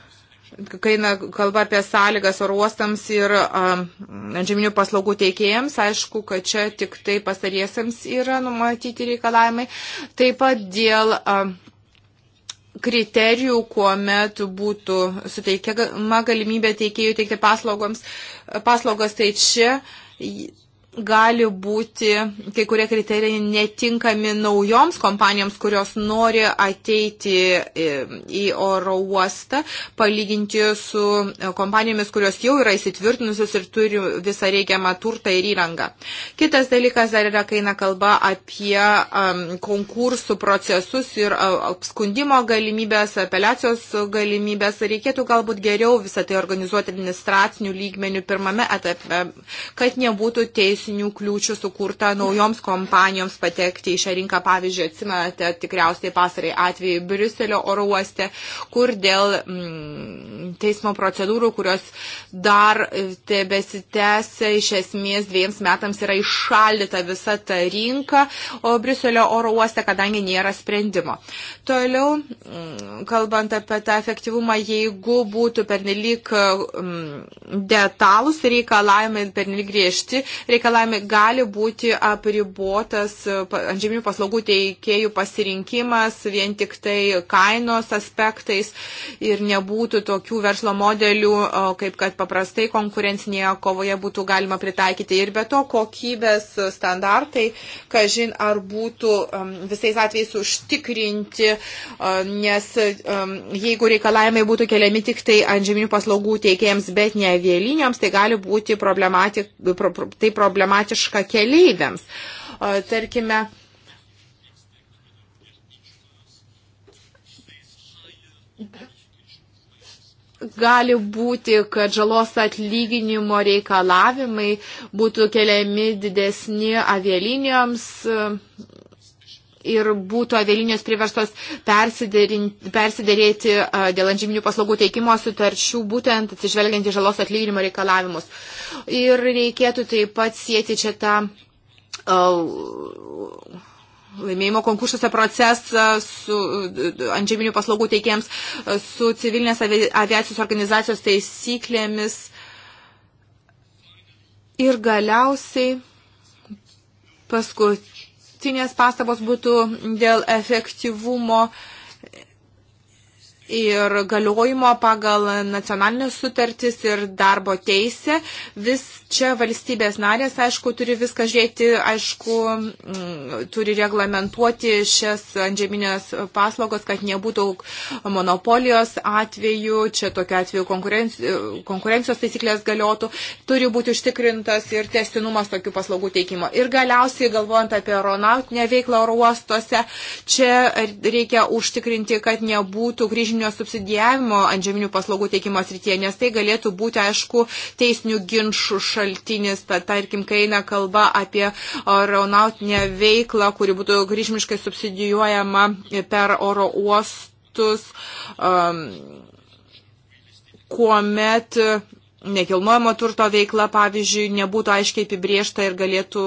kai na, kalba apie sąlygas oruostams ir žeminių paslaugų teikėjams, aišku, kad čia tik tai pasariesiams yra numatyti reikalavimai. Taip pat dėl a, kriterijų, kuomet būtų suteikiama galimybė teikėjų teikti paslaugas, tai čia gali būti kai kurie kriterijai netinkami naujoms kompanijoms, kurios nori ateiti e, į oro uostą, palyginti su e, kompanijomis, kurios jau yra įsitvirtinusios ir turi visą reikiamą turtą ir įrangą. Kitas dalykas dar yra, kai eina kalba apie um, konkursų procesus ir apskundimo galimybės, apeliacijos galimybės, reikėtų galbūt geriau visą tai organizuoti administracinių lygmenių pirmame etape, kad nebūtų teisų teisinių kliūčių sukurta naujoms kompanijoms patekti į šią rinką. Pavyzdžiui, atsimenate tikriausiai pasarai atvejai Briuselio oro uoste, kur dėl mm, teismo procedūrų, kurios dar tebesitęsia, iš esmės dviems metams yra iššaldyta visa ta rinka o Briuselio oro uoste, kadangi nėra sprendimo. Toliau, mm, kalbant apie tą efektyvumą, jeigu būtų pernelyg mm, detalus reikalavimai, pernelyg griežti reikalavimai, reikalavimai gali būti apribuotas e, antžeminių paslaugų teikėjų pasirinkimas vien tik tai kainos aspektais ir nebūtų tokių verslo modelių, kaip kad paprastai konkurencinėje kovoje būtų galima pritaikyti. Ir be to kokybės standartai, kažin ar būtų visais atvejais užtikrinti, nes jeigu reikalavimai būtų keliami tik tai antžeminių paslaugų teikėjams, bet ne avialiniams, tai gali būti problematika, pro, pro, tai problema problematiška keleiviams. Tarkime, gali būti, kad žalos atlyginimo reikalavimai būtų keliami didesni avialinijoms ir būtų avialinijos priverstos persiderėti dėl antžyminių paslaugų teikimo sutarčių, būtent atsižvelgiant į žalos atlyginimo reikalavimus. Ir reikėtų taip pat sieti čia tą laimėjimo konkursuose procesą su antžeminių paslaugų teikėjams, su civilinės aviacijos organizacijos taisyklėmis. Ir galiausiai paskutinį paskutinės pastabos būtų dėl efektyvumo. Uh, ir galiojimo pagal nacionalinės sutartis ir darbo teisę. Vis čia valstybės narės, aišku, turi viską žiūrėti, aišku, mm, turi reglamentuoti šias antžeminės paslaugas, kad nebūtų monopolijos atveju, čia tokiu atveju konkurencijos, konkurencijos taisyklės galiotų, turi būti užtikrintas ir testinumas tokių paslaugų teikimo. Ir galiausiai, galvojant apie aeronautinę veiklą oro uostuose, čia reikia užtikrinti, kad nebūtų grįžimų nežinio subsidijavimo antžeminių paslaugų teikimo srityje, nes tai galėtų būti, aišku, teisinių ginčių šaltinis, bet, tarkim, kai eina kalba apie aeronautinę veiklą, kuri būtų grįžmiškai subsidijuojama per oro uostus, um, kuomet nekilnojamo turto veikla, pavyzdžiui, nebūtų aiškiai apibriešta ir galėtų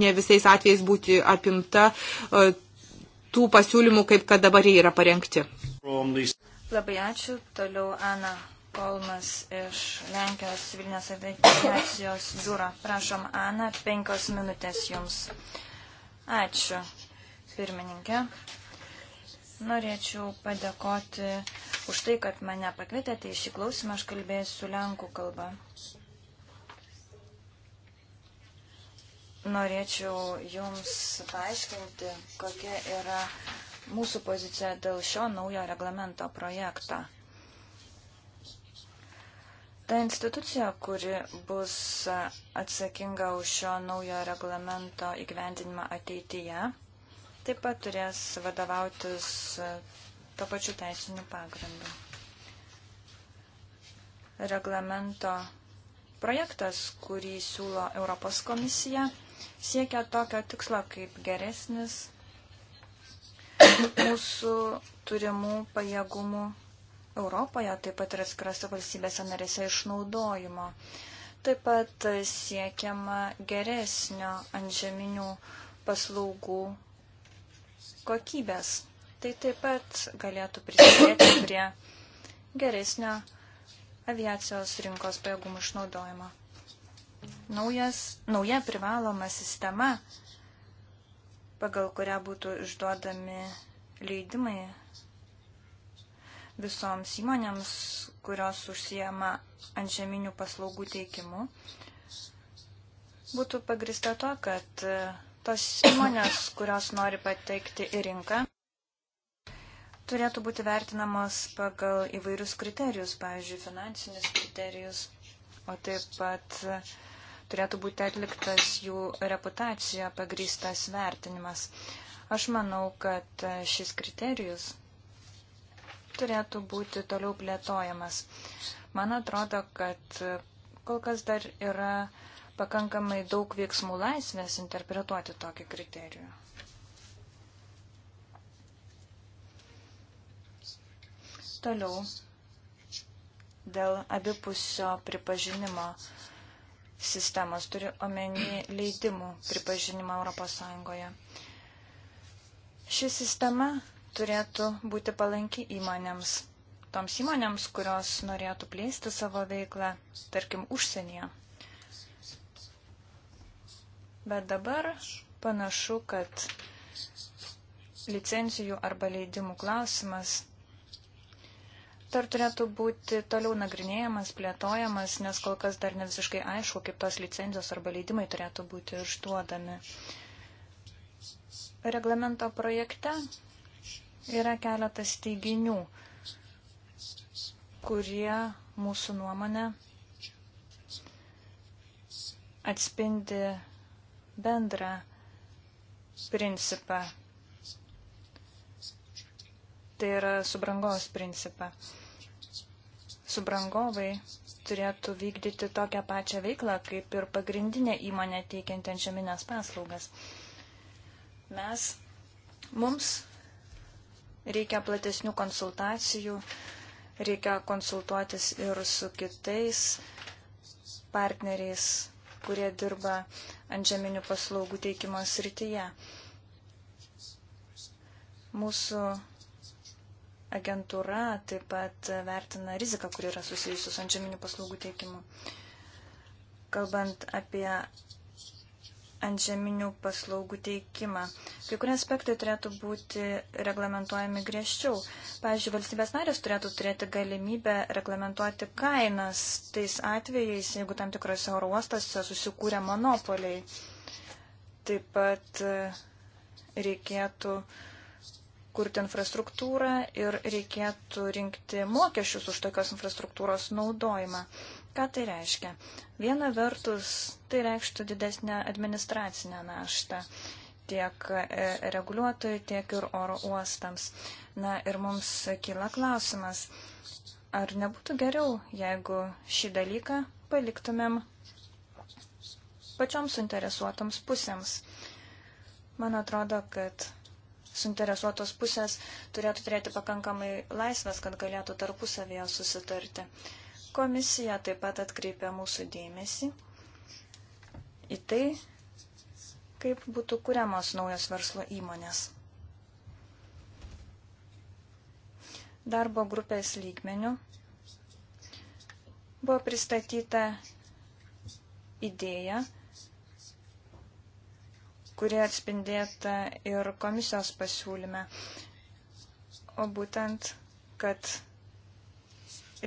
ne visais atvejais būti apimta uh, tų pasiūlymų, kaip kad dabar jie yra parengti. Labai ačiū. Toliau Ana Kolmas iš Lenkijos civilinės aviacijos biuro. Prašom, Ana, penkios minutės jums. Ačiū, pirmininkė. Norėčiau padėkoti už tai, kad mane pakvietėte į šį klausimą. Aš kalbėsiu Lenkų kalbą. norėčiau Jums paaiškinti, kokia yra mūsų pozicija dėl šio naujo reglamento projekto. Ta institucija, kuri bus atsakinga už šio naujo reglamento įgyvendinimą ateityje, taip pat turės vadovautis to pačiu teisiniu pagrindu. Reglamento projektas, kurį siūlo Europos komisija, siekia tokio tikslo kaip geresnis mūsų turimų pajėgumų Europoje, taip pat ir atskirose valstybėse narėse išnaudojimo. Taip pat siekiama geresnio antžeminių paslaugų kokybės. Tai taip pat galėtų prisidėti prie geresnio aviacijos rinkos pajėgumų išnaudojimo naujas, nauja privaloma sistema, pagal kurią būtų išduodami leidimai visoms įmonėms, kurios užsijama ant žeminių paslaugų teikimu, būtų pagrista to, kad e, tos įmonės, kurios nori patekti į rinką, turėtų būti vertinamos pagal įvairius kriterijus, pavyzdžiui, finansinius kriterijus, o taip pat turėtų būti atliktas jų reputacija pagrystas vertinimas. Aš manau, kad šis kriterijus turėtų būti toliau plėtojamas. Man atrodo, kad kol kas dar yra pakankamai daug veiksmų laisvės interpretuoti tokį kriterijų. Toliau dėl abipusio pripažinimo sistemos, turiu omeny leidimų pripažinimą ES. Ši sistema turėtų būti palanki įmonėms, toms įmonėms, kurios norėtų plėsti savo veiklą, tarkim, užsienyje. Bet dabar panašu, kad licencijų arba leidimų klausimas dar turėtų būti toliau nagrinėjamas, plėtojamas, nes kol kas dar ne visiškai aišku, kaip tos licenzijos arba leidimai turėtų būti išduodami. Reglamento projekte yra keletas teiginių, kurie mūsų nuomonė atspindi bendrą principą. Tai yra subrangos principą subrangovai turėtų vykdyti tokią pačią veiklą, kaip ir pagrindinė įmonė teikianti antžeminės paslaugas. Mes, mums reikia platesnių konsultacijų, reikia konsultuotis ir su kitais partneriais, kurie dirba antžeminių paslaugų teikimo srityje. Mūsų agentūra taip pat vertina riziką, kuri yra susijusi su antžeminių paslaugų teikimu. Kalbant apie antžeminių paslaugų teikimą. Kai kurie aspektai turėtų būti reglamentuojami griežčiau. Pavyzdžiui, valstybės narės turėtų turėti galimybę reglamentuoti kainas tais atvejais, jeigu tam tikrose oro uostose susikūrė monopoliai. Taip pat reikėtų uh, kurti infrastruktūrą ir reikėtų rinkti mokesčius už tokios infrastruktūros naudojimą. Ką tai reiškia? Viena vertus, tai reikštų didesnę administracinę naštą tiek e, reguliuotojai, tiek ir oro uostams. Na ir mums kyla klausimas, ar nebūtų geriau, jeigu šį dalyką paliktumėm pačioms suinteresuotoms pusėms. Man atrodo, kad suinteresuotos pusės turėtų turėti pakankamai laisvės, kad galėtų tarpusavėje susitarti. Komisija taip pat atkreipia mūsų dėmesį į tai, kaip būtų kuriamos naujos verslo įmonės. Darbo grupės lygmenių buvo pristatyta idėja, kurie atspindėta ir komisijos pasiūlyme. O būtent, kad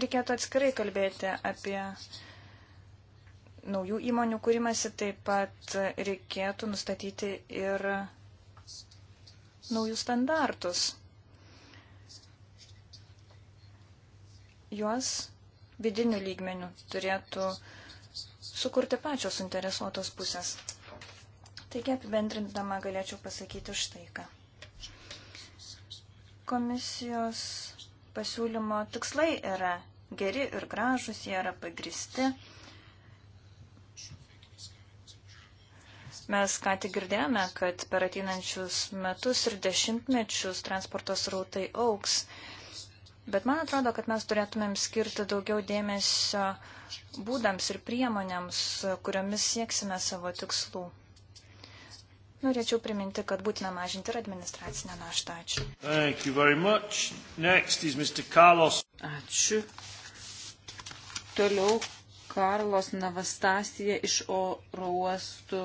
reikėtų atskirai kalbėti apie naujų įmonių kūrimasi, taip pat reikėtų nustatyti ir naujus standartus. Juos vidinių lygmenių turėtų sukurti pačios interesuotos pusės. Taigi apibendrindama galėčiau pasakyti štai ką. Komisijos pasiūlymo tikslai yra geri ir gražus, jie yra pagristi. Mes ką tik girdėjome, kad per ateinančius metus ir dešimtmečius transporto srautai auks. Bet man atrodo, kad mes turėtumėm skirti daugiau dėmesio būdams ir priemonėms, kuriomis sieksime savo tikslų. Norėčiau priminti, kad būtina mažinti ir administracinę naštą. Ačiū. Ačiū. Toliau Karlos Navastasija iš oro uostų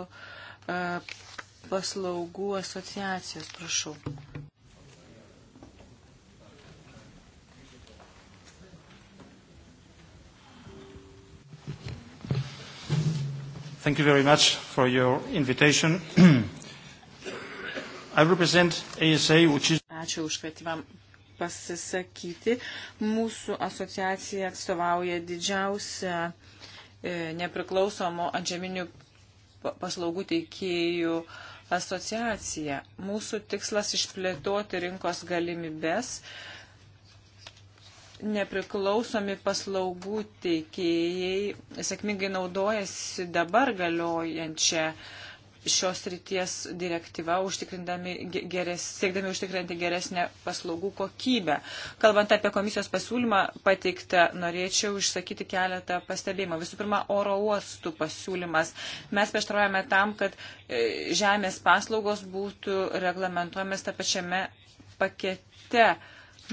e, paslaugų asociacijos. Prašau. Thank you very much for your invitation. ASA, is... Ačiū už kvietimą pasisakyti. Mūsų asociacija atstovauja didžiausią e, nepriklausomo antžeminių paslaugų teikėjų asociacija. Mūsų tikslas išplėtoti rinkos galimybės nepriklausomi paslaugų teikėjai sėkmingai naudojasi dabar galiojančią uh, šios ryties direktyva, geres, siekdami užtikrinti geresnę paslaugų kokybę. Kalbant apie komisijos pasiūlymą pateiktą, norėčiau išsakyti keletą pastebėjimų. Visų pirma, oro uostų pasiūlymas. Mes prieštraujame tam, kad e, žemės paslaugos būtų reglamentuojamas tą pačiame pakete.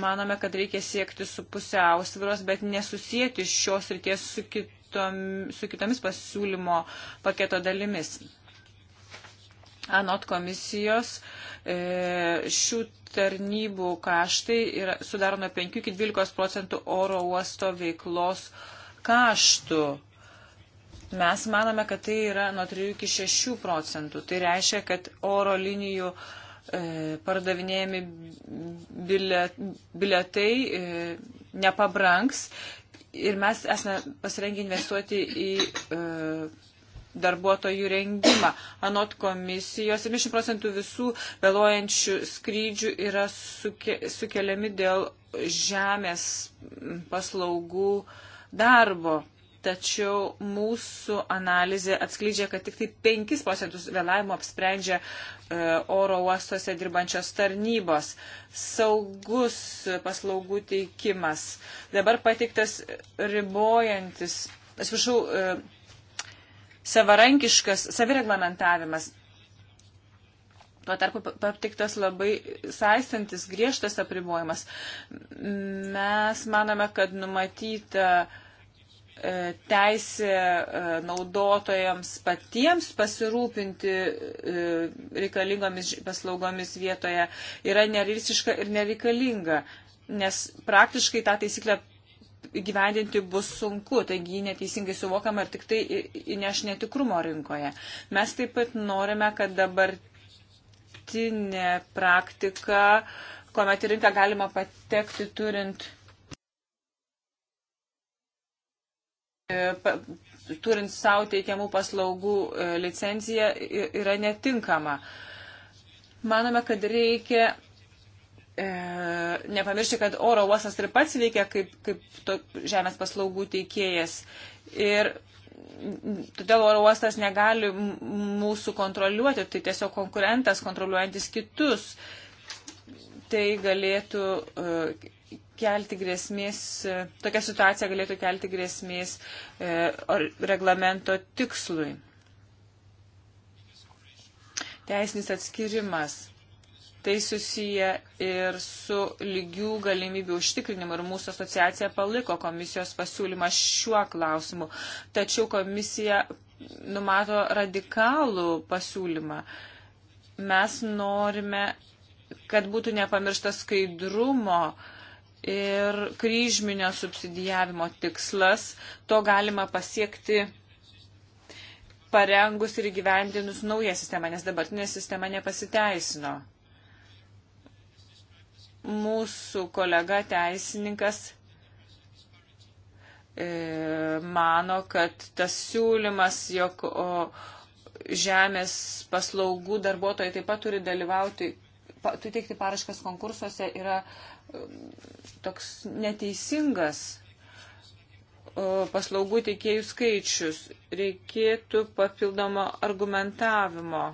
Manome, kad reikia siekti su pusiausvyros, bet nesusijęti šios ryties su, kitom, su kitomis pasiūlymo paketo dalimis. Anot komisijos e, šių tarnybų kaštai yra, sudaro nuo 5 iki 12 procentų oro uosto veiklos kaštų. Mes manome, kad tai yra nuo 3 iki 6 procentų. Tai reiškia, kad oro linijų e, pardavinėjami biletai e, nepabranks ir mes esame pasirengę investuoti į darbuotojų rengimą. Anot komisijos 70 procentų visų vėluojančių skrydžių yra suke, sukeliami dėl žemės paslaugų darbo. Tačiau mūsų analizė atskleidžia, kad tik tai 5 procentus vėlavimo apsprendžia e, oro uostuose dirbančios tarnybos. Saugus paslaugų teikimas. Dabar patiktas ribojantis, atsiprašau, e, savarankiškas savireglamentavimas. Tuo tarpu patiktas labai saistantis griežtas apribojimas. Mes manome, kad numatyta e, teisė e, naudotojams patiems pasirūpinti e, reikalingomis paslaugomis vietoje yra nerealistiška ir nereikalinga, nes praktiškai tą taisyklę gyvendinti bus sunku, taigi neteisingai suvokama ir tik tai įneš netikrumo rinkoje. Mes taip pat norime, kad dabartinė praktika, kuomet į rinką galima patekti turint. E, turint savo teikiamų paslaugų e, licenciją, yra netinkama. Manome, kad reikia e, nepamiršti, kad oro uostas ir pats veikia kaip, kaip to, žemės paslaugų teikėjas. Ir todėl oro uostas negali mūsų kontroliuoti, tai tiesiog konkurentas kontroliuojantis kitus. Tai galėtų e, kelti grėsmės, e, tokia situacija galėtų kelti grėsmės e, reglamento tikslui. Teisinis atskirimas Tai susiję ir su lygių galimybių užtikrinimu ir mūsų asociacija paliko komisijos pasiūlymą šiuo klausimu. Tačiau komisija numato radikalų pasiūlymą. Mes norime, kad būtų nepamiršta skaidrumo ir kryžminio subsidijavimo tikslas. To galima pasiekti parengus ir įgyvendinus naują sistemą, nes dabartinė sistema nepasiteisino. Mūsų kolega teisininkas e, mano, kad tas siūlymas, jog žemės paslaugų darbuotojai taip pat turi dalyvauti, turi teikti paraškas konkursuose, yra e, toks neteisingas paslaugų teikėjų skaičius. Reikėtų papildomo argumentavimo.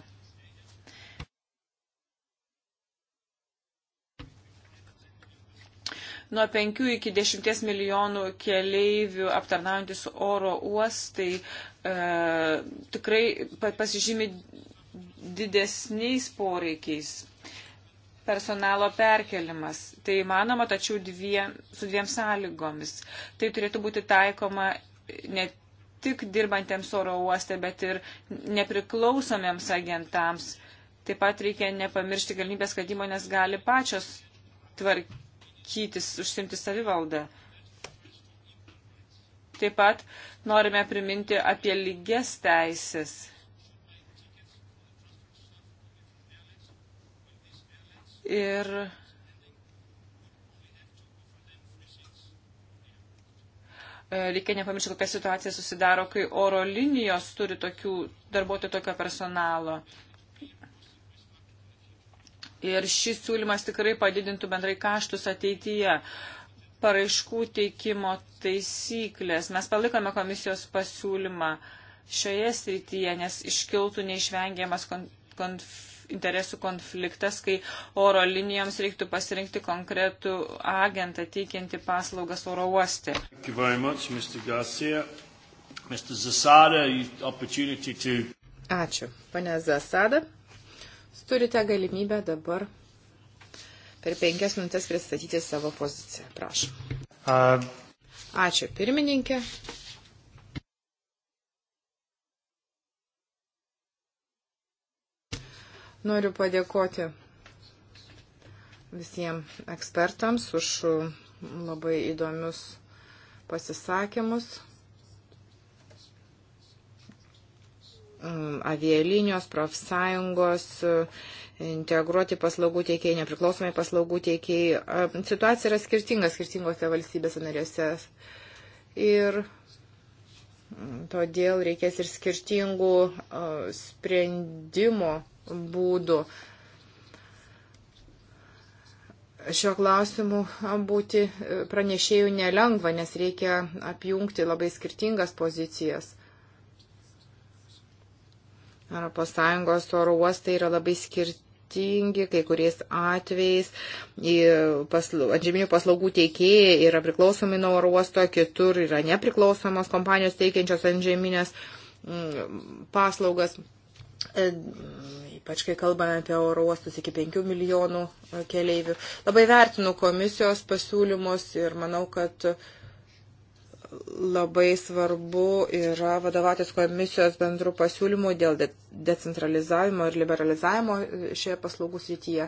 nuo 5 iki 10 milijonų keleivių aptarnaujantis oro uostai e, tikrai pasižymi didesniais poreikiais. Personalo perkelimas. Tai įmanoma, tačiau dviem, su dviem sąlygomis. Tai turėtų būti taikoma ne tik dirbantiems oro uoste, bet ir nepriklausomiems agentams. Taip pat reikia nepamiršti galimybės, kad įmonės gali pačios tvarkyti laikytis, užsimti savivaldą. Taip pat norime priminti apie lygias teisės. Ir e, reikia nepamiršti, kokia situacija susidaro, kai oro linijos turi tokių darbuotojų tokio personalo. Ir šis siūlymas tikrai padidintų bendrai kaštus ateityje. Paraiškų teikimo taisyklės. Mes palikome komisijos pasiūlymą šioje srityje, nes iškiltų neišvengiamas konf interesų konfliktas, kai oro linijoms reiktų pasirinkti konkretų agentą teikiantį paslaugas oro uoste. Ačiū, pane Zasada. Turite galimybę dabar per penkias minutės pristatyti savo poziciją. Prašom. A... Ačiū pirmininkė. Noriu padėkoti visiems ekspertams už labai įdomius pasisakymus. Mm, avialinijos, profsąjungos, e, integruoti paslaugų teikėjai, nepriklausomai paslaugų teikėjai. Situacija yra skirtinga skirtingose valstybėse narėse. Ir mm, todėl reikės ir skirtingų sprendimo būdų šiuo klausimu būti pranešėjų nelengva, nes reikia apjungti labai skirtingas pozicijas. ES oro uostai yra labai skirtingi, kai kuriais atvejais pasla, antžeminių paslaugų teikėjai yra priklausomi nuo oro uosto, kitur yra nepriklausomos kompanijos teikiančios antžeminės mm, paslaugas. E, ypač kai kalbame apie oro uostus iki 5 milijonų e, keleivių. Labai vertinu komisijos pasiūlymus ir manau, kad uh, labai svarbu yra vadovautis komisijos bendrų pasiūlymų dėl de decentralizavimo ir liberalizavimo šioje paslaugų srityje.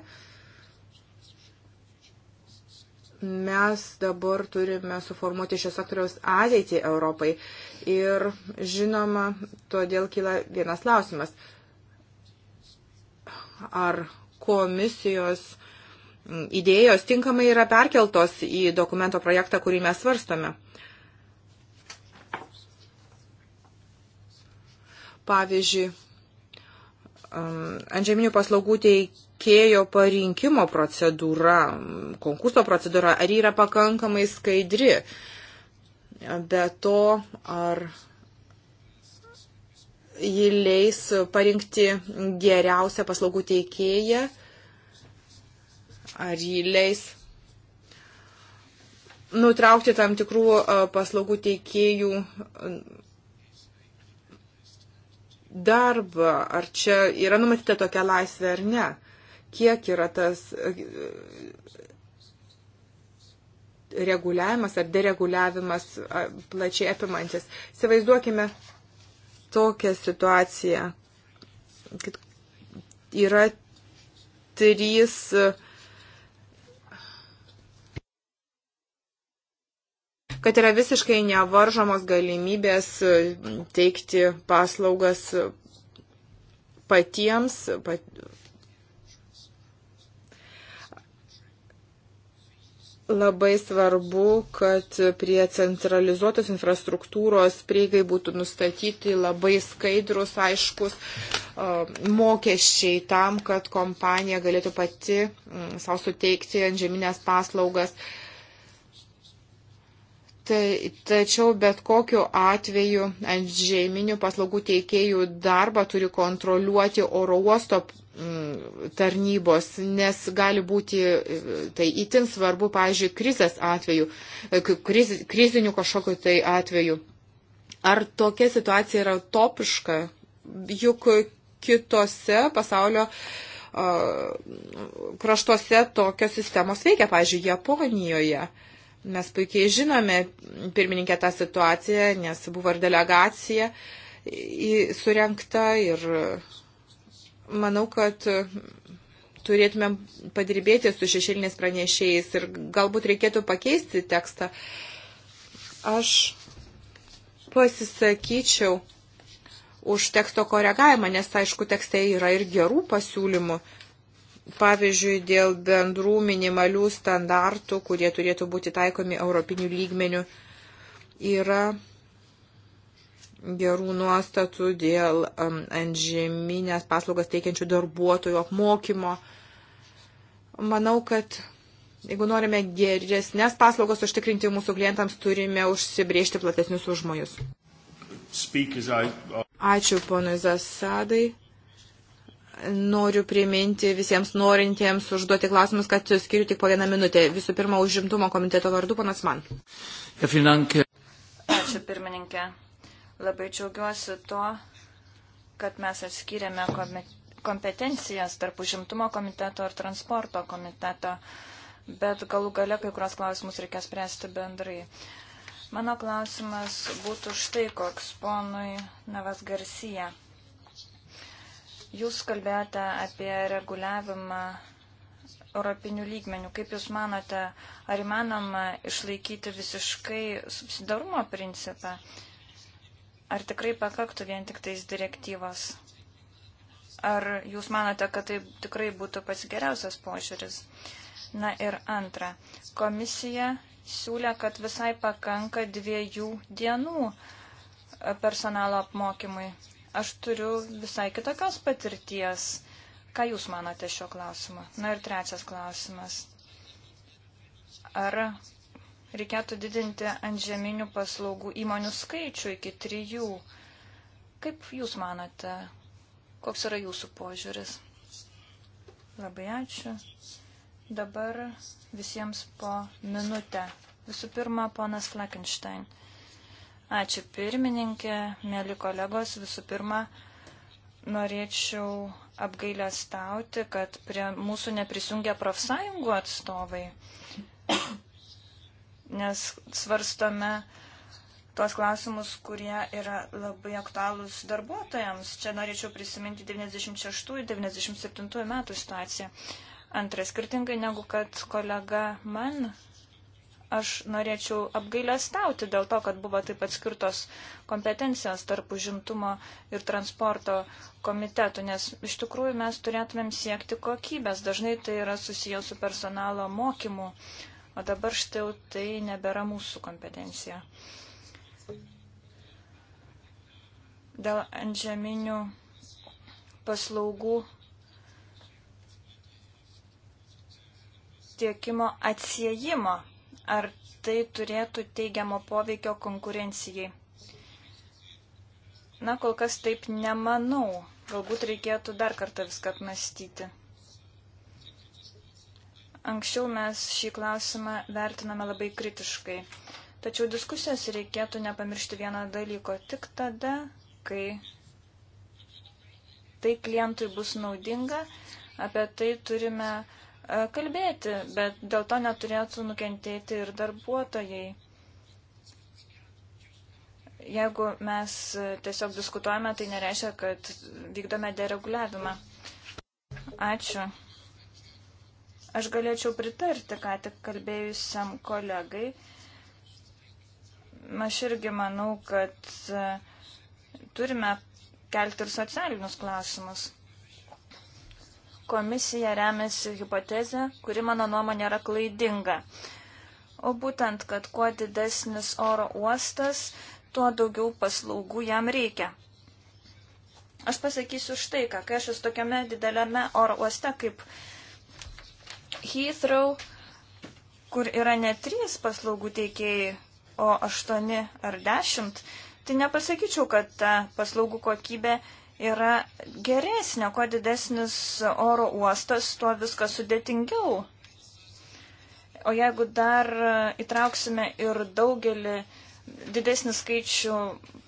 Mes dabar turime suformuoti šios sektoriaus ateitį Europai. Ir žinoma, todėl kyla vienas klausimas. Ar komisijos idėjos tinkamai yra perkeltos į dokumento projektą, kurį mes svarstome? Pavyzdžiui, um, antžeminių paslaugų teikėjo parinkimo procedūra, konkurso procedūra, ar yra pakankamai skaidri. Be to, ar jį leis parinkti geriausią paslaugų teikėją, ar jį leis nutraukti tam tikrų uh, paslaugų teikėjų darbą, ar čia yra numatyta tokia laisvė ar ne, kiek yra tas e, reguliavimas ar dereguliavimas plačiai apimantis. Įsivaizduokime tokią situaciją, kad yra trys uh, kad yra visiškai nevaržomos galimybės e, teikti paslaugas patiems. Pat... Labai svarbu, kad prie centralizuotos infrastruktūros prieigai būtų nustatyti labai skaidrus, aiškus e, mokesčiai tam, kad kompanija galėtų pati savo suteikti antžeminės paslaugas. Uh, Tačiau bet kokiu atveju ant žeminių paslaugų teikėjų darbą turi kontroliuoti oro uosto mm, tarnybos, nes gali būti e, tai itin svarbu, pavyzdžiui, krizės atveju, e, kriz, krizinių kažkokiu tai atveju. Ar tokia situacija yra topiška? Juk kitose pasaulio kraštuose tokios sistemos veikia, pavyzdžiui, Japonijoje. Uh, Mes puikiai žinome pirmininkę tą situaciją, nes buvo ir delegacija surenkta ir manau, kad turėtume padirbėti su šešėlinės pranešėjais ir galbūt reikėtų pakeisti tekstą. Aš pasisakyčiau už teksto koregavimą, nes aišku, tekste yra ir gerų pasiūlymų pavyzdžiui, dėl bendrų minimalių standartų, kurie turėtų būti taikomi europinių lygmenių, yra gerų nuostatų dėl um, antžeminės paslaugas teikiančių darbuotojų apmokymo. Manau, kad jeigu norime geresnės paslaugos užtikrinti mūsų klientams, turime užsibriežti platesnius užmojus. Uh, Ačiū ponui Zasadai. Noriu priminti visiems norintiems užduoti klausimus, kad skiriu tik po vieną minutę. Visų pirma, užimtumo komiteto vardu, panas man. Ačiū pirmininkė. Labai džiaugiuosi tuo, kad mes atskiriame kompetencijas tarp užimtumo komiteto ir transporto komiteto, bet galų gale kai kurios klausimus reikia spręsti bendrai. Mano klausimas būtų štai koks ponui Navas Garcija. Jūs kalbėjote apie reguliavimą europinių lygmenių. Kaip Jūs manote, ar įmanoma išlaikyti visiškai subsidarumo principą? Ar tikrai pakaktų vien tik tais direktyvos? Ar Jūs manote, kad tai tikrai būtų pats geriausias požiūris? Na ir antra, komisija siūlė, kad visai pakanka dviejų dienų personalo apmokymui. Aš turiu visai kitokios patirties. Ką Jūs manote šio klausimo? Na ir trečias klausimas. Ar reikėtų didinti ant žeminių paslaugų įmonių skaičių iki trijų? Kaip Jūs manote? Koks yra Jūsų požiūris? Labai ačiū. Dabar visiems po minutę. Visų pirma, ponas Fleckenstein. Ačiū pirmininkė, mėly kolegos. Visų pirma, norėčiau apgailę stauti, kad prie mūsų neprisijungia profsąjungų atstovai, nes svarstome tuos klausimus, kurie yra labai aktualūs darbuotojams. Čia norėčiau prisiminti 96-97 metų situaciją. Antras, skirtingai negu kad kolega man Aš norėčiau apgailestauti dėl to, kad buvo taip atskirtos kompetencijos tarp užimtumo ir transporto komitetų, nes iš tikrųjų mes turėtumėm siekti kokybės. Dažnai tai yra susijęs su personalo mokymu, o dabar štai tai nebėra mūsų kompetencija. Dėl antžeminių paslaugų tiekimo atsiejimo ar tai turėtų teigiamo poveikio konkurencijai? Na, kol kas taip nemanau. Galbūt reikėtų dar kartą viską apmastyti. Anksčiau mes šį klausimą vertiname labai kritiškai. Tačiau diskusijos reikėtų nepamiršti vieną dalyko tik tada, kai tai klientui bus naudinga, apie tai turime uh, E, kalbėti, bet dėl to neturėtų nukentėti ir darbuotojai. Jeigu mes tiesiog diskutuojame, tai nereiškia, kad vykdome dereguliavimą. Ačiū. Aš galėčiau pritarti, ką tik kalbėjusiam kolegai. Aš irgi manau, kad e, turime kelti ir socialinius klausimus komisija remiasi hipotezė, kuri mano nuomonė yra klaidinga. O būtent, kad kuo didesnis oro uostas, tuo daugiau paslaugų jam reikia. Aš pasakysiu štai ką, kai aš esu tokiame dideliame oro uoste kaip Heathrow, kur yra ne trys paslaugų teikėjai, o aštuoni ar dešimt, tai nepasakyčiau, kad ta paslaugų kokybė yra geresnė, kuo didesnis oro uostas, tuo viskas sudėtingiau. O jeigu dar įtrauksime ir daugelį didesnį skaičių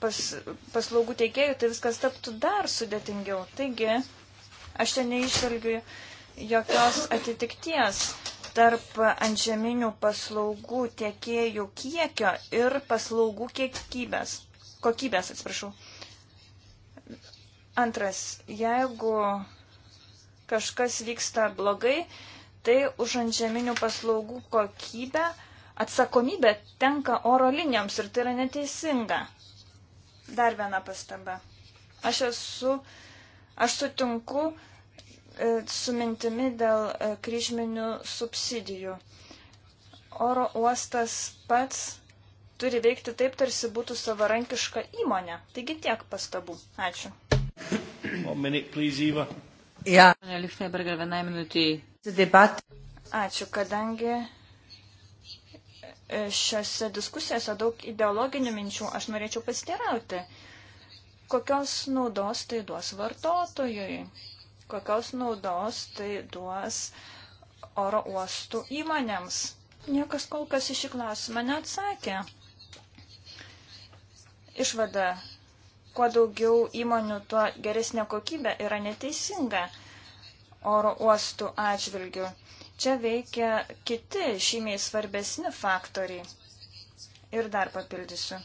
pas, paslaugų teikėjų, tai viskas taptų dar sudėtingiau. Taigi, aš čia neišvelgiu jokios atitikties tarp antžeminių paslaugų tiekėjų kiekio ir paslaugų kiekybės. Kokybės, atsiprašau. Antras, jeigu kažkas vyksta blogai, tai už antžeminių paslaugų kokybę atsakomybė tenka oro linijoms ir tai yra neteisinga. Dar viena pastaba. Aš esu, aš sutinku e, su mintimi dėl e, kryžminių subsidijų. Oro uostas pats turi veikti taip, tarsi būtų savarankiška įmonė. Taigi tiek pastabų. Ačiū. One minute, please, Eva. Ja. Lichtenberger, vienai minutiai. Debat. Ačiū, kadangi e, šiose diskusijose daug ideologinių minčių, aš norėčiau pasiteirauti, kokios naudos tai duos vartotojui, kokios naudos tai duos oro uostų įmonėms. Niekas kol kas iš šį klausimą neatsakė. Išvada kuo daugiau įmonių, tuo geresnė kokybė yra neteisinga oro uostų atžvilgių. Čia veikia kiti šimiai svarbesni faktoriai. Ir dar papildysiu.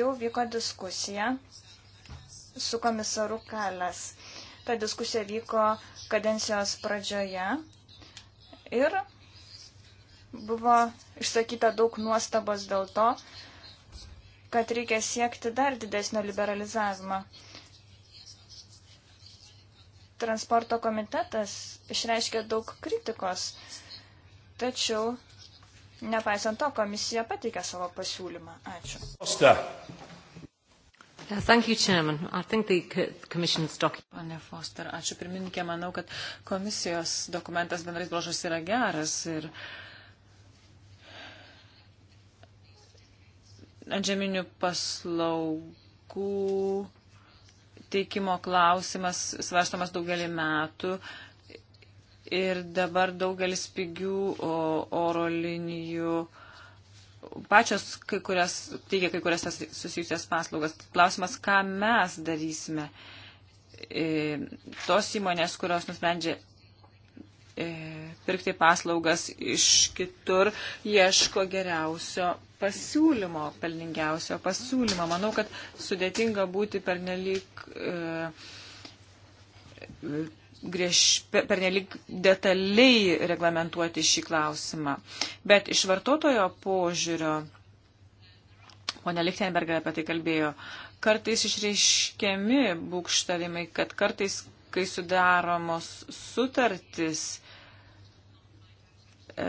Jau vyko diskusija su komisaru Kalas. Ta diskusija vyko kadencijos pradžioje ir buvo išsakyta daug nuostabos dėl to, kad reikia siekti dar didesnio liberalizavimo. Transporto komitetas išreiškė daug kritikos, tačiau nepaisant to komisija pateikė savo pasiūlymą. Ačiū. Osta. Uh, thank you, Chairman. I think the Commission's document. Pane Foster, ačiū pirmininkė. Manau, kad komisijos dokumentas bendrais brožas yra geras ir uh, antžeminių paslaugų teikimo klausimas svarstamas daugelį metų ir dabar daugelis pigių oro linijų pačios kai kurias, teigia kai kurias susijusias paslaugas. Klausimas, ką mes darysime. E, tos įmonės, kurios nusprendžia e, pirkti paslaugas iš kitur, ieško geriausio pasiūlymo, pelningiausio pasiūlymo. Manau, kad sudėtinga būti pernelyg, e, grieš, pernelyg detaliai reglamentuoti šį klausimą. Bet iš vartotojo požiūrio, ponia Lichtenberger apie tai kalbėjo, kartais išreiškiami būkštavimai, kad kartais, kai sudaromos sutartis, e,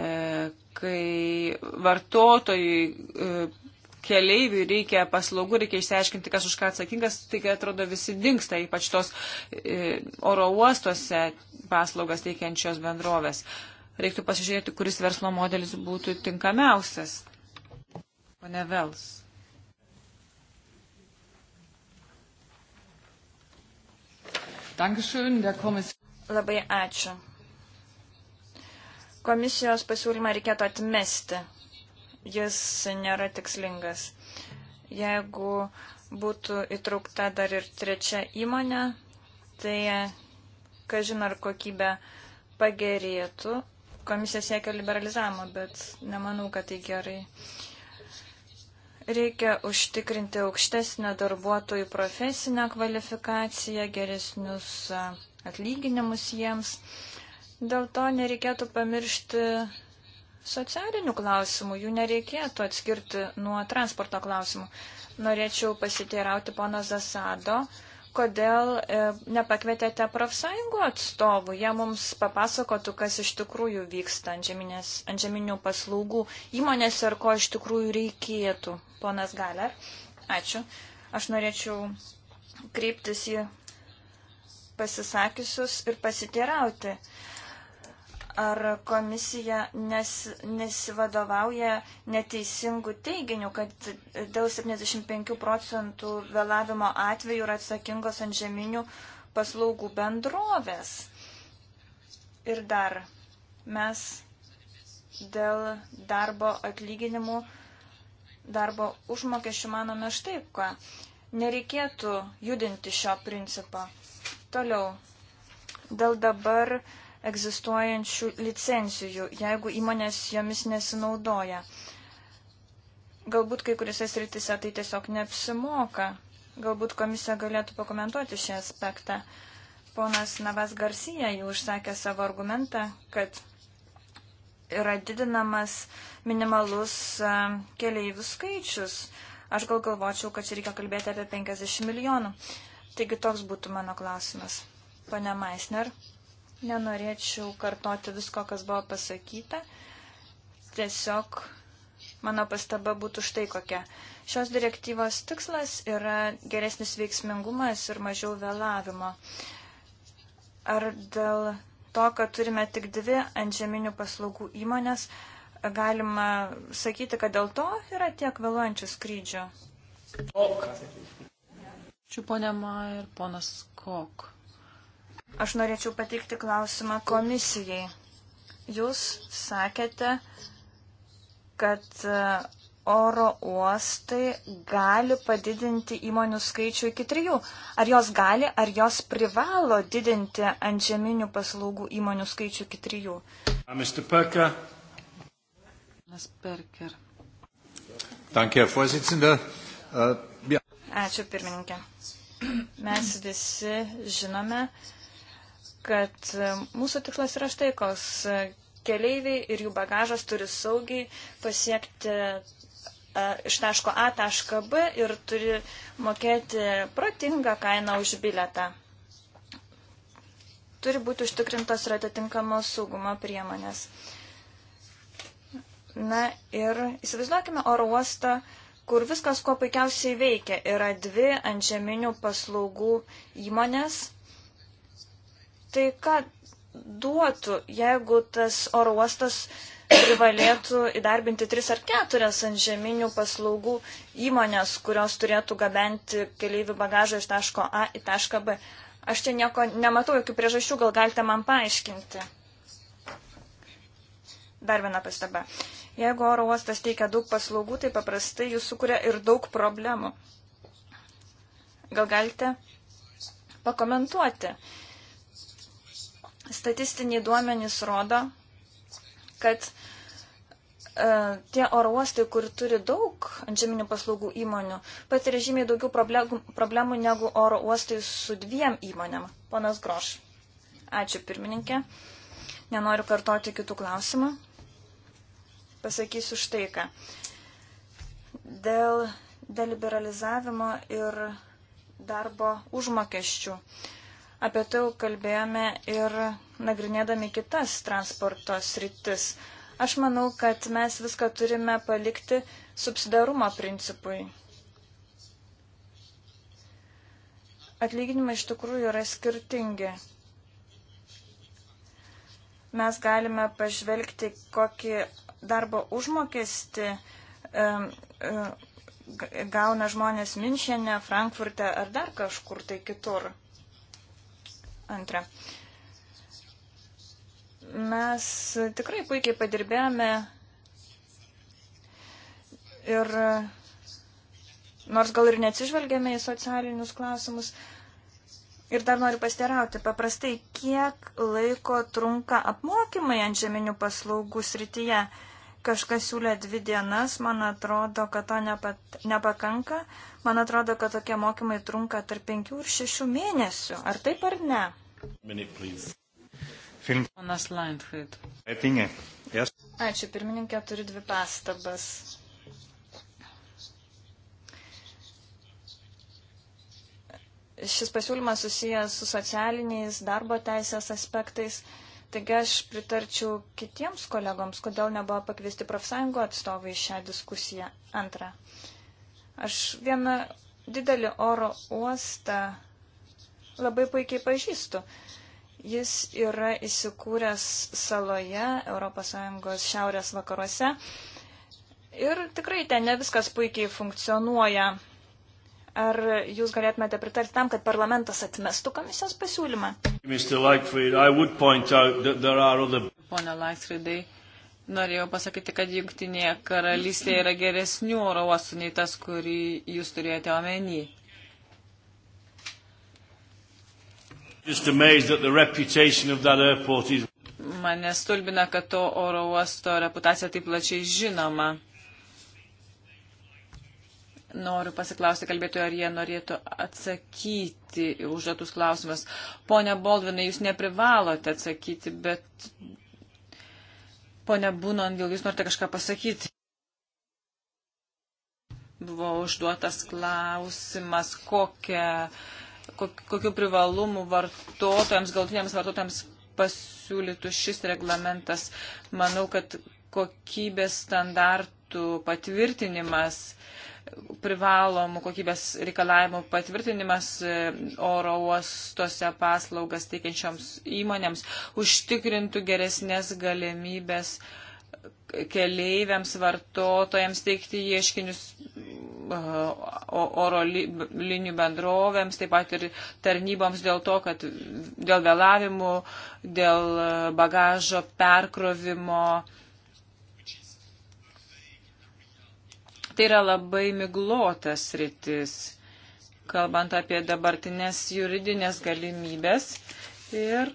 kai vartotojui, e, keleiviui reikia paslaugų, reikia išsiaiškinti, kas už ką atsakingas, tai kai atrodo visi dinksta, ypač tos e, oro uostuose paslaugas teikiančios bendrovės. Reiktų pasižiūrėti, kuris verslo modelis būtų tinkamiausias. Pane Vels. Labai ačiū. Komisijos pasiūlymą reikėtų atmesti. Jis nėra tikslingas. Jeigu būtų įtraukta dar ir trečia įmonė, tai, kažin ar kokybė pagerėtų. Komisija siekia liberalizavimo, bet nemanau, kad tai gerai. Reikia užtikrinti aukštesnę darbuotojų profesinę kvalifikaciją, geresnius atlyginimus jiems. Dėl to nereikėtų pamiršti socialinių klausimų, jų nereikėtų atskirti nuo transporto klausimų. Norėčiau pasiteirauti pono Zasado, kodėl e, nepakvietėte profsąjungų atstovų. Jie mums papasakotų, kas iš tikrųjų vyksta ant, žeminės, ant žeminių paslaugų įmonėse ir ko iš tikrųjų reikėtų. Ponas Galer, ačiū. Aš norėčiau kreiptis į pasisakiusius ir pasiteirauti ar komisija nes, nesivadovauja neteisingų teiginių, kad dėl 75 procentų vėlavimo atveju yra atsakingos ant žeminių paslaugų bendrovės. Ir dar mes dėl darbo atlyginimų, darbo užmokesčių manome štai ką. Nereikėtų judinti šio principo. Toliau. Dėl dabar uh, egzistuojančių licencijų, jeigu įmonės jomis nesinaudoja. Galbūt kai kuriuose sritise tai tiesiog neapsimoka. Galbūt komisija galėtų pakomentuoti šį aspektą. Ponas Navas Garcija jau užsakė savo argumentą, kad yra didinamas minimalus keleivių skaičius. Aš gal galvočiau, kad čia reikia kalbėti apie 50 milijonų. Taigi toks būtų mano klausimas. Pane Maisner. Nenorėčiau kartoti visko, kas buvo pasakyta. Tiesiog mano pastaba būtų štai kokia. Šios direktyvos tikslas yra geresnis veiksmingumas ir mažiau vėlavimo. Ar dėl to, kad turime tik dvi antžeminių paslaugų įmonės, galima sakyti, kad dėl to yra tiek vėluojančių skrydžių? Ačiū, ponia Ma ir ponas Kok. Aš norėčiau pateikti klausimą komisijai. Jūs sakėte, kad e, oro uostai gali padidinti įmonių skaičių iki trijų. Ar jos gali, ar jos privalo didinti ant žeminių paslaugų įmonių skaičių iki trijų? Uh, Mr. Perker. Mr. Perker. Danke, Herr Vorsitzender. Uh, ja. Ačiū, pirmininkė. Mes visi žinome, uh, kad e, mūsų tikslas yra štai koks. E, keleiviai ir jų bagažas turi saugiai pasiekti e, iš taško A tašką B ir turi mokėti protingą kainą už biletą. Turi būti užtikrintos ir atitinkamos saugumo priemonės. Na ir įsivaizduokime oro uostą, kur viskas kuo puikiausiai veikia. Yra dvi antžeminių paslaugų įmonės Tai ką duotų, jeigu tas oro uostas privalėtų įdarbinti tris ar keturias ant žeminių paslaugų įmonės, kurios turėtų gabenti keleivių bagažą iš taško A į tašką B. Aš čia nieko nematau, jokių priežasčių, gal galite man paaiškinti. Dar viena pastaba. Jeigu oro uostas teikia daug paslaugų, tai paprastai jūs sukuria ir daug problemų. Gal galite pakomentuoti? Statistiniai duomenys rodo, kad e, tie oro uostai, kur turi daug antžeminių paslaugų įmonių, patiria žymiai daugiau problemų, problemų negu oro uostai su dviem įmonėm. Ponas Groš. Ačiū pirmininkė. Nenoriu kartoti kitų klausimų. Pasakysiu štai ką. Dėl deliberalizavimo ir darbo užmokesčių. E, Apie tai kalbėjome ir nagrinėdami kitas transporto sritis. Aš manau, kad mes viską turime palikti subsidarumo principui. Atlyginimai iš tikrųjų yra skirtingi. Mes galime pažvelgti, kokį darbo užmokestį e, gauna žmonės Minšene, Frankfurte ar dar kažkur tai kitur. Antra. Mes tikrai puikiai padirbėjome ir nors gal ir neatsižvelgėme į socialinius klausimus. Ir dar noriu pasterauti, paprastai kiek laiko trunka apmokymai ant žeminių paslaugų srityje. Uh, Kažkas siūlė dvi dienas, man atrodo, kad to nepat, nepakanka. Man atrodo, kad tokie mokymai trunka tarp penkių ir šešių mėnesių. Ar taip ar ne? Minute, Ponas Lindfried. Uh, Ačiū, pirmininkė, turi dvi pastabas. Šis pasiūlymas susijęs su socialiniais darbo teisės aspektais. Uh, Taigi aš pritarčiau kitiems kolegoms, kodėl nebuvo pakviesti profsąjungo atstovai šią diskusiją. Antra. Aš vieną didelį oro uostą labai puikiai pažįstu. Jis yra įsikūręs saloje ES šiaurės vakaruose. Ir tikrai ten ne viskas puikiai funkcionuoja. Ar jūs galėtumėte pritarti tam, kad parlamentas atmestų komisijos pasiūlymą? Other... Pone Laisfridai, norėjau pasakyti, kad jungtinėje karalystėje yra geresnių oro uostų nei tas, kurį jūs turėjote omeny. Is... Mane stulbina, kad to oro uosto reputacija taip plačiai žinoma. Noriu pasiklausti kalbėtojų, ar jie norėtų atsakyti užduotus klausimus. Pone Boldvinai, jūs neprivalote atsakyti, bet pone Būnon, gal jūs norite kažką pasakyti? Buvo užduotas klausimas, kokia, kok, kokiu privalumu vartotojams, galutiniams vartotojams pasiūlytų šis reglamentas. Manau, kad kokybės standartų patvirtinimas uh, privalomų kokybės reikalavimų patvirtinimas e, oro uostose paslaugas teikiančioms įmonėms užtikrintų geresnės galimybės keleiviams, vartotojams teikti ieškinius e, oro linijų bendrovėms, taip pat ir tarnyboms dėl to, kad dėl vėlavimų, dėl bagažo perkrovimo, tai yra labai miglotas rytis, kalbant apie dabartinės juridinės galimybės ir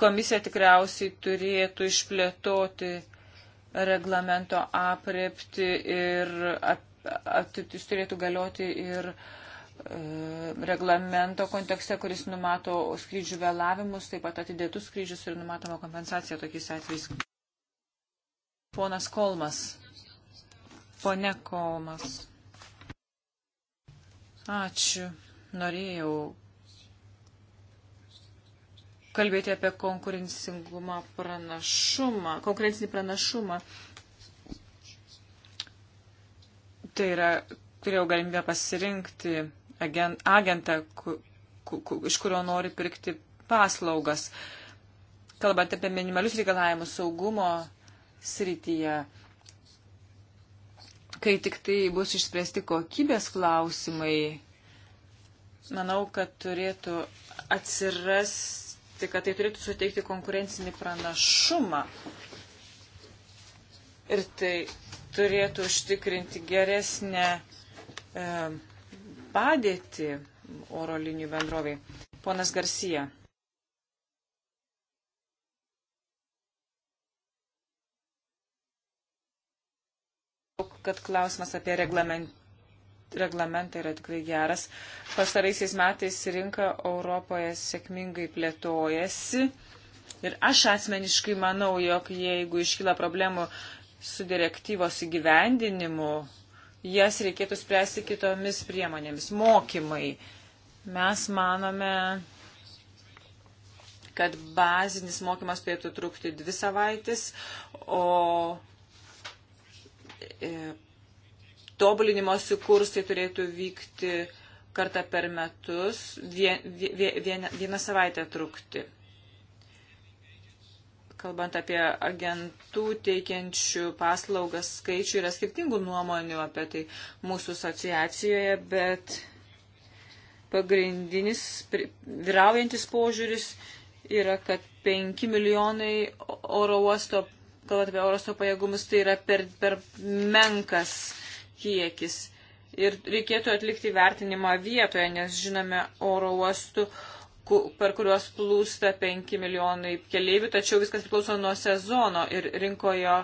komisija tikriausiai turėtų išplėtoti reglamento aprepti ir jis turėtų galioti ir e, reglamento kontekste, kuris numato skrydžių vėlavimus, taip pat atidėtus skrydžius ir numatoma kompensacija tokiais atvejais. Ponas Kolmas. Pone Kolmas. Ačiū. Norėjau kalbėti apie konkurencingumą pranašumą, konkurencinį pranašumą. Tai yra, turėjau galimybę pasirinkti agent, agentą, ku, ku, ku, iš kurio nori pirkti paslaugas. Kalbant apie minimalius reikalavimus saugumo srityje. Kai tik tai bus išspręsti kokybės klausimai, manau, kad turėtų atsirasti, kad tai turėtų suteikti konkurencinį pranašumą. Ir tai turėtų užtikrinti geresnę e, padėtį oro linijų bendroviai. Ponas Garcija. kad klausimas apie reglamentą reglamentai yra tikrai geras. Pastaraisiais metais rinka Europoje sėkmingai plėtojasi. Ir aš asmeniškai manau, jog jeigu iškyla problemų su direktyvos įgyvendinimu, jas reikėtų spręsti kitomis priemonėmis. Mokymai. Mes manome, kad bazinis mokymas turėtų trukti dvi savaitės, o E, tobulinimosi kursai turėtų vykti kartą per metus, vien, vien, vieną, vieną savaitę trukti. Kalbant apie agentų teikiančių paslaugas skaičių, yra skirtingų nuomonių apie tai mūsų asociacijoje, bet pagrindinis vyraujantis požiūris yra, kad 5 milijonai oro uosto kalbant apie oroso pajėgumus, tai yra per, per menkas kiekis. Ir reikėtų atlikti vertinimą vietoje, nes žinome oro uostų, per kuriuos plūsta 5 milijonai keleivių, tačiau viskas priklauso nuo sezono ir rinkoje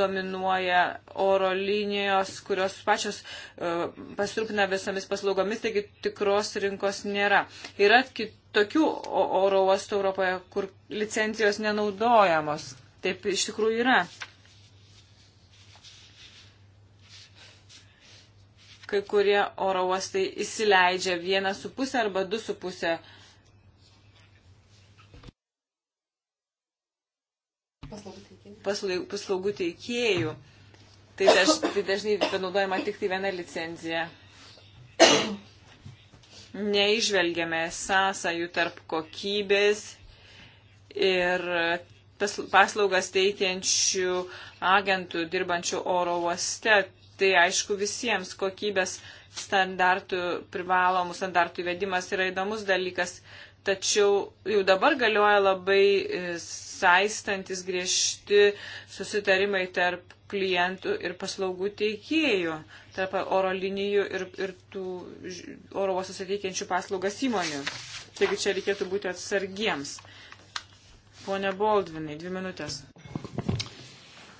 dominuoja oro linijos, kurios pačios uh, pasirūpina visomis paslaugomis, taigi tikros rinkos nėra. Yra kitokių oro uostų Europoje, kur licencijos nenaudojamos taip iš tikrųjų yra. Kai kurie oro uostai įsileidžia vieną su pusę arba du su pusę. paslaugų teikėjų. Tai, daž, tai dažnai panaudojama tik tai viena licencija. Neižvelgiame sąsajų tarp kokybės ir tas paslaugas teikiančių agentų dirbančių oro uoste. Tai aišku visiems kokybės standartų, privalomų standartų įvedimas yra įdomus dalykas, tačiau jau dabar galioja labai e, saistantis griežti susitarimai tarp klientų ir paslaugų teikėjų, tarp oro linijų ir, ir tų oro uostus ateikiančių paslaugas įmonių. Taigi čia reikėtų būti atsargiems. Pone Baldvinai, dvi minutės.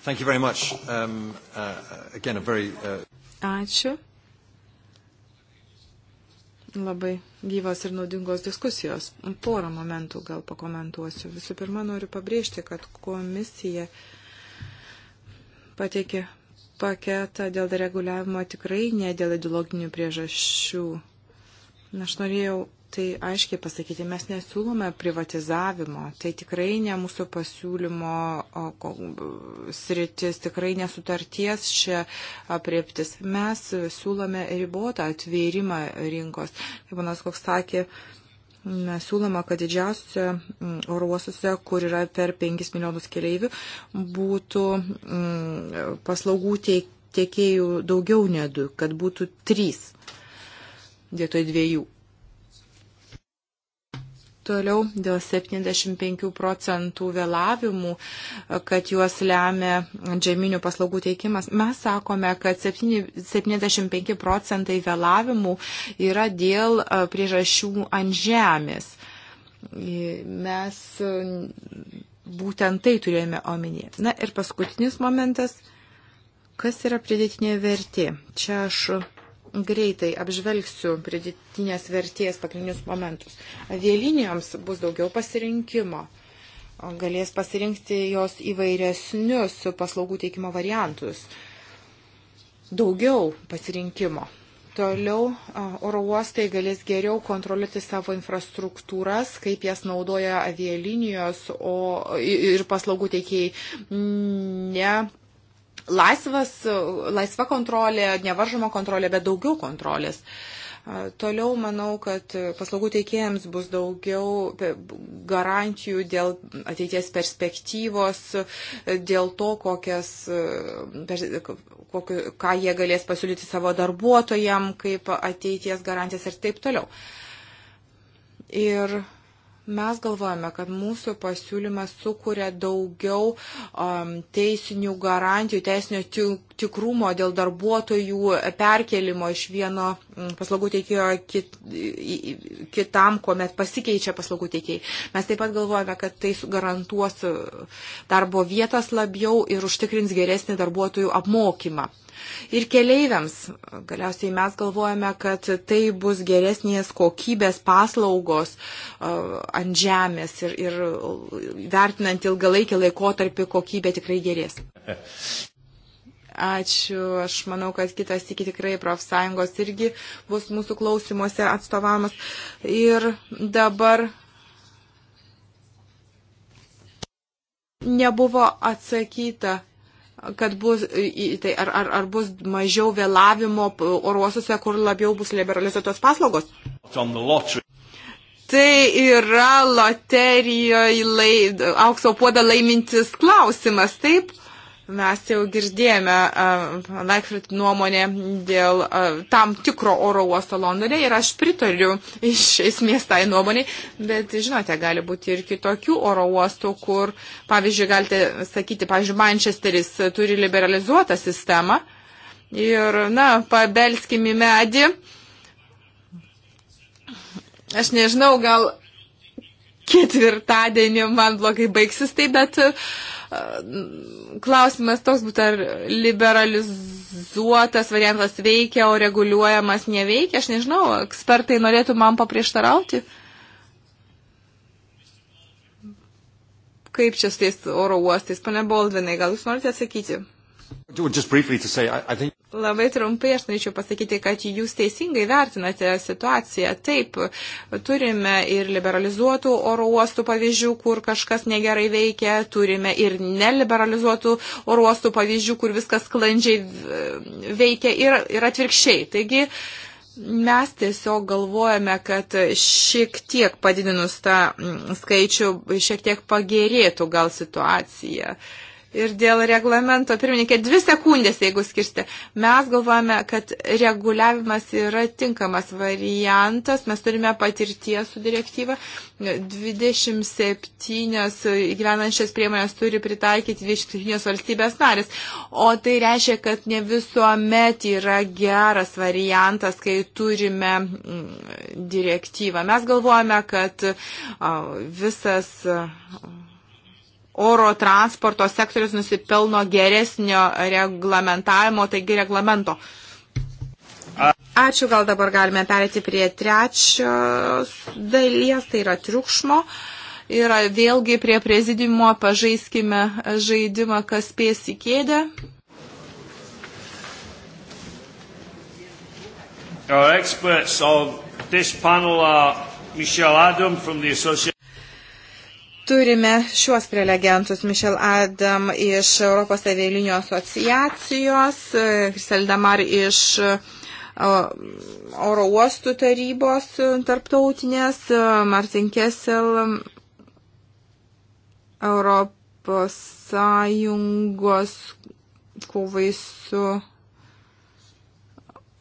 Thank you very much. Um, uh, again, a very, uh... Ačiū. Labai gyvas ir naudingos diskusijos. Porą momentų gal pakomentuosiu. Visų pirma, noriu pabrėžti, kad komisija pateikė paketą dėl dereguliavimo tikrai ne dėl ideologinių priežasčių. Aš norėjau tai aiškiai pasakyti, mes nesiūlome privatizavimo, tai tikrai ne mūsų pasiūlymo sritis, tikrai nesutarties čia apriptis. Mes siūlome ribotą atvėrimą rinkos. Kaip manas koks sakė, Mes siūloma, kad didžiausiuose mm, oruosuose, kur yra per 5 milijonus keleivių, būtų mm, paslaugų tiekėjų daugiau nedu, kad būtų 3 vietoj dviejų. Toliau dėl 75 procentų vėlavimų, kad juos lemia žeminių paslaugų teikimas. Mes sakome, kad 75 procentai vėlavimų yra dėl e, priežasčių ant žemės. Mes būtent tai turėjome omenyje. Na ir paskutinis momentas, kas yra pridėtinė vertė. Čia aš Greitai apžvelgsiu pridėtinės vertės pagrindinius momentus. Avialinijoms bus daugiau pasirinkimo. Galės pasirinkti jos įvairesnius paslaugų teikimo variantus. Daugiau pasirinkimo. Toliau oro uostai galės geriau kontroliuoti savo infrastruktūras, kaip jas naudoja avialinijos o, ir paslaugų teikiai ne laisvas, laisva kontrolė, nevaržoma kontrolė, bet daugiau kontrolės. Toliau manau, kad paslaugų teikėjams bus daugiau garantijų dėl ateities perspektyvos, dėl to, kokias, kokiu, ką jie galės pasiūlyti savo darbuotojam, kaip ateities garantijas ir taip toliau. Ir Mes galvojame, kad mūsų pasiūlymas sukuria daugiau um, teisinių garantijų, teisinio tikrumo dėl darbuotojų perkelimo iš vieno mm, paslaugų teikėjo kit, kitam, kuomet pasikeičia paslaugų teikėjai. Mes taip pat galvojame, kad tai garantuos darbo vietas labiau ir užtikrins geresnį darbuotojų apmokymą ir keleiviams. Galiausiai mes galvojame, kad tai bus geresnės kokybės paslaugos ant žemės ir, ir vertinant ilgalaikį laikotarpį kokybė tikrai gerės. Ačiū. Aš manau, kad kitas iki tikrai profsąjungos irgi bus mūsų klausimuose atstovamas. Ir dabar nebuvo atsakyta kad bus, tai ar, ar, ar bus mažiau vėlavimo oruosiuose, kur labiau bus liberalizuotos paslaugos? Tai yra loterijoje lai, aukso puodą laimintis klausimas, taip? Mes jau girdėjome uh, Laikfrit nuomonę dėl uh, tam tikro oro uosto Londone ir aš pritariu iš esmės tai nuomonė, bet žinote, gali būti ir kitokių oro uostų, kur, pavyzdžiui, galite sakyti, pavyzdžiui, Manchesteris turi liberalizuotą sistemą ir, na, pabelskim į medį. Aš nežinau, gal ketvirtadienį man blogai baigsis tai, bet. Uh, klausimas toks būtų, ar liberalizuotas variantas veikia, o reguliuojamas neveikia. Aš nežinau, ekspertai norėtų man paprieštarauti. Kaip čia su tais oro uostais? Pane Boldvinai, gal jūs norite atsakyti? Say, I, I think... Labai trumpai aš norėčiau pasakyti, kad jūs teisingai vertinate situaciją. Taip, turime ir liberalizuotų oro uostų pavyzdžių, kur kažkas negerai veikia, turime ir neliberalizuotų oro uostų pavyzdžių, kur viskas sklandžiai e, veikia ir, ir atvirkščiai. Taigi, mes tiesiog galvojame, kad šiek tiek padidinus tą skaičių, šiek tiek pagerėtų gal situacija. Uh, ir dėl reglamento. Pirmininkė, dvi sekundės, jeigu skirsti. Mes galvojame, kad reguliavimas yra tinkamas variantas. Mes turime patirties su direktyva. 27 gyvenančias priemonės turi pritaikyti 27 valstybės narės. O tai reiškia, kad ne visuomet yra geras variantas, kai turime mm, direktyvą. Mes galvojame, kad visas oro transporto sektorius nusipelno geresnio reglamentavimo, taigi reglamento. Ačiū, gal dabar galime perėti prie trečios dalies, tai yra triukšmo. Ir vėlgi prie prezidimo pažaiskime žaidimą, kas spės į kėdę. Our experts of this panel are Michelle Adam from the Association. Turime šiuos prelegentus Michel Adam iš Europos avialinio asociacijos, Krisel Damar iš oro uostų tarybos tarptautinės, Martin Kessel Europos Sąjungos kovai su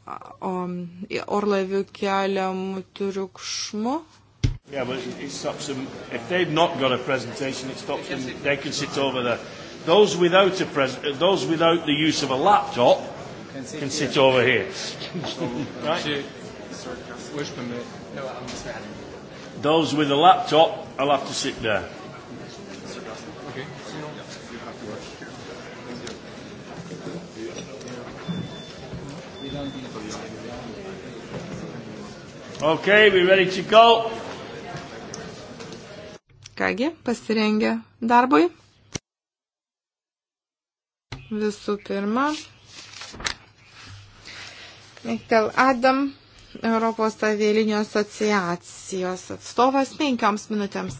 orlaivių keliamų triukšmu Yeah, but it stops them. If they've not got a presentation, it stops them. They can sit over there. Those without a pres- uh, those without the use of a laptop can sit, can sit here. over here. right? Those with a laptop, I'll have to sit there. Okay. Okay, we ready to go? Kągi, pasirengę darbui. Visų pirma, Miktel Adam, Europos avialinio asociacijos atstovas, penkioms minutėms.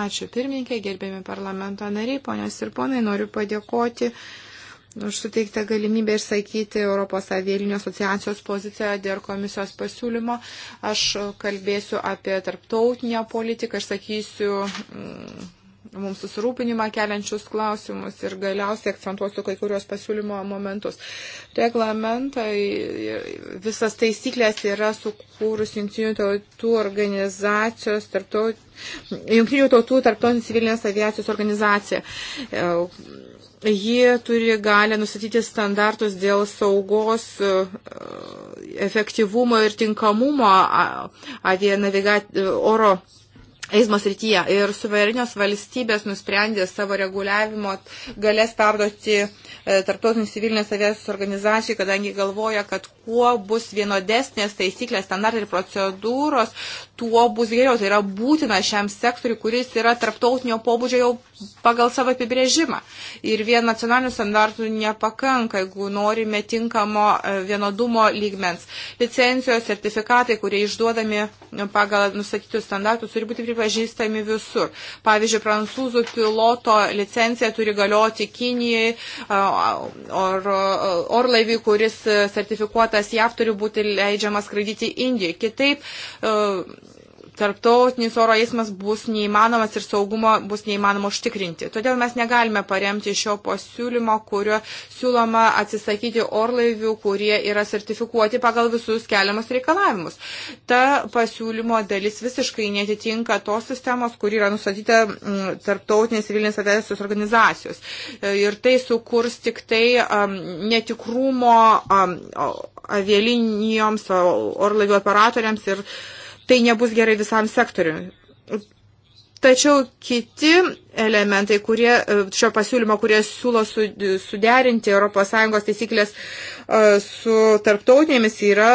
Ačiū pirmininkė, gerbėmi parlamento nariai, ponios ir ponai, noriu padėkoti uh, už suteiktą galimybę išsakyti Europos avėlinio asociacijos poziciją dėl komisijos pasiūlymo. Aš kalbėsiu apie tarptautinę politiką, išsakysiu mums susirūpinimą keliančius klausimus ir galiausiai akcentuosiu kai kurios pasiūlymo momentus. Reglamentai, visas taisyklės yra sukūrus jungtinių tautų organizacijos, tarptaut, jungtinių tautų tarptautinės civilinės aviacijos organizacija. Ji turi galę nustatyti standartus dėl saugos, efektyvumo ir tinkamumo avia naviga, oro eismo srityje. Ir suverenios valstybės nusprendė savo reguliavimo galės perduoti e, tarptautinių civilinės aviacijos organizacijai, kadangi galvoja, kad kuo bus vienodesnės taisyklės, standartai ir procedūros, tuo bus geriau. Tai yra būtina šiam sektoriu, kuris yra tarptautinio pobūdžio jau pagal savo apibrėžimą. Ir vien nacionalinių standartų nepakanka, jeigu norime tinkamo e, vienodumo lygmens. Licencijos, sertifikatai, kurie išduodami pagal nustatytus standartus, turi būti pripažinti pripažįstami visur. Pavyzdžiui, prancūzų piloto licencija turi galioti Kinijai, or, orlaivį, kuris e, sertifikuotas JAV turi būti leidžiamas skraidyti Indijai. Kitaip, e, tarptautinis oro eismas bus neįmanomas ir saugumo bus neįmanoma užtikrinti. Todėl mes negalime paremti šio pasiūlymo, kurio siūloma atsisakyti orlaivių, kurie yra sertifikuoti pagal visus keliamus reikalavimus. Ta pasiūlymo dalis visiškai netitinka tos sistemos, kur yra nustatyta mm, tarptautinės civilinės aviacijos organizacijos. E, ir tai sukurs tik tai um, netikrumo um, avialinijoms, orlaivių operatoriams ir uh, tai nebus gerai visam sektoriui. Tačiau kiti elementai, kurie e, šio pasiūlymo, kurie siūlo suderinti ES taisyklės E, su tarptautinėmis yra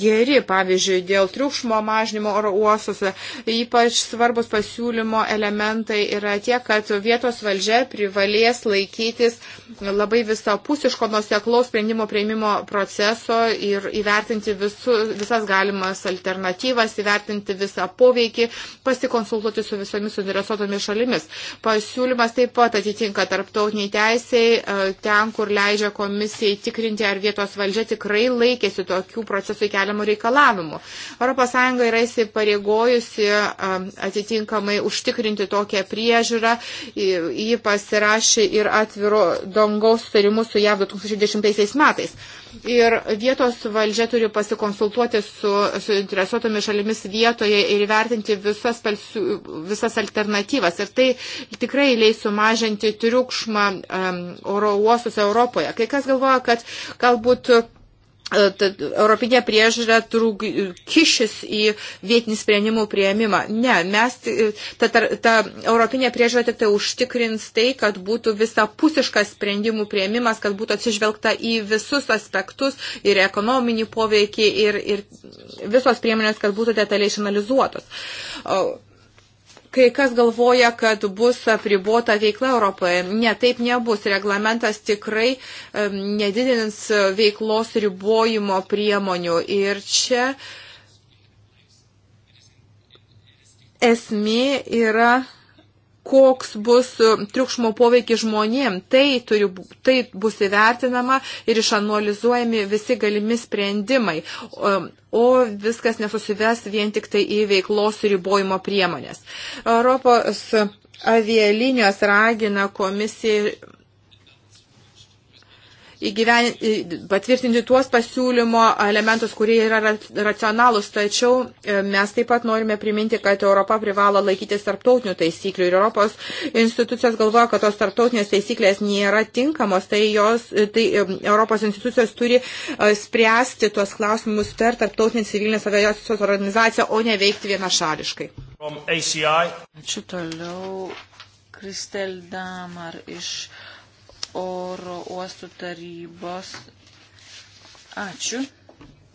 geri, pavyzdžiui, dėl triukšmo mažnymo oro uostose. Ypač svarbus pasiūlymo elementai yra tie, kad vietos valdžia privalės laikytis labai visapusiško nuseklaus sprendimo prieimimo proceso ir įvertinti visu, visas galimas alternatyvas, įvertinti visą poveikį, pasikonsultuoti su visomis suinteresuotomis šalimis. Pasiūlymas taip pat atitinka tarptautiniai teisiai e, ten, kur leidžia komisijai tikrinti, ar vietos vietos valdžia tikrai laikėsi tokių procesų keliamų reikalavimų. ES yra įsipareigojusi um, atitinkamai užtikrinti tokią priežiūrą. Ji pasirašė ir atviro dangaus sutarimus su JAV 2010 metais. Ir vietos valdžia turi pasikonsultuoti su suinteresuotomis šalimis vietoje ir įvertinti visas, palsių, visas alternatyvas. Ir tai tikrai leis sumažinti triukšmą um, oro uostus Europoje. Kai kas galvoja, kad galbūt Europinė priežiūra trūk, kišis į vietinį sprendimų prieimimą. Ne, mes, ta, ta, ta Europinė priežiūra tik tai užtikrins tai, kad būtų visapusiškas sprendimų prieimimas, kad būtų atsižvelgta į visus aspektus ir ekonominį poveikį ir, ir visos priemonės, kad būtų detaliai išanalizuotos kai kas galvoja, kad bus apribota veikla Europoje. Ne, taip nebus. Reglamentas tikrai nedidins veiklos ribojimo priemonių. Ir čia esmė yra koks bus e, triukšmo poveikis žmonėm. Tai, turi, tai bus įvertinama ir išanalizuojami visi galimi sprendimai, o, o viskas nesusives vien tik tai į veiklos ribojimo priemonės. Europos avialinijos ragina komisiją įgyven, patvirtinti tuos pasiūlymo elementus, kurie yra racionalūs, tačiau e, mes taip pat norime priminti, kad Europa privalo laikytis tarptautinių taisyklių ir Europos institucijos galvoja, kad tos tarptautinės taisyklės nėra tinkamos, tai, jos, e, tai e, Europos institucijos turi spręsti tuos klausimus per tarptautinę civilinės aviacijos organizaciją, o ne veikti vienašališkai. Ačiū toliau. Kristel Damar iš oro uostų tarybos. Ačiū,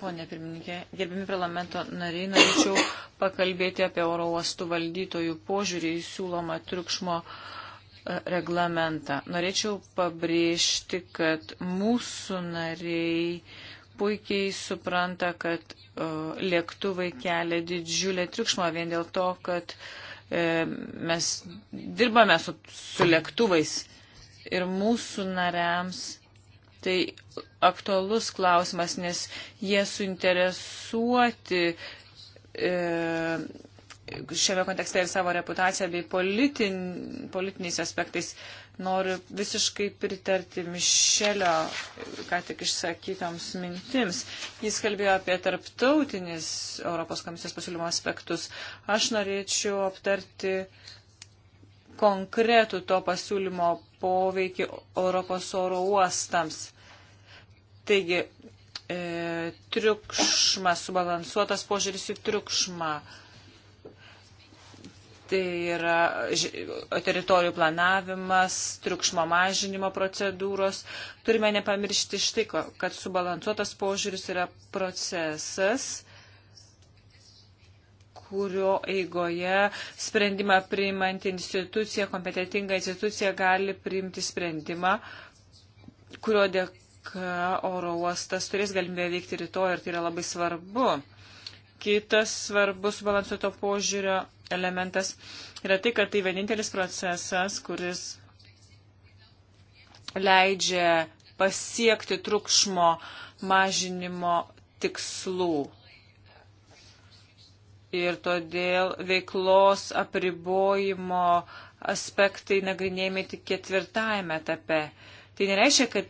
ponė pirmininkė. Gerbimi parlamento nariai, norėčiau pakalbėti apie oro uostų valdytojų požiūrį į siūlomą triukšmo e, reglamentą. Norėčiau pabrėžti, kad mūsų nariai puikiai supranta, kad uh, lėktuvai kelia didžiulę triukšmą vien dėl to, kad uh, mes dirbame su, su lėktuvais ir mūsų nariams tai aktualus klausimas, nes jie suinteresuoti e, šiame kontekste ir savo reputaciją bei politin, politiniais aspektais. Noriu visiškai pritarti Mišelio ką tik išsakytoms mintims. Jis kalbėjo apie tarptautinis Europos komisijos pasiūlymo aspektus. Aš norėčiau aptarti konkretų to pasiūlymo poveikį Europos oro uostams. Taigi, e, triukšmas, subalansuotas požiūris į triukšmą. Tai yra teritorijų planavimas, triukšmo mažinimo procedūros. Turime nepamiršti štai, kad subalansuotas požiūris yra procesas, kurio eigoje sprendimą priimanti institucija, kompetitinga institucija gali priimti sprendimą, kurio dėka oro uostas turės galimybę veikti rytoj ir tai yra labai svarbu. Kitas svarbus balansuoto požiūrio elementas yra tai, kad tai vienintelis procesas, kuris leidžia pasiekti trukšmo mažinimo tikslų ir todėl veiklos apribojimo aspektai nagrinėjami tik ketvirtajame etape. Tai nereiškia, kad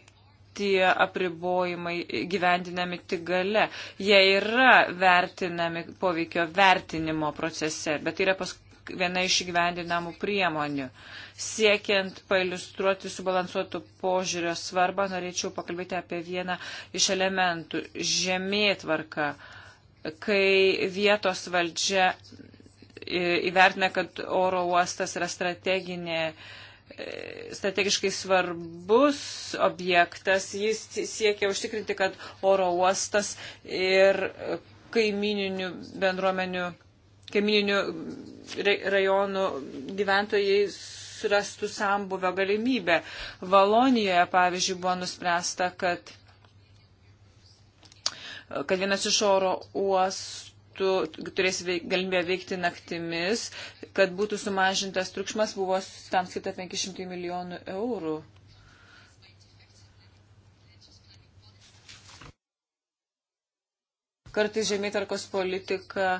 tie apribojimai gyvendinami tik gale. Jie yra vertinami poveikio vertinimo procese, bet yra paskui viena iš įgyvendinamų priemonių. Siekiant pailustruoti subalansuotų požiūrio svarbą, norėčiau pakalbėti apie vieną iš elementų - žemėtvarką. Uh, kai vietos valdžia e, įvertina, kad oro uostas yra strateginė, e, strategiškai svarbus objektas, jis siekia užtikrinti, kad oro uostas ir kaimininių bendruomenių, kaimininių rajonų gyventojai surastų sambuvio galimybę. Valonijoje, pavyzdžiui, buvo nuspręsta, kad kad vienas iš oro uostų metu turės veik, galimybę veikti naktimis, kad būtų sumažintas triukšmas, buvo tam skirta 500 milijonų eurų. Kartais žemėtarkos politika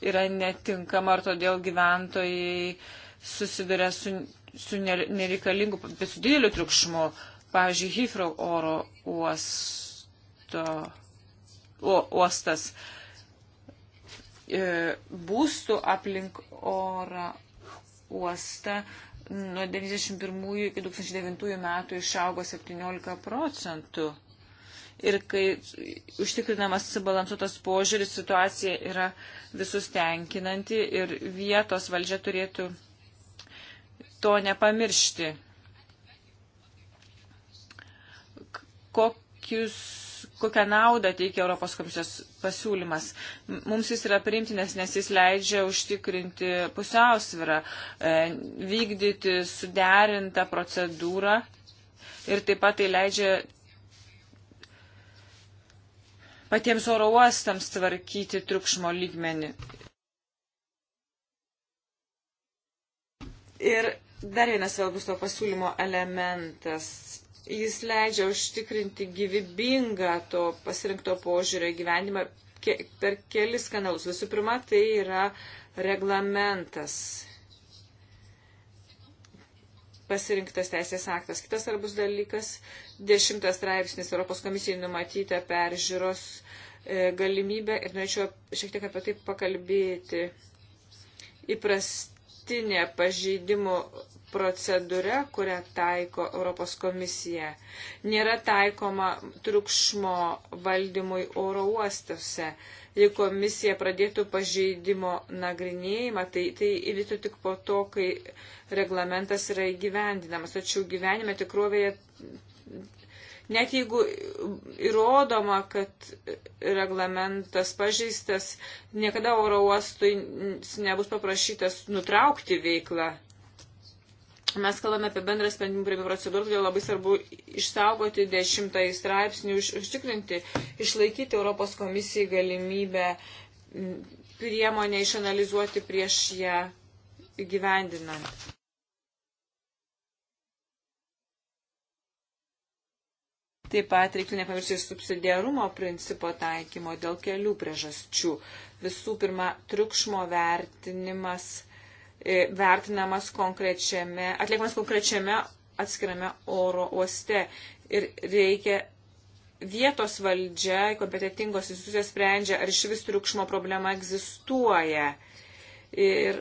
yra netinkama ir todėl gyventojai susiduria su, su nereikalingu, bet su dideliu triukšmu. Pavyzdžiui, Hifro oro uosto uostas e, būstų aplink orą uostą nuo 1991 iki 2009 metų išaugo 17 procentų. Ir kai užtikrinamas subalansuotas požiūris, situacija yra visus tenkinanti ir vietos valdžia turėtų to nepamiršti. Kokius kokią naudą teikia Europos komisijos pasiūlymas. Mums jis yra priimtinas, nes jis leidžia užtikrinti pusiausvirą, e, vykdyti suderintą procedūrą ir taip pat tai leidžia patiems oro uostams tvarkyti triukšmo lygmenį. Ir dar vienas svarbus to pasiūlymo elementas Jis leidžia užtikrinti gyvybingą to pasirinkto požiūrio gyvenimą ke per kelis kanalus. Visų pirma, tai yra reglamentas pasirinktas teisės aktas. Kitas svarbus dalykas - dešimtas straipsnis Europos komisijai numatyta peržiūros e, galimybė ir norėčiau šiek tiek apie tai pakalbėti. Įprastinė pažeidimų procedūra, kurią taiko Europos komisija, nėra taikoma triukšmo valdymui oro uostuose. Jei komisija pradėtų pažeidimo nagrinėjimą, tai tai įvytų tik po to, kai reglamentas yra įgyvendinamas. Tačiau gyvenime tikrovėje, net jeigu įrodoma, kad reglamentas pažeistas, niekada oro uostui nebus paprašytas nutraukti veiklą Mes kalbame apie bendrą sprendimų prieimimo procedūrą, todėl labai svarbu išsaugoti dešimtąjį straipsnį, už, užtikrinti, išlaikyti Europos komisijai galimybę priemonę išanalizuoti prieš ją įgyvendinant. Taip pat reiktų nepamiršti subsidiarumo principo taikymo dėl kelių priežasčių. Visų pirma, triukšmo vertinimas E, vertinamas konkrečiame, atliekamas konkrečiame atskirame oro uoste. Ir reikia vietos valdžia, kompetitingos institucijos sprendžia, ar iš vis triukšmo problema egzistuoja. Ir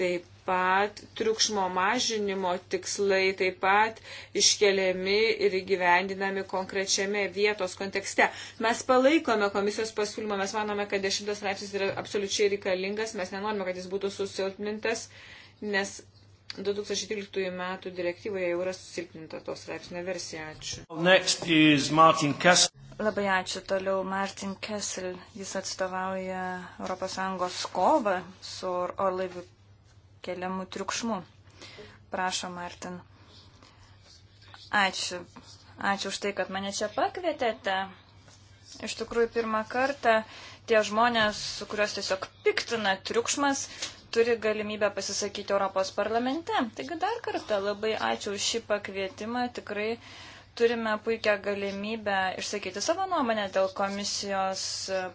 taip pat triukšmo mažinimo tikslai taip pat iškeliami ir įgyvendinami konkrečiame vietos kontekste. Mes palaikome komisijos pasiūlymą, mes manome, kad dešimtas straipsnis yra absoliučiai reikalingas, mes nenorime, kad jis būtų susilpnintas, nes 2013 metų direktyvoje jau yra susilpninta tos straipsnio versija. Ačiū. Labai ačiū toliau Martin Kessel. Jis atstovauja ES kovą su orlaivių keliamų triukšmų. Prašom, Martin. Ačiū. Ačiū už tai, kad mane čia pakvietėte. Iš tikrųjų, pirmą kartą tie žmonės, kuriuos tiesiog piktina triukšmas, turi galimybę pasisakyti Europos parlamente. Taigi dar kartą labai ačiū už šį pakvietimą. Tikrai turime puikią galimybę išsakyti savo nuomonę dėl komisijos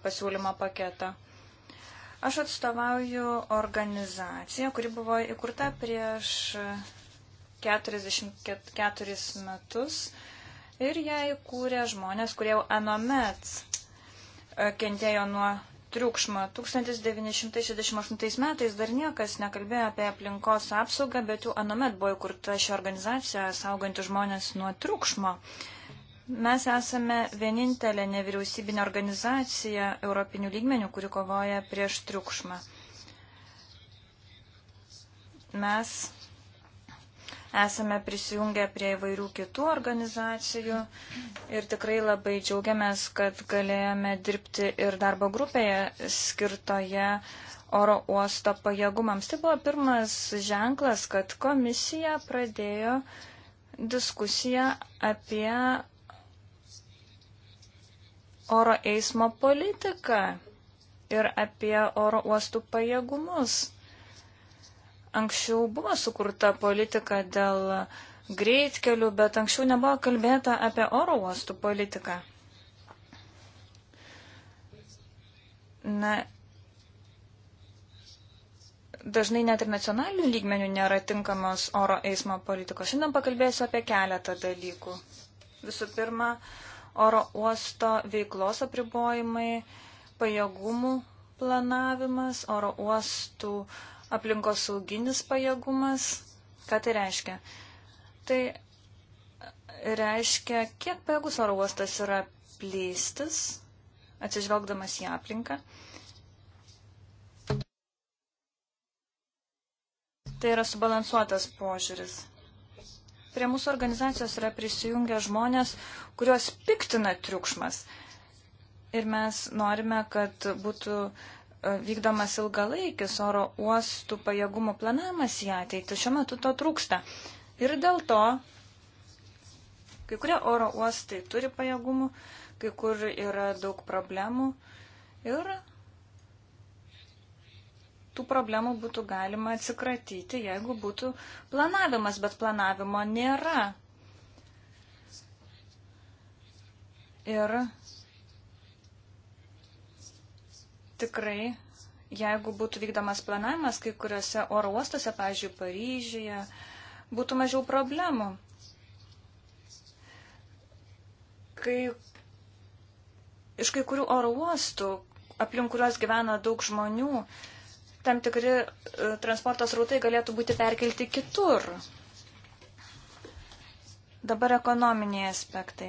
pasiūlymo paketo. Aš atstovauju organizaciją, kuri buvo įkurta prieš 44 metus ir ją įkūrė žmonės, kurie jau anomet e, kentėjo nuo triukšmo. 1968 metais dar niekas nekalbėjo apie aplinkos apsaugą, bet jau anomet buvo įkurta ši organizacija sauganti žmonės nuo triukšmo. Uh, Mes esame vienintelė nevyriausybinė organizacija europinių lygmenių, kuri kovoja prieš triukšmą. Mes esame prisijungę prie įvairių kitų organizacijų ir tikrai labai džiaugiamės, kad galėjome dirbti ir darbo grupėje skirtoje oro uosto pajėgumams. Tai buvo pirmas ženklas, kad komisija pradėjo diskusiją apie oro eismo politiką ir apie oro uostų pajėgumus. Anksčiau buvo sukurta politika dėl greitkelių, bet anksčiau nebuvo kalbėta apie oro uostų politiką. Na, dažnai net ir nacionalinių lygmenių nėra tinkamos oro eismo politikos. Šiandien pakalbėsiu apie keletą dalykų. Visų pirma, uh, oro uosto veiklos apribojimai, pajėgumų planavimas, oro uostų aplinkosauginis pajėgumas. Ką tai reiškia? Tai reiškia, kiek pajėgus oro uostas yra plėstis, atsižvelgdamas į aplinką. Tai yra subalansuotas požiūris. Prie mūsų organizacijos yra prisijungę žmonės, kuriuos piktina triukšmas. Ir mes norime, kad būtų e, vykdomas ilgalaikis oro uostų pajėgumų planavimas į ateitį. Šiuo metu to trūksta. Ir dėl to kai kurie oro uostai turi pajėgumų, kai kur yra daug problemų. Ir tų problemų būtų galima atsikratyti, jeigu būtų planavimas, bet planavimo nėra. Ir tikrai, jeigu būtų vykdomas planavimas kai kuriuose oro uostuose, pavyzdžiui, Paryžiuje, būtų mažiau problemų. Kai iš kai kurių oro uostų, aplink kuriuos gyvena daug žmonių, tam tikri e, transportos rautai galėtų būti perkelti kitur. Dabar ekonominiai aspektai.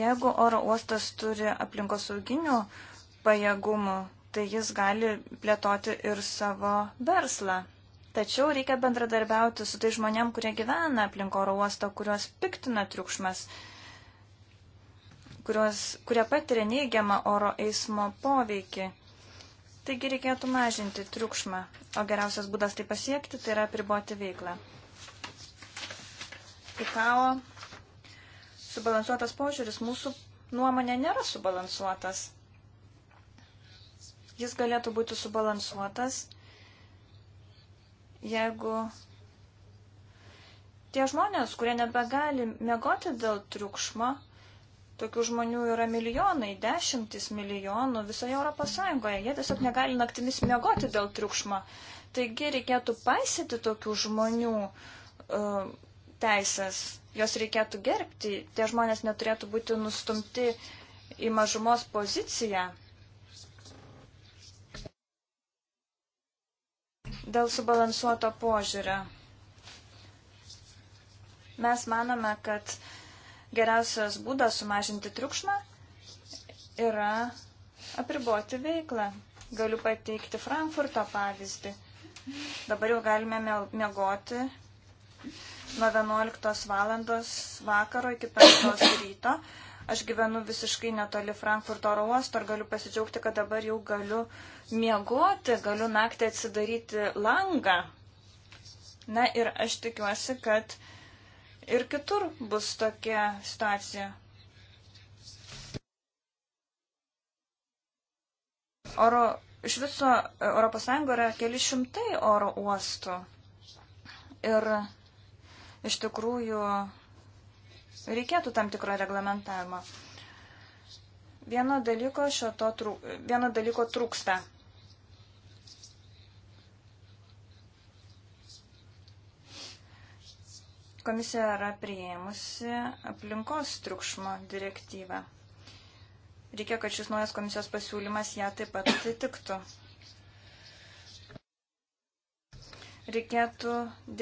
Jeigu oro uostas turi aplinkosauginių pajėgumų, tai jis gali plėtoti ir savo verslą. Tačiau reikia bendradarbiauti su tai žmonėm, kurie gyvena aplink oro uostą, kuriuos piktina triukšmas, kuriuos, kurie patiria neigiamą oro eismo poveikį. Taigi reikėtų mažinti triukšmą, o geriausias būdas tai pasiekti, tai yra priboti veiklą. Pikao subalansuotas požiūris mūsų nuomonė nėra subalansuotas. Jis galėtų būti subalansuotas, jeigu tie žmonės, kurie nebegali mėgoti dėl triukšmo, Tokių žmonių yra milijonai, dešimtis milijonų visoje Europos Sąjungoje. Jie tiesiog negali naktimis miegoti dėl triukšmo. Taigi reikėtų paisyti tokių žmonių uh, teisės, jos reikėtų gerbti. Tie žmonės neturėtų būti nustumti į mažumos poziciją. dėl subalansuoto požiūrio. Mes manome, kad geriausias būdas sumažinti triukšmą yra apriboti veiklą. Galiu pateikti Frankfurto pavyzdį. Dabar jau galime miegoti nuo 11 valandos vakaro iki 5 ryto. Aš gyvenu visiškai netoli Frankfurto oro uosto ir galiu pasidžiaugti, kad dabar jau galiu miegoti, galiu naktį atsidaryti langą. Na ir aš tikiuosi, kad uh, ir kitur bus tokia situacija. Oro, iš viso ES yra keli šimtai oro uostų. Ir iš tikrųjų reikėtų tam tikro reglamentavimo. Vieno dalyko, šio to, vieno dalyko trūksta. Komisija yra prieimusi aplinkos triukšmo direktyvą. Reikia, kad šis naujas komisijos pasiūlymas ją taip pat atitiktų. Reikėtų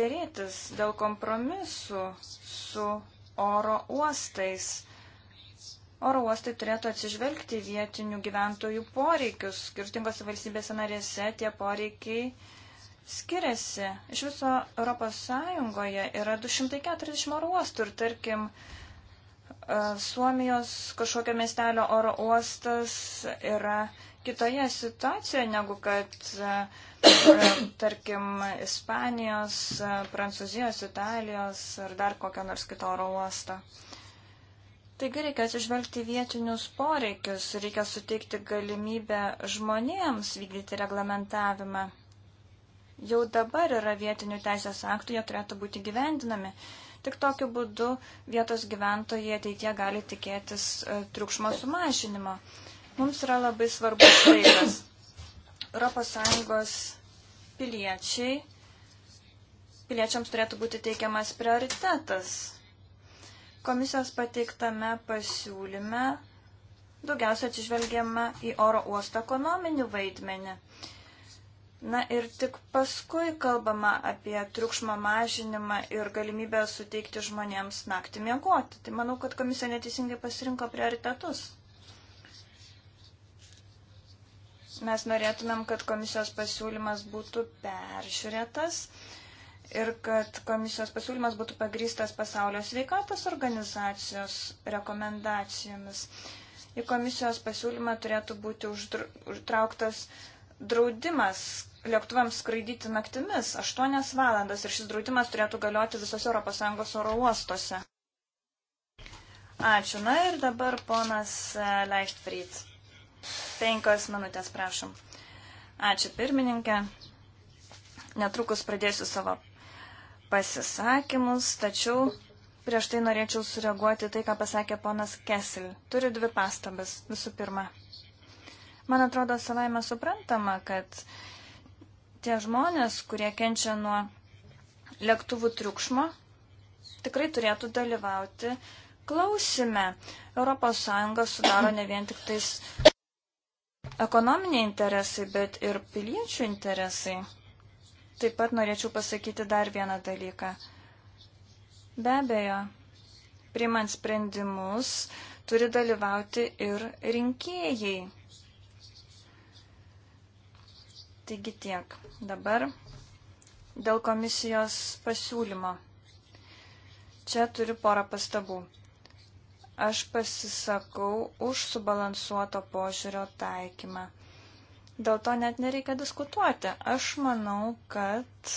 dėrėtis dėl kompromisų su oro uostais. Oro uostai turėtų atsižvelgti vietinių gyventojų poreikius. Skirtingose valstybėse narėse tie poreikiai uh, skiriasi. Iš viso Europos Sąjungoje yra 240 oro uostų ir tarkim e, Suomijos kažkokio miestelio oro uostas yra kitoje situacijoje negu kad, e, tarkim, Ispanijos, e, Prancūzijos, Italijos ar dar kokio nors kito oro uosto. Taigi reikia atsižvelgti vietinius poreikius, reikia suteikti galimybę žmonėms vykdyti reglamentavimą. Jau dabar yra vietinių teisės aktų, jie turėtų būti gyvendinami. Tik tokiu būdu vietos gyventojai ateitie gali tikėtis e, triukšmo sumažinimo. Mums yra labai svarbus laikas. ES piliečiai, piliečiams turėtų būti teikiamas prioritetas. Komisijos pateiktame pasiūlyme daugiausia atsižvelgiama į oro uosto ekonominį vaidmenį. Na ir tik paskui kalbama apie triukšmo mažinimą ir galimybę suteikti žmonėms naktį miegoti. Tai manau, kad komisija neteisingai pasirinko prioritetus. Mes norėtumėm, kad komisijos pasiūlymas būtų peržiūrėtas ir kad komisijos pasiūlymas būtų pagrystas pasaulio sveikatos organizacijos rekomendacijomis. Į komisijos pasiūlymą turėtų būti užtrauktas draudimas lėktuvams skraidyti naktimis 8 valandas ir šis draudimas turėtų galioti visose ES oro uostuose. Ačiū. Na ir dabar ponas e, Leichtfried. Penkios minutės, prašom. Ačiū pirmininkė. Netrukus pradėsiu savo pasisakymus, tačiau prieš tai norėčiau sureaguoti tai, ką pasakė ponas Kessel. Turiu dvi pastabas. Visų pirma, man atrodo savaime suprantama, kad tie žmonės, kurie kenčia nuo lėktuvų triukšmo, tikrai turėtų dalyvauti klausime. ES sudaro ne vien tik tais ekonominiai interesai, bet ir piliečių interesai. Taip pat norėčiau pasakyti dar vieną dalyką. Be abejo, primant sprendimus turi dalyvauti ir rinkėjai. Taigi tiek. Dabar dėl komisijos pasiūlymo. Čia turiu porą pastabų. Aš pasisakau už subalansuoto požiūrio taikymą. Dėl to net nereikia diskutuoti. Aš manau, kad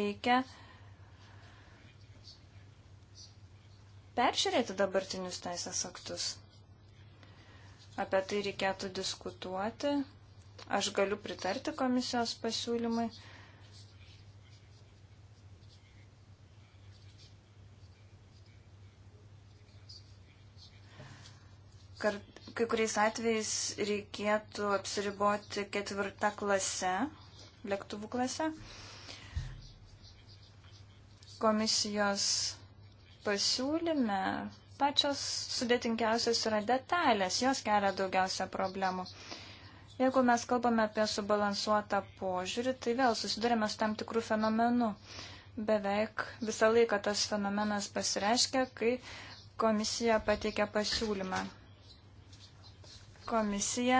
reikia peržiūrėti dabartinius teisės aktus. Apie tai reikėtų diskutuoti Aš galiu pritarti komisijos pasiūlymui. Kart, kai kuriais atvejais reikėtų apsiriboti ketvirtą klasę, lėktuvų klasę. Komisijos pasiūlyme pačios sudėtingiausios yra detalės, jos kelia daugiausia problemų. Uh, Jeigu mes kalbame apie subalansuotą požiūrį, tai vėl susidurėme su tam tikrų fenomenų. Beveik visą laiką tas fenomenas pasireiškia, kai komisija pateikia pasiūlymą. Komisija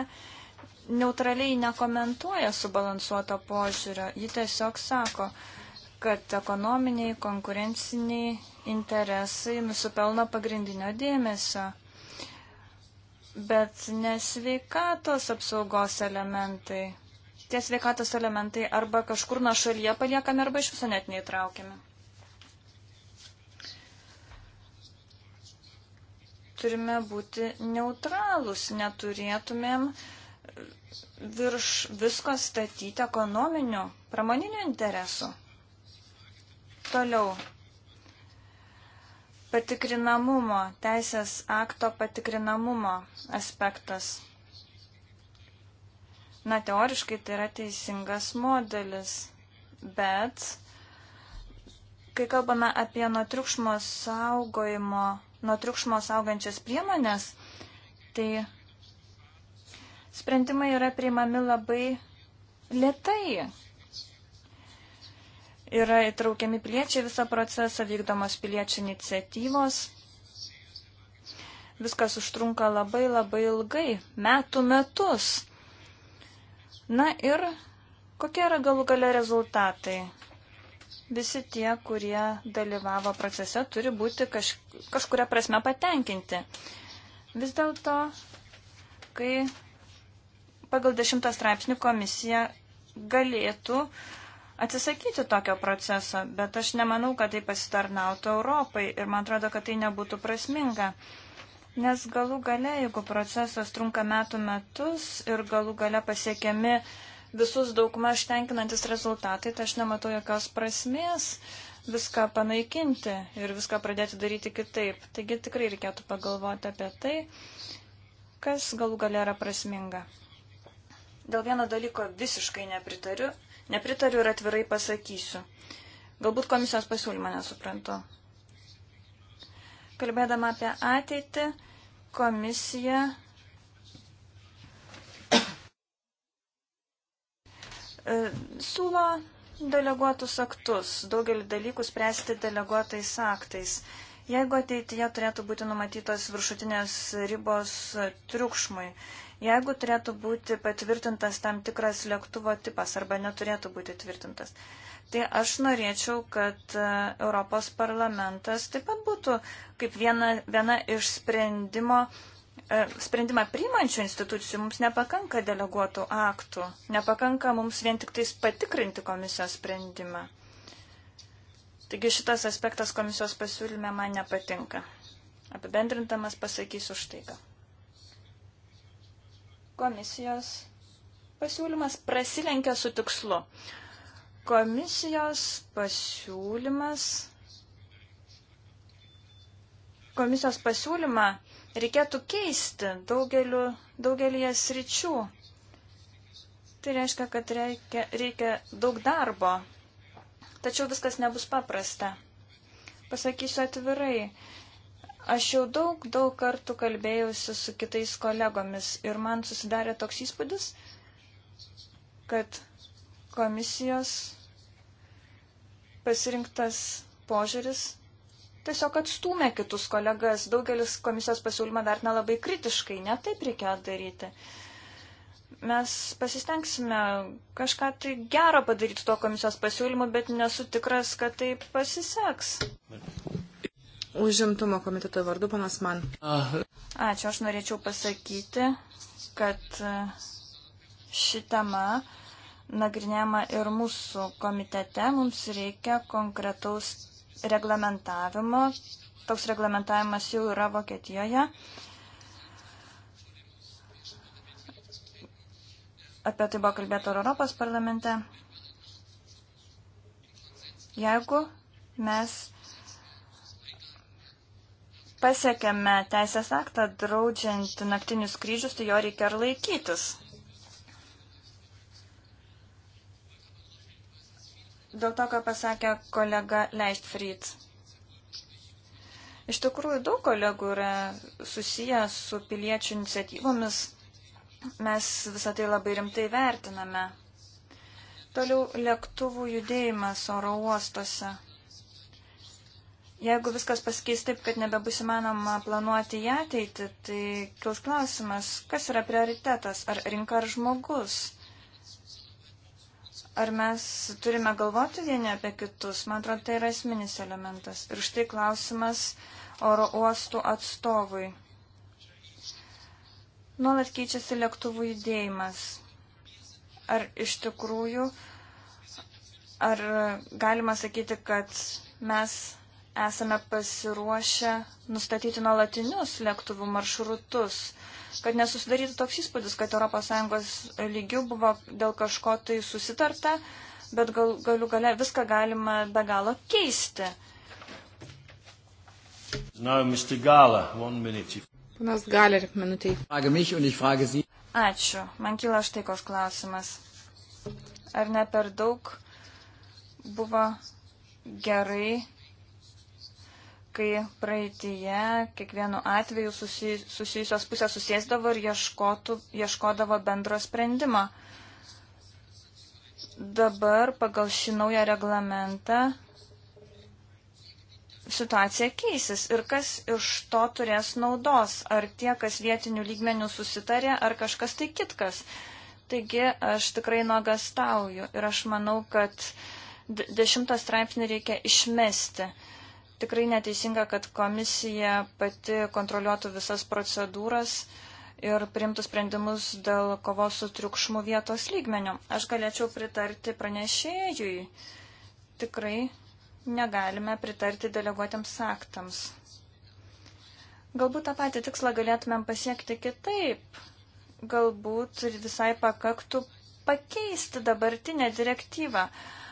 neutraliai nekomentuoja subalansuoto požiūrio. Ji tiesiog sako, kad ekonominiai, konkurenciniai interesai nusipelno pagrindinio dėmesio bet nesveikatos apsaugos elementai. Tie sveikatos elementai arba kažkur nuo šalyje paliekami, arba iš viso net neįtraukiami. Turime būti neutralus, neturėtumėm virš visko statyti ekonominių, pramoninių interesų. Toliau Patikrinamumo, teisės akto patikrinamumo aspektas. Na, teoriškai tai yra teisingas modelis, bet kai kalbame apie nuo triukšmo saugojimo, nuo triukšmo saugančias priemonės, tai sprendimai yra priimami labai lietai yra įtraukiami piliečiai visą procesą, vykdomos piliečių iniciatyvos. Viskas užtrunka labai labai ilgai, metų metus. Na ir kokie yra galų gale rezultatai? Visi tie, kurie dalyvavo procese, turi būti kaž, kažkuria prasme patenkinti. Vis dėlto, kai pagal 10 straipsnių komisija galėtų uh, atsisakyti tokio proceso, bet aš nemanau, kad tai pasitarnautų Europai ir man atrodo, kad tai nebūtų prasminga. Nes galų gale, jeigu procesas trunka metų metus ir galų gale pasiekiami visus daugmaž tenkinantis rezultatai, tai aš nematau jokios prasmės viską panaikinti ir viską pradėti daryti kitaip. Taigi tikrai reikėtų pagalvoti apie tai, kas galų gale yra prasminga. Dėl vieno dalyko visiškai nepritariu Nepritariu ir atvirai pasakysiu. Galbūt komisijos pasiūlymą nesuprantu. Kalbėdama apie ateitį, komisija e, siūlo deleguotus aktus, daugelį dalykų spręsti deleguotais aktais. Jeigu ateityje turėtų būti numatytos viršutinės ribos triukšmui, jeigu turėtų būti patvirtintas tam tikras lėktuvo tipas arba neturėtų būti tvirtintas. Tai aš norėčiau, kad e, Europos parlamentas taip pat būtų kaip viena, viena iš sprendimo, e, sprendimą priimančių institucijų. Mums nepakanka deleguotų aktų, nepakanka mums vien tik tais patikrinti komisijos sprendimą. Taigi šitas aspektas komisijos pasiūlyme man nepatinka. Apibendrintamas pasakysiu štai ką komisijos pasiūlymas prasilenkia su tikslu. Komisijos pasiūlymas. Komisijos pasiūlymą reikėtų keisti daugeliu, daugelį sričių. Tai reiškia, kad reikia, reikia daug darbo. Tačiau viskas nebus paprasta. Pasakysiu atvirai, Aš jau daug, daug kartų kalbėjusi su kitais kolegomis ir man susidarė toks įspūdis, kad komisijos pasirinktas požiūris tiesiog atstūmė kitus kolegas. Daugelis komisijos pasiūlymą dar nelabai kritiškai, netaip reikėjo daryti. Mes pasistengsime kažką tai gero padaryti to komisijos pasiūlymu, bet nesu tikras, kad tai pasiseks. Užimtumo komiteto vardu, panas man. Ačiū, aš norėčiau pasakyti, kad e, ši tema nagrinėjama ir mūsų komitete. Mums reikia konkretaus reglamentavimo. Toks reglamentavimas jau yra Vokietijoje. Apie tai buvo kalbėta ir Europos parlamente. Jeigu mes pasiekėme teisės aktą draudžiant naktinius skrydžius, tai jo reikia ir laikytis. Dėl to, ką pasakė kolega Leichtfried. Iš tikrųjų, daug kolegų yra susiję su piliečių iniciatyvomis. Mes visą tai labai rimtai vertiname. Toliau lėktuvų judėjimas oro uostose. Jeigu viskas pasikeis taip, kad nebebus įmanoma planuoti į ateitį, tai kils klausimas, kas yra prioritetas, ar rinka ar žmogus. Ar mes turime galvoti vieni apie kitus, man atrodo, tai yra esminis elementas. Ir štai klausimas oro uostų atstovui. Nuolat keičiasi lėktuvų judėjimas. Ar iš tikrųjų, ar galima sakyti, kad mes esame pasiruošę nustatyti nuolatinius lėktuvų maršrutus, kad nesusidarytų toks įspūdis, kad ES lygių buvo dėl kažko tai susitarta, bet gal, galiu gale viską galima be galo keisti. Now, Mr. Gala, one minute. Panas Galer, minutė. Ačiū. Man kyla štai koks klausimas. Ar ne per daug buvo gerai kai praeitie kiekvienu atveju susijusios pusės susėsdavo ir ieškotų, ieškodavo bendro sprendimo. Dabar pagal šį naują reglamentą situacija keisis ir kas iš to turės naudos, ar tie, kas vietinių lygmenių susitarė, ar kažkas tai kitkas. Taigi aš tikrai nuogastauju ir aš manau, kad dešimtą straipsnį reikia išmesti. Uh, tikrai neteisinga, kad komisija pati kontroliuotų visas procedūras ir priimtų sprendimus dėl kovos su triukšmu vietos lygmeniu. Aš galėčiau pritarti pranešėjui. Tikrai negalime pritarti deleguotiems aktams. Galbūt tą patį tikslą galėtumėm pasiekti kitaip. Galbūt visai pakaktų pakeisti dabartinę direktyvą.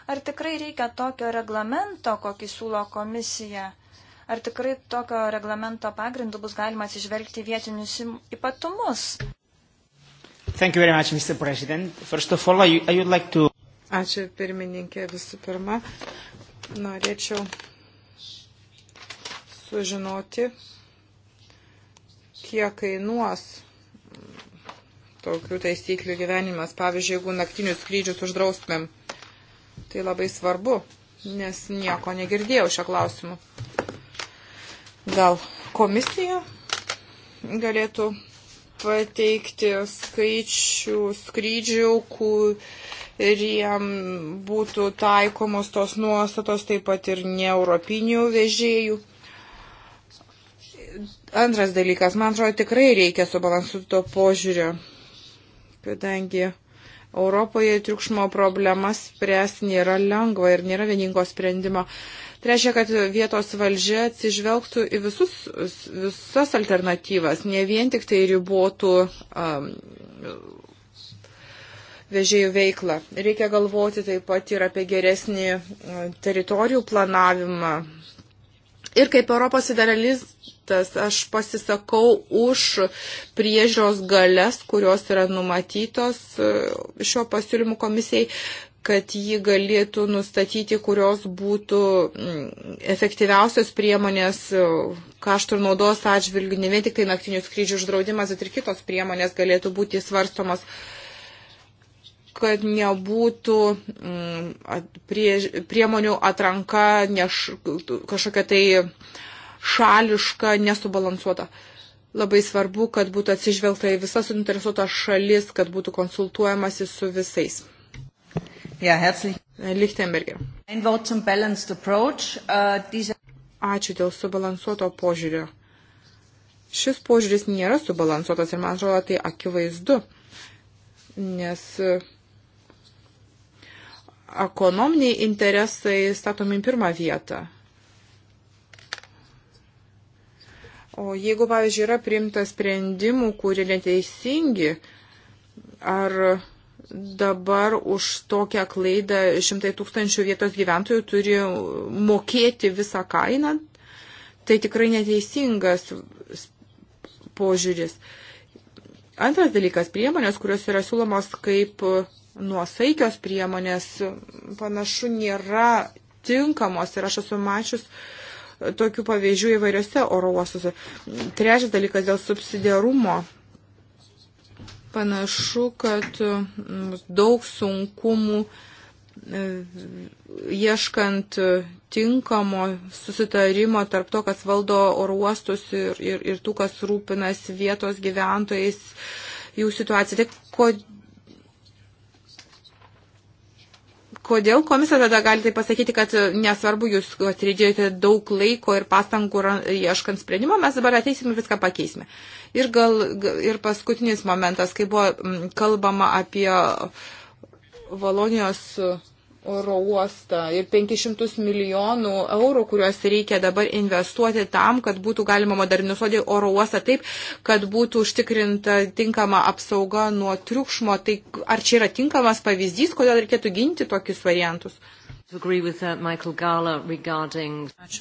Ar tikrai reikia tokio reglamento, kokį siūlo komisija? Ar tikrai tokio reglamento pagrindu bus galima atsižvelgti vietinius ypatumus? Thank you very much, Mr. President. First of all, I, I would like to... Ačiū pirmininkė visų pirma. Norėčiau sužinoti, kiek kainuos tokių taisyklių gyvenimas. Pavyzdžiui, jeigu naktinius skrydžius uždraustumėm, Tai labai svarbu, nes nieko negirdėjau šio klausimu. Gal komisija galėtų pateikti skaičių skrydžių, kuriem būtų taikomos tos nuostatos, taip pat ir neeuropinių vežėjų. Antras dalykas, man atrodo, tikrai reikia subalansuoto požiūrio, kadangi Europoje triukšmo problemas spręs nėra lengva ir nėra vieningo sprendimo. Tai reiškia, kad vietos valdžia atsižvelgtų į visus, visas alternatyvas, ne vien tik tai ribotų um, vežėjų veiklą. Reikia galvoti taip pat ir apie geresnį um, teritorijų planavimą. Ir kaip Europos federalizmas aspektas. Aš pasisakau už priežiūros galės, kurios yra numatytos e, šio pasiūlymų komisijai kad ji galėtų nustatyti, kurios būtų mm, efektyviausios priemonės e, kaštų ir naudos atžvilgių, ne vien tik tai naktinių skrydžių uždraudimas, bet ir kitos priemonės galėtų būti svarstomas kad nebūtų mm, prie, priemonių atranka neš, kažkokia tai uh, šališka, nesubalansuota. Labai svarbu, kad būtų atsižvelgta į visas suinteresuotas šalis, kad būtų konsultuojamasi su visais. Ja, herzlich. E, Lichtenberger. Ein Wort zum Balanced Approach. Uh, diese... Ačiū dėl subalansuoto požiūrio. Šis požiūris nėra subalansuotas ir man atrodo tai akivaizdu, nes e, ekonominiai interesai statomi pirmą vietą. O jeigu, pavyzdžiui, yra priimtas sprendimų, kurie neteisingi, ar dabar už tokią klaidą šimtai tūkstančių vietos gyventojų turi mokėti visą kainą, tai tikrai neteisingas požiūris. Antras dalykas - priemonės, kurios yra siūlomos kaip nuosaikios priemonės, panašu, nėra tinkamos ir aš esu mačius uh, tokių pavyzdžių įvairiose oro uostuose. Trečias dalykas dėl subsidiarumo. Panašu, kad mm, daug sunkumų e, ieškant tinkamo susitarimo tarp to, kas valdo oro uostus ir, ir, ir tų, kas rūpinas vietos gyventojais jų situaciją. Tai Kodėl komisija tada gali tai pasakyti, kad e, nesvarbu, jūs atridėjote daug laiko ir pastangų ieškant sprendimo, mes dabar ateisime ir viską pakeisime. Ir, gal, ir paskutinis momentas, kai buvo kalbama apie Valonijos oro uostą ir 500 milijonų eurų, kuriuos reikia dabar investuoti tam, kad būtų galima modernizuoti oro uostą taip, kad būtų užtikrinta tinkama apsauga nuo triukšmo. Tai ar čia yra tinkamas pavyzdys, kodėl reikėtų ginti tokius variantus? Uh, Ačiū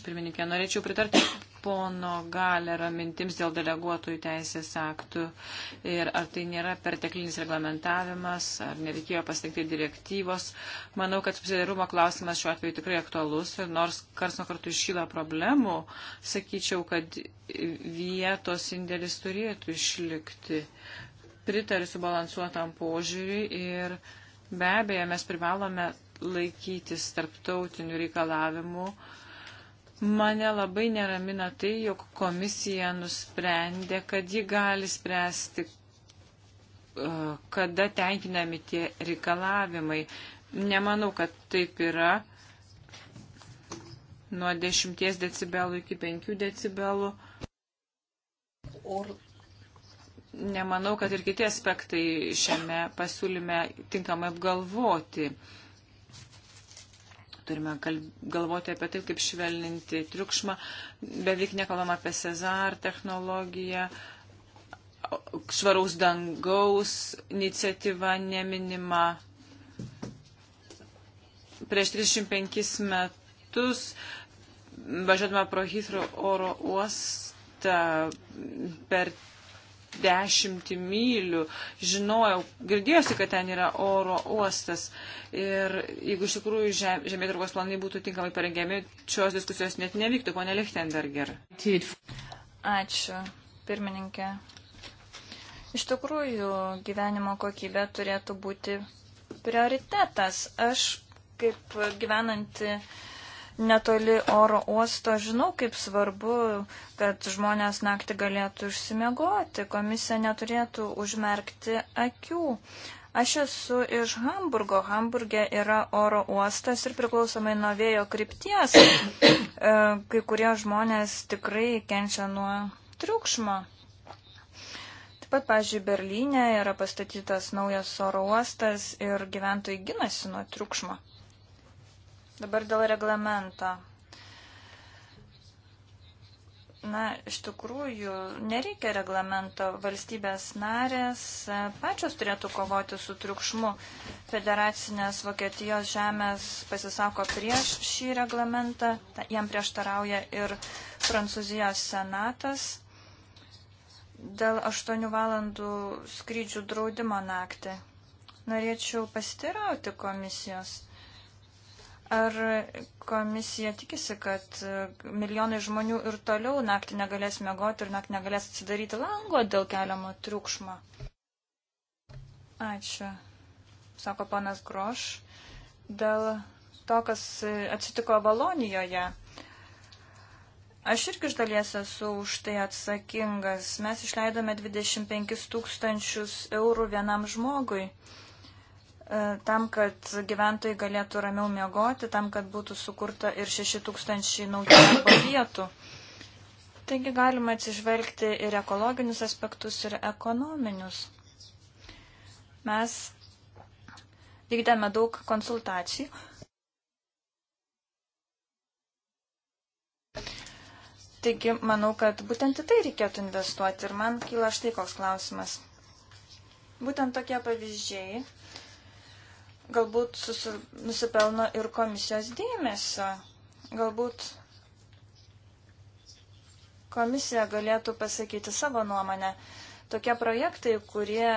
pirmininkė. Norėčiau pritarti pono galera mintims dėl deleguotojų teisės aktų ir ar tai nėra perteklinis reglamentavimas, ar nereikėjo pasitikti direktyvos. Manau, kad subsidiarumo klausimas šiuo atveju tikrai aktualus ir nors kars nuo kartų iškyla problemų, sakyčiau, kad vietos indėlis turėtų išlikti. Pritariu subalansuotam požiūriui ir be abejo mes privalome laikytis tarptautinių reikalavimų Mane labai neramina tai, jog komisija nusprendė, kad ji gali spręsti, e, kada tenkinami tie reikalavimai. Nemanau, kad taip yra. Nuo 10 decibelų iki 5 decibelų. Ir nemanau, kad ir kiti aspektai šiame pasiūlyme tinkamai apgalvoti. Uh, Turime galvoti apie tai, kaip švelninti triukšmą. Beveik nekalbam apie Cezar technologiją, švaraus dangaus iniciatyva neminima. Prieš 35 metus važiuodama pro Hitro oro uostą per dešimtį mylių. Žinojau, girdėjosi, kad ten yra oro uostas. Ir jeigu iš tikrųjų žemėtvarkos planai būtų tinkamai parengiami, šios diskusijos net nevyktų, ponė Lichtenberger. Ačiū, pirmininkė. Iš tikrųjų, gyvenimo kokybė turėtų būti prioritetas. Aš kaip gyvenanti netoli oro uosto. Žinau, kaip svarbu, kad žmonės naktį galėtų išsimiegoti. Komisija neturėtų užmerkti akių. Aš esu iš Hamburgo. Hamburge yra oro uostas ir priklausomai nuo vėjo krypties, e, kai kurie žmonės tikrai kenčia nuo triukšmo. Taip pat, pažiūrėjau, Berlyne yra pastatytas naujas oro uostas ir gyventojai ginasi nuo triukšmo. Dabar dėl reglamento. Na, iš tikrųjų, nereikia reglamento. Valstybės narės e, pačios turėtų kovoti su triukšmu. Federacinės Vokietijos žemės pasisako prieš šį reglamentą. Jam prieštarauja ir Prancūzijos senatas dėl 8 valandų skrydžių draudimo naktį. Norėčiau pasitirauti komisijos. Ar komisija tikisi, kad e, milijonai žmonių ir toliau naktį negalės mėgoti ir naktį negalės atsidaryti lango dėl keliamo triukšmo? Ačiū, sako panas Groš, dėl to, kas atsitiko Valonijoje. Aš irgi iš dalies esu už tai atsakingas. Mes išleidome 25 tūkstančius eurų vienam žmogui. Uh, E, tam, kad gyventojai galėtų ramiau miegoti, tam, kad būtų sukurta ir 6000 naujų darbo vietų. Taigi galima atsižvelgti ir ekologinius aspektus, ir ekonominius. Mes vykdėme daug konsultacijų. Taigi, manau, kad būtent į tai reikėtų investuoti ir man kyla štai koks klausimas. Būtent tokie pavyzdžiai galbūt susir... nusipelno ir komisijos dėmesio. Galbūt komisija galėtų pasakyti savo nuomonę. Tokie projektai, kurie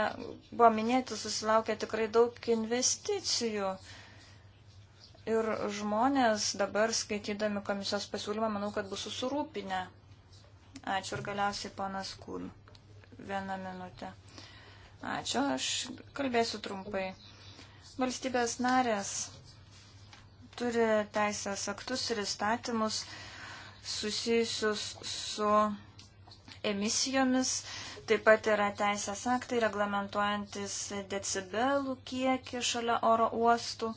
buvo minėti, susilaukia tikrai daug investicijų. Ir žmonės dabar skaitydami komisijos pasiūlymą, manau, kad bus susirūpinę. Ačiū ir galiausiai panas Kūn. Vieną minutę. Ačiū, aš kalbėsiu trumpai. Valstybės narės turi teisės aktus ir įstatymus susijusius su emisijomis. Taip pat yra teisės aktai reglamentuojantis decibelų kiekį šalia oro uostų.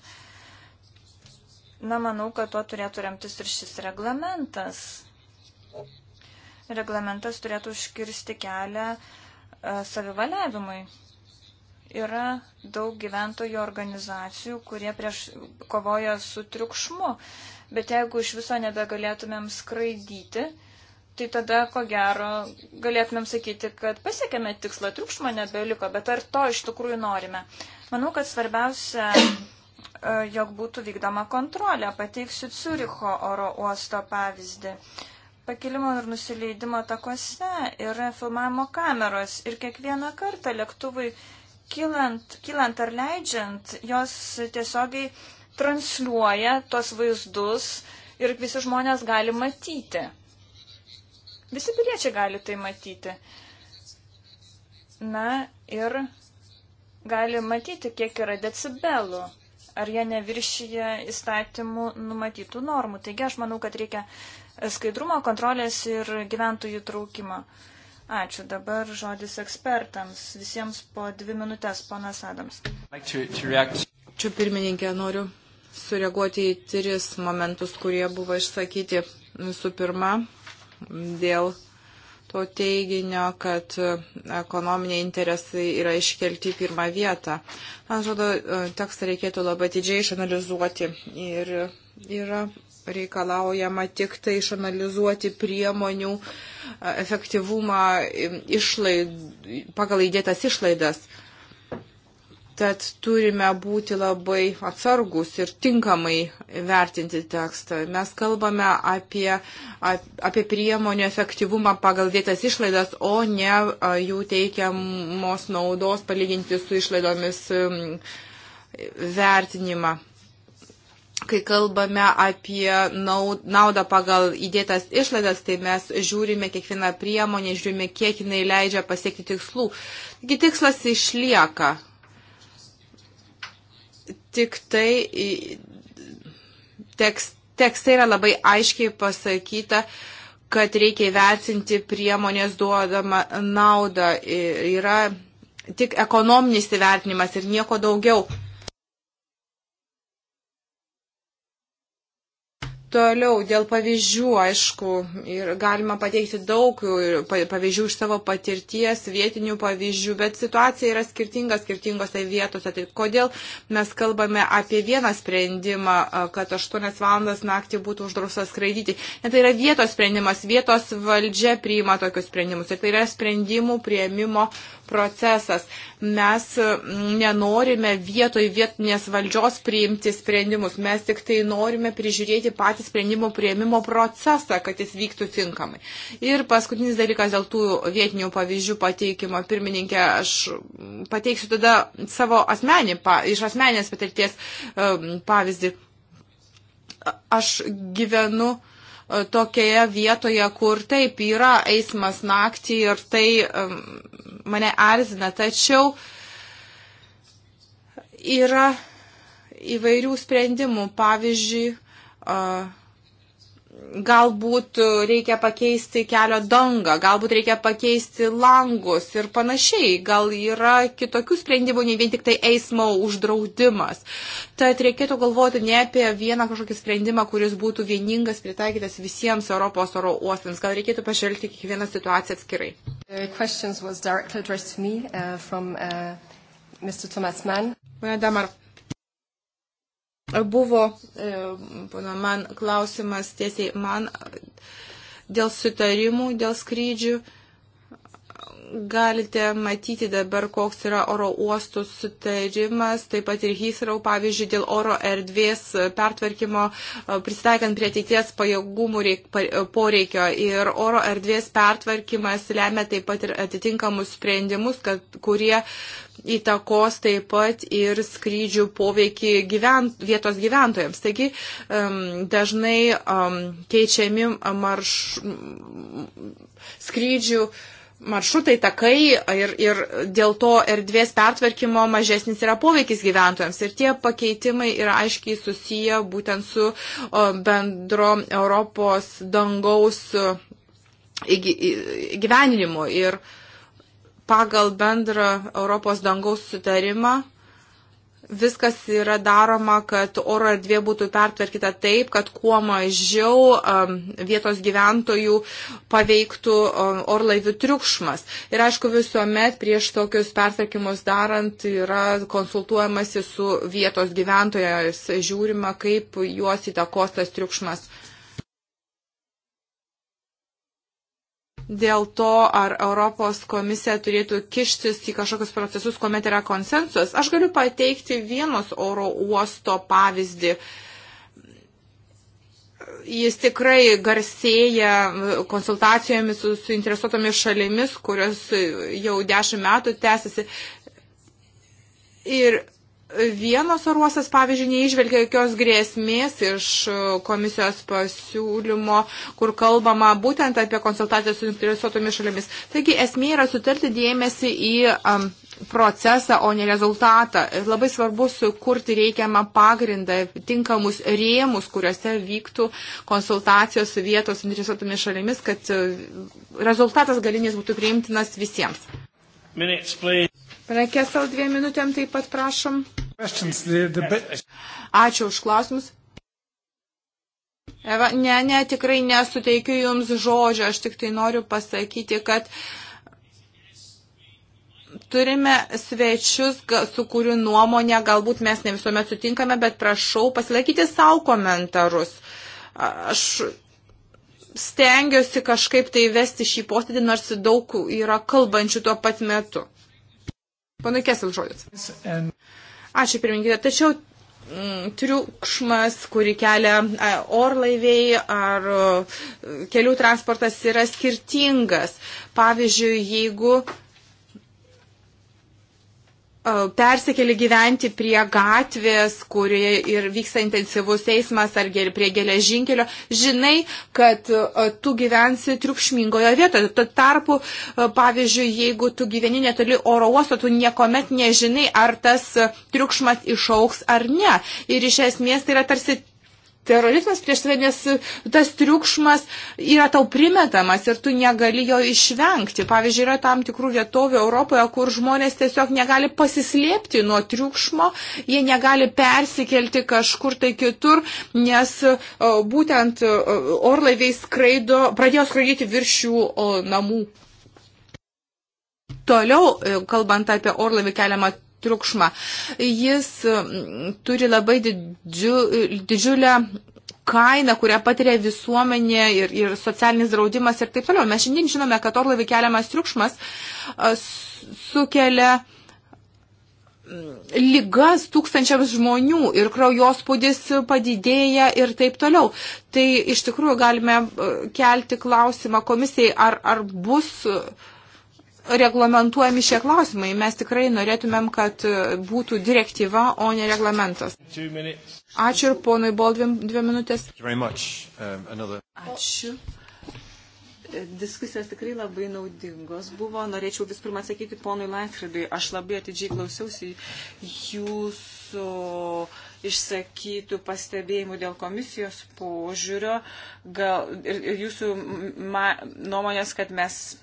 Na, manau, kad tuo turėtų remtis ir šis reglamentas. Reglamentas turėtų užkirsti kelią e, savivaliavimui. Yra daug gyventojų organizacijų, kurie prieš kovoja su triukšmu, bet jeigu iš viso nebegalėtumėm skraidyti, tai tada, ko gero, galėtumėm sakyti, kad pasiekėme tikslą, triukšmo nebeliko, bet ar to iš tikrųjų norime. Manau, kad svarbiausia, e, jog būtų vykdoma kontrolė. Pateiksiu Ciuricho oro uosto pavyzdį. Pakilimo ir nusileidimo takuose yra filmavimo kameros ir kiekvieną kartą lėktuvui kilant, kilant ar leidžiant, jos tiesiogiai transliuoja tos vaizdus ir visi žmonės gali matyti. Visi piliečiai gali tai matyti. Na ir gali matyti, kiek yra decibelų, ar jie neviršyje įstatymų numatytų normų. Taigi aš manau, kad reikia skaidrumo, kontrolės ir gyventojų traukimo. Uh, Ačiū. Dabar žodis ekspertams. Visiems po dvi minutės, ponas Adams. Čia pirmininkė noriu sureaguoti į tris momentus, kurie buvo išsakyti. Visų pirma, dėl to teiginio, kad ekonominiai interesai yra iškelti į pirmą vietą. Man atrodo, tekstą reikėtų labai didžiai išanalizuoti. Ir yra reikalaujama tik tai išanalizuoti priemonių e, efektyvumą išlaid, pagal įdėtas išlaidas. Tad turime būti labai atsargus ir tinkamai vertinti tekstą. Mes kalbame apie, apie priemonių efektyvumą pagal dėtas išlaidas, o ne jų teikiamos naudos palyginti su išlaidomis vertinimą kai kalbame apie naudą pagal įdėtas išlaidas, tai mes žiūrime kiekvieną priemonę, žiūrime, kiek jinai leidžia pasiekti tikslų. Taigi tikslas išlieka. Tik tai tekst, tekste yra labai aiškiai pasakyta, kad reikia įvertinti priemonės duodamą naudą. Yra tik ekonominis įvertinimas ir nieko daugiau. Toliau, dėl pavyzdžių, aišku, ir galima pateikti daug pavyzdžių iš savo patirties, vietinių pavyzdžių, bet situacija yra skirtinga skirtingose vietose. Tai kodėl mes kalbame apie vieną sprendimą, kad 8 valandas naktį būtų uždrausta skraidyti. Ne, tai yra vietos sprendimas, vietos valdžia priima tokius sprendimus ir tai yra sprendimų prieimimo procesas. Mes mm, nenorime vietoj vietinės valdžios priimti sprendimus, mes tik tai norime prižiūrėti patį sprendimo prieimimo procesą, kad jis vyktų tinkamai. Ir paskutinis dalykas dėl tų vietinių pavyzdžių pateikimo. Pirmininkė, aš mm, pateiksiu tada savo asmenį, iš asmenės patirties pavyzdį. Aš gyvenu uh, tokioje vietoje, kur taip yra eismas naktį ir tai mane erzina. Tačiau yra įvairių sprendimų. Pavyzdžiui, galbūt e, reikia pakeisti kelio dangą, galbūt reikia pakeisti langus ir panašiai. Gal yra kitokių sprendimų, ne vien tik tai eismo uždraudimas. Tad reikėtų galvoti ne apie vieną kažkokį sprendimą, kuris būtų vieningas, pritaikytas visiems Europos oro uostams. Gal reikėtų pažvelgti kiekvieną situaciją atskirai. Uh, uh, Mane Damar. Buvo, e, pana, man klausimas tiesiai man dėl sutarimų, dėl skrydžių galite matyti dabar, koks yra oro uostų sutarimas, taip pat ir Heathrow, pavyzdžiui, dėl oro erdvės pertvarkymo, pristaikant prie ateities pajėgumų reik, poreikio. Ir oro erdvės pertvarkymas lemia taip pat ir atitinkamus sprendimus, kad, kurie įtakos taip pat ir skrydžių poveikį gyvent, vietos gyventojams. Taigi um, dažnai um, keičiami marš, skrydžių uh, maršrutai, takai ir, ir dėl to erdvės pertvarkymo mažesnis yra poveikis gyventojams. Ir tie pakeitimai yra aiškiai susiję būtent su bendro Europos dangaus e, gyveninimu. Ir pagal bendrą Europos dangaus sutarimą viskas yra daroma, kad oro erdvė būtų pertvarkyta taip, kad kuo mažiau um, vietos gyventojų paveiktų um, orlaivių triukšmas. Ir aišku, visuomet prieš tokius pertvarkymus darant yra konsultuojamasi su vietos gyventojais, žiūrima, kaip juos įtakos tas triukšmas. dėl to, ar Europos komisija turėtų kištis į kažkokius procesus, kuomet yra konsensus. Aš galiu pateikti vienos oro uosto pavyzdį. Jis tikrai garsėja konsultacijomis su suinteresuotomis šalimis, kurios jau dešimt metų tęsiasi. Ir Vienos oruostas, pavyzdžiui, neižvelgia jokios grėsmės iš e, komisijos pasiūlymo, kur kalbama būtent apie konsultaciją su interesuotomis šalimis. Taigi esmė yra sutelti dėmesį į um, procesą, o ne rezultatą. Labai svarbu sukurti reikiamą pagrindą, tinkamus rėmus, kuriuose vyktų konsultacijos su vietos interesuotomis šalimis, kad e, rezultatas galinės būtų priimtinas visiems. Minutes, please. Prekesal dviem minutėm taip pat prašom. Ačiū už klausimus. Eva, ne, ne, tikrai nesuteikiu Jums žodžio, aš tik tai noriu pasakyti, kad turime svečius, su kurių nuomonė galbūt mes ne visuomet sutinkame, bet prašau pasilaikyti savo komentarus. Aš stengiuosi kažkaip tai vesti šį postėdį, nors daug yra kalbančių tuo pat metu. Panaikės žodis. And... Ačiū pirmininkė. Tačiau mm, triukšmas, kurį kelia e, orlaiviai ar e, kelių transportas yra skirtingas. Pavyzdžiui, jeigu E, persikeli gyventi prie gatvės, kurioje ir vyksta intensyvus eismas ar prie geležinkelio, žinai, kad e, tu gyvensi triukšmingoje vietoje. Tuo tarpu, e, pavyzdžiui, jeigu tu gyveni netoli oro uosto, tu niekuomet nežinai, ar tas triukšmas išauks ar ne. Ir iš esmės tai yra tarsi terorizmas prieš tave, nes tas triukšmas yra tau primetamas ir tu negali jo išvengti. Pavyzdžiui, yra tam tikrų vietovių Europoje, kur žmonės tiesiog negali pasislėpti nuo triukšmo, jie negali persikelti kažkur tai kitur, nes būtent orlaiviai skraido, pradėjo skraidyti virš jų namų. Toliau, e, kalbant apie orlaivį keliamą triukšmą. Jis turi labai didžiu, didžiulę kaina, kurią patiria visuomenė ir, ir socialinis draudimas ir taip toliau. Mes šiandien žinome, kad orlaivį keliamas triukšmas sukelia lygas tūkstančiams žmonių ir kraujospūdis padidėja ir taip toliau. Tai iš tikrųjų galime kelti klausimą komisijai, ar, ar bus uh, reglamentuojami šie klausimai. Mes tikrai norėtumėm, kad būtų direktyva, o ne reglamentas. Ačiū ir ponui Baldvim dvi minutės. Um, Ačiū. Diskusijos tikrai labai naudingos buvo. Norėčiau vis pirma atsakyti ponui Lainfridui. Aš labai atidžiai klausiausi jūsų išsakytų pastebėjimų dėl komisijos požiūrio gal, ir, ir jūsų ma, nuomonės, kad mes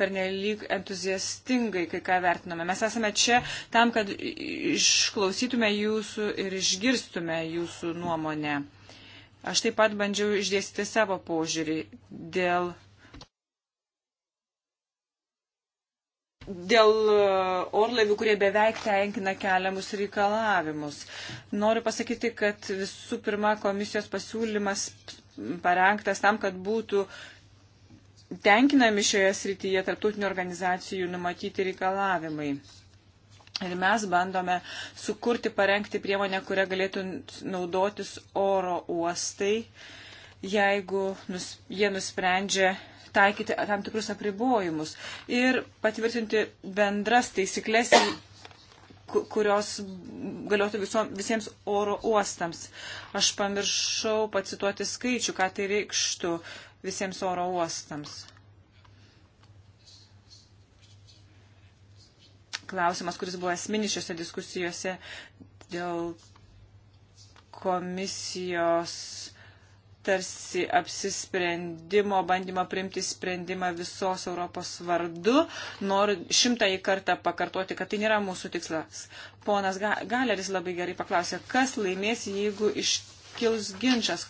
pernelyg entuziastingai kai ką vertiname. Mes esame čia tam, kad išklausytume jūsų ir išgirstume jūsų nuomonę. Aš taip pat bandžiau išdėstyti savo požiūrį dėl, dėl uh, orlaivių, kurie beveik tenkina keliamus reikalavimus. Noriu pasakyti, kad visų pirma komisijos pasiūlymas parengtas tam, kad būtų uh, tenkinami šioje srityje tarptautinių organizacijų numatyti reikalavimai. Ir mes bandome sukurti, parengti priemonę, kurią galėtų naudotis oro uostai, jeigu nus, jie nusprendžia taikyti tam tikrus apribojimus ir patvirtinti bendras taisyklės, kurios galiotų viso, visiems oro uostams. Aš pamiršau pacituoti skaičių, ką tai reikštų. Uh, visiems oro uostams. Klausimas, kuris buvo esminis šiuose diskusijose dėl komisijos tarsi apsisprendimo, bandymo priimti sprendimą visos Europos vardu. Noriu šimtąjį kartą pakartoti, kad tai nėra mūsų tikslas. Ponas Galeris labai gerai paklausė, kas laimės, jeigu iš kils ginčas,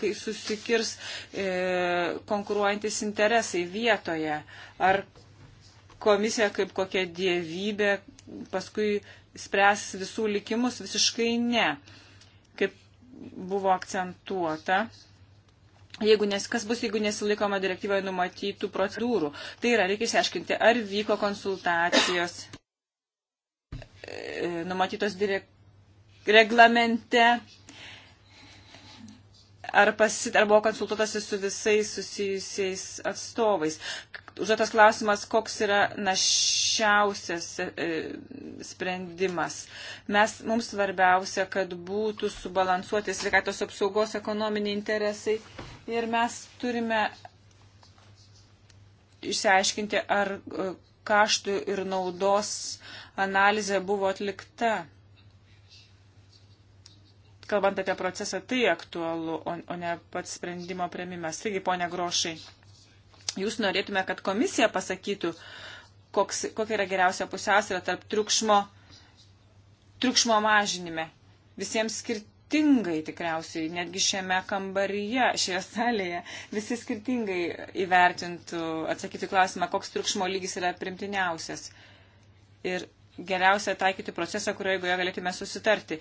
kai susikirs e, konkuruojantis interesai vietoje. Ar komisija kaip kokia dievybė paskui spręs visų likimus, visiškai ne, kaip buvo akcentuota. Jeigu nes, kas bus, jeigu nesilaikoma direktyvoje numatytų procedūrų? Tai yra, reikia išsiaiškinti, ar vyko konsultacijos e, numatytos direk, reglamente ar, pasi, ar buvo konsultuotasi su visais susijusiais atstovais. Užduotas klausimas, koks yra našiausias e, sprendimas. Mes, mums svarbiausia, kad būtų subalansuoti sveikatos apsaugos ekonominiai interesai ir mes turime išsiaiškinti, ar e, kaštų ir naudos analizė buvo atlikta kalbant apie procesą, tai aktualu, o, o ne pats sprendimo prieimimas. Taigi, ponia Grošai, jūs norėtume, kad komisija pasakytų, koks, kokia yra geriausia pusiausvėra tarp triukšmo, triukšmo mažinime. Visiems skirtingai tikriausiai, netgi šiame kambaryje, šioje salėje, visi skirtingai įvertintų, atsakytų klausimą, koks triukšmo lygis yra primtiniausias. Ir geriausia taikyti procesą, kurio eigoje galėtume susitarti.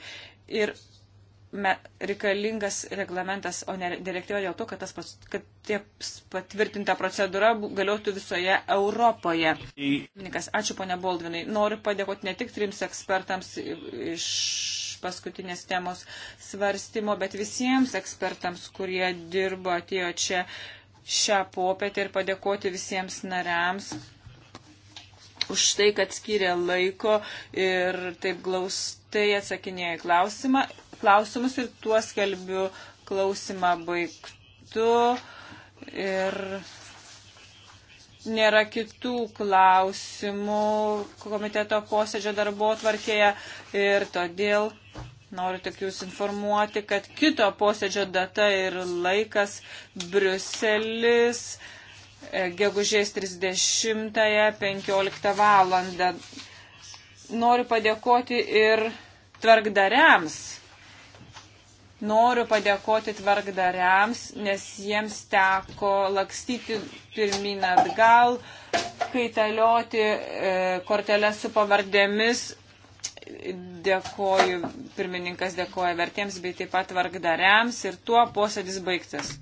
Ir me, reikalingas reglamentas, o ne direktyva dėl to, kad, tas, kad tie patvirtinta procedūra galiotų visoje Europoje. Ačiū, ponia Boldvinai. Noriu padėkoti ne tik trims ekspertams iš paskutinės temos svarstymo, bet visiems ekspertams, kurie dirbo, atėjo čia šią popietę ir padėkoti visiems nariams už tai, kad skyrė laiko ir taip glaustai atsakinėjo į klausimą klausimus ir tuo skelbiu klausimą baigtu. Ir nėra kitų klausimų komiteto posėdžio darbo tvarkėje ir todėl noriu tik jūs informuoti, kad kito posėdžio data ir laikas Briuselis e, gegužės 30.15 val. Noriu padėkoti ir tvarkdariams Noriu padėkoti tvarkdariams, nes jiems teko lakstyti pirmin atgal, kaitalioti e, korteles su pavardėmis. Dėkoju, pirmininkas dėkoja vertėms bei taip pat tvarkdariams ir tuo posėdis baigtas.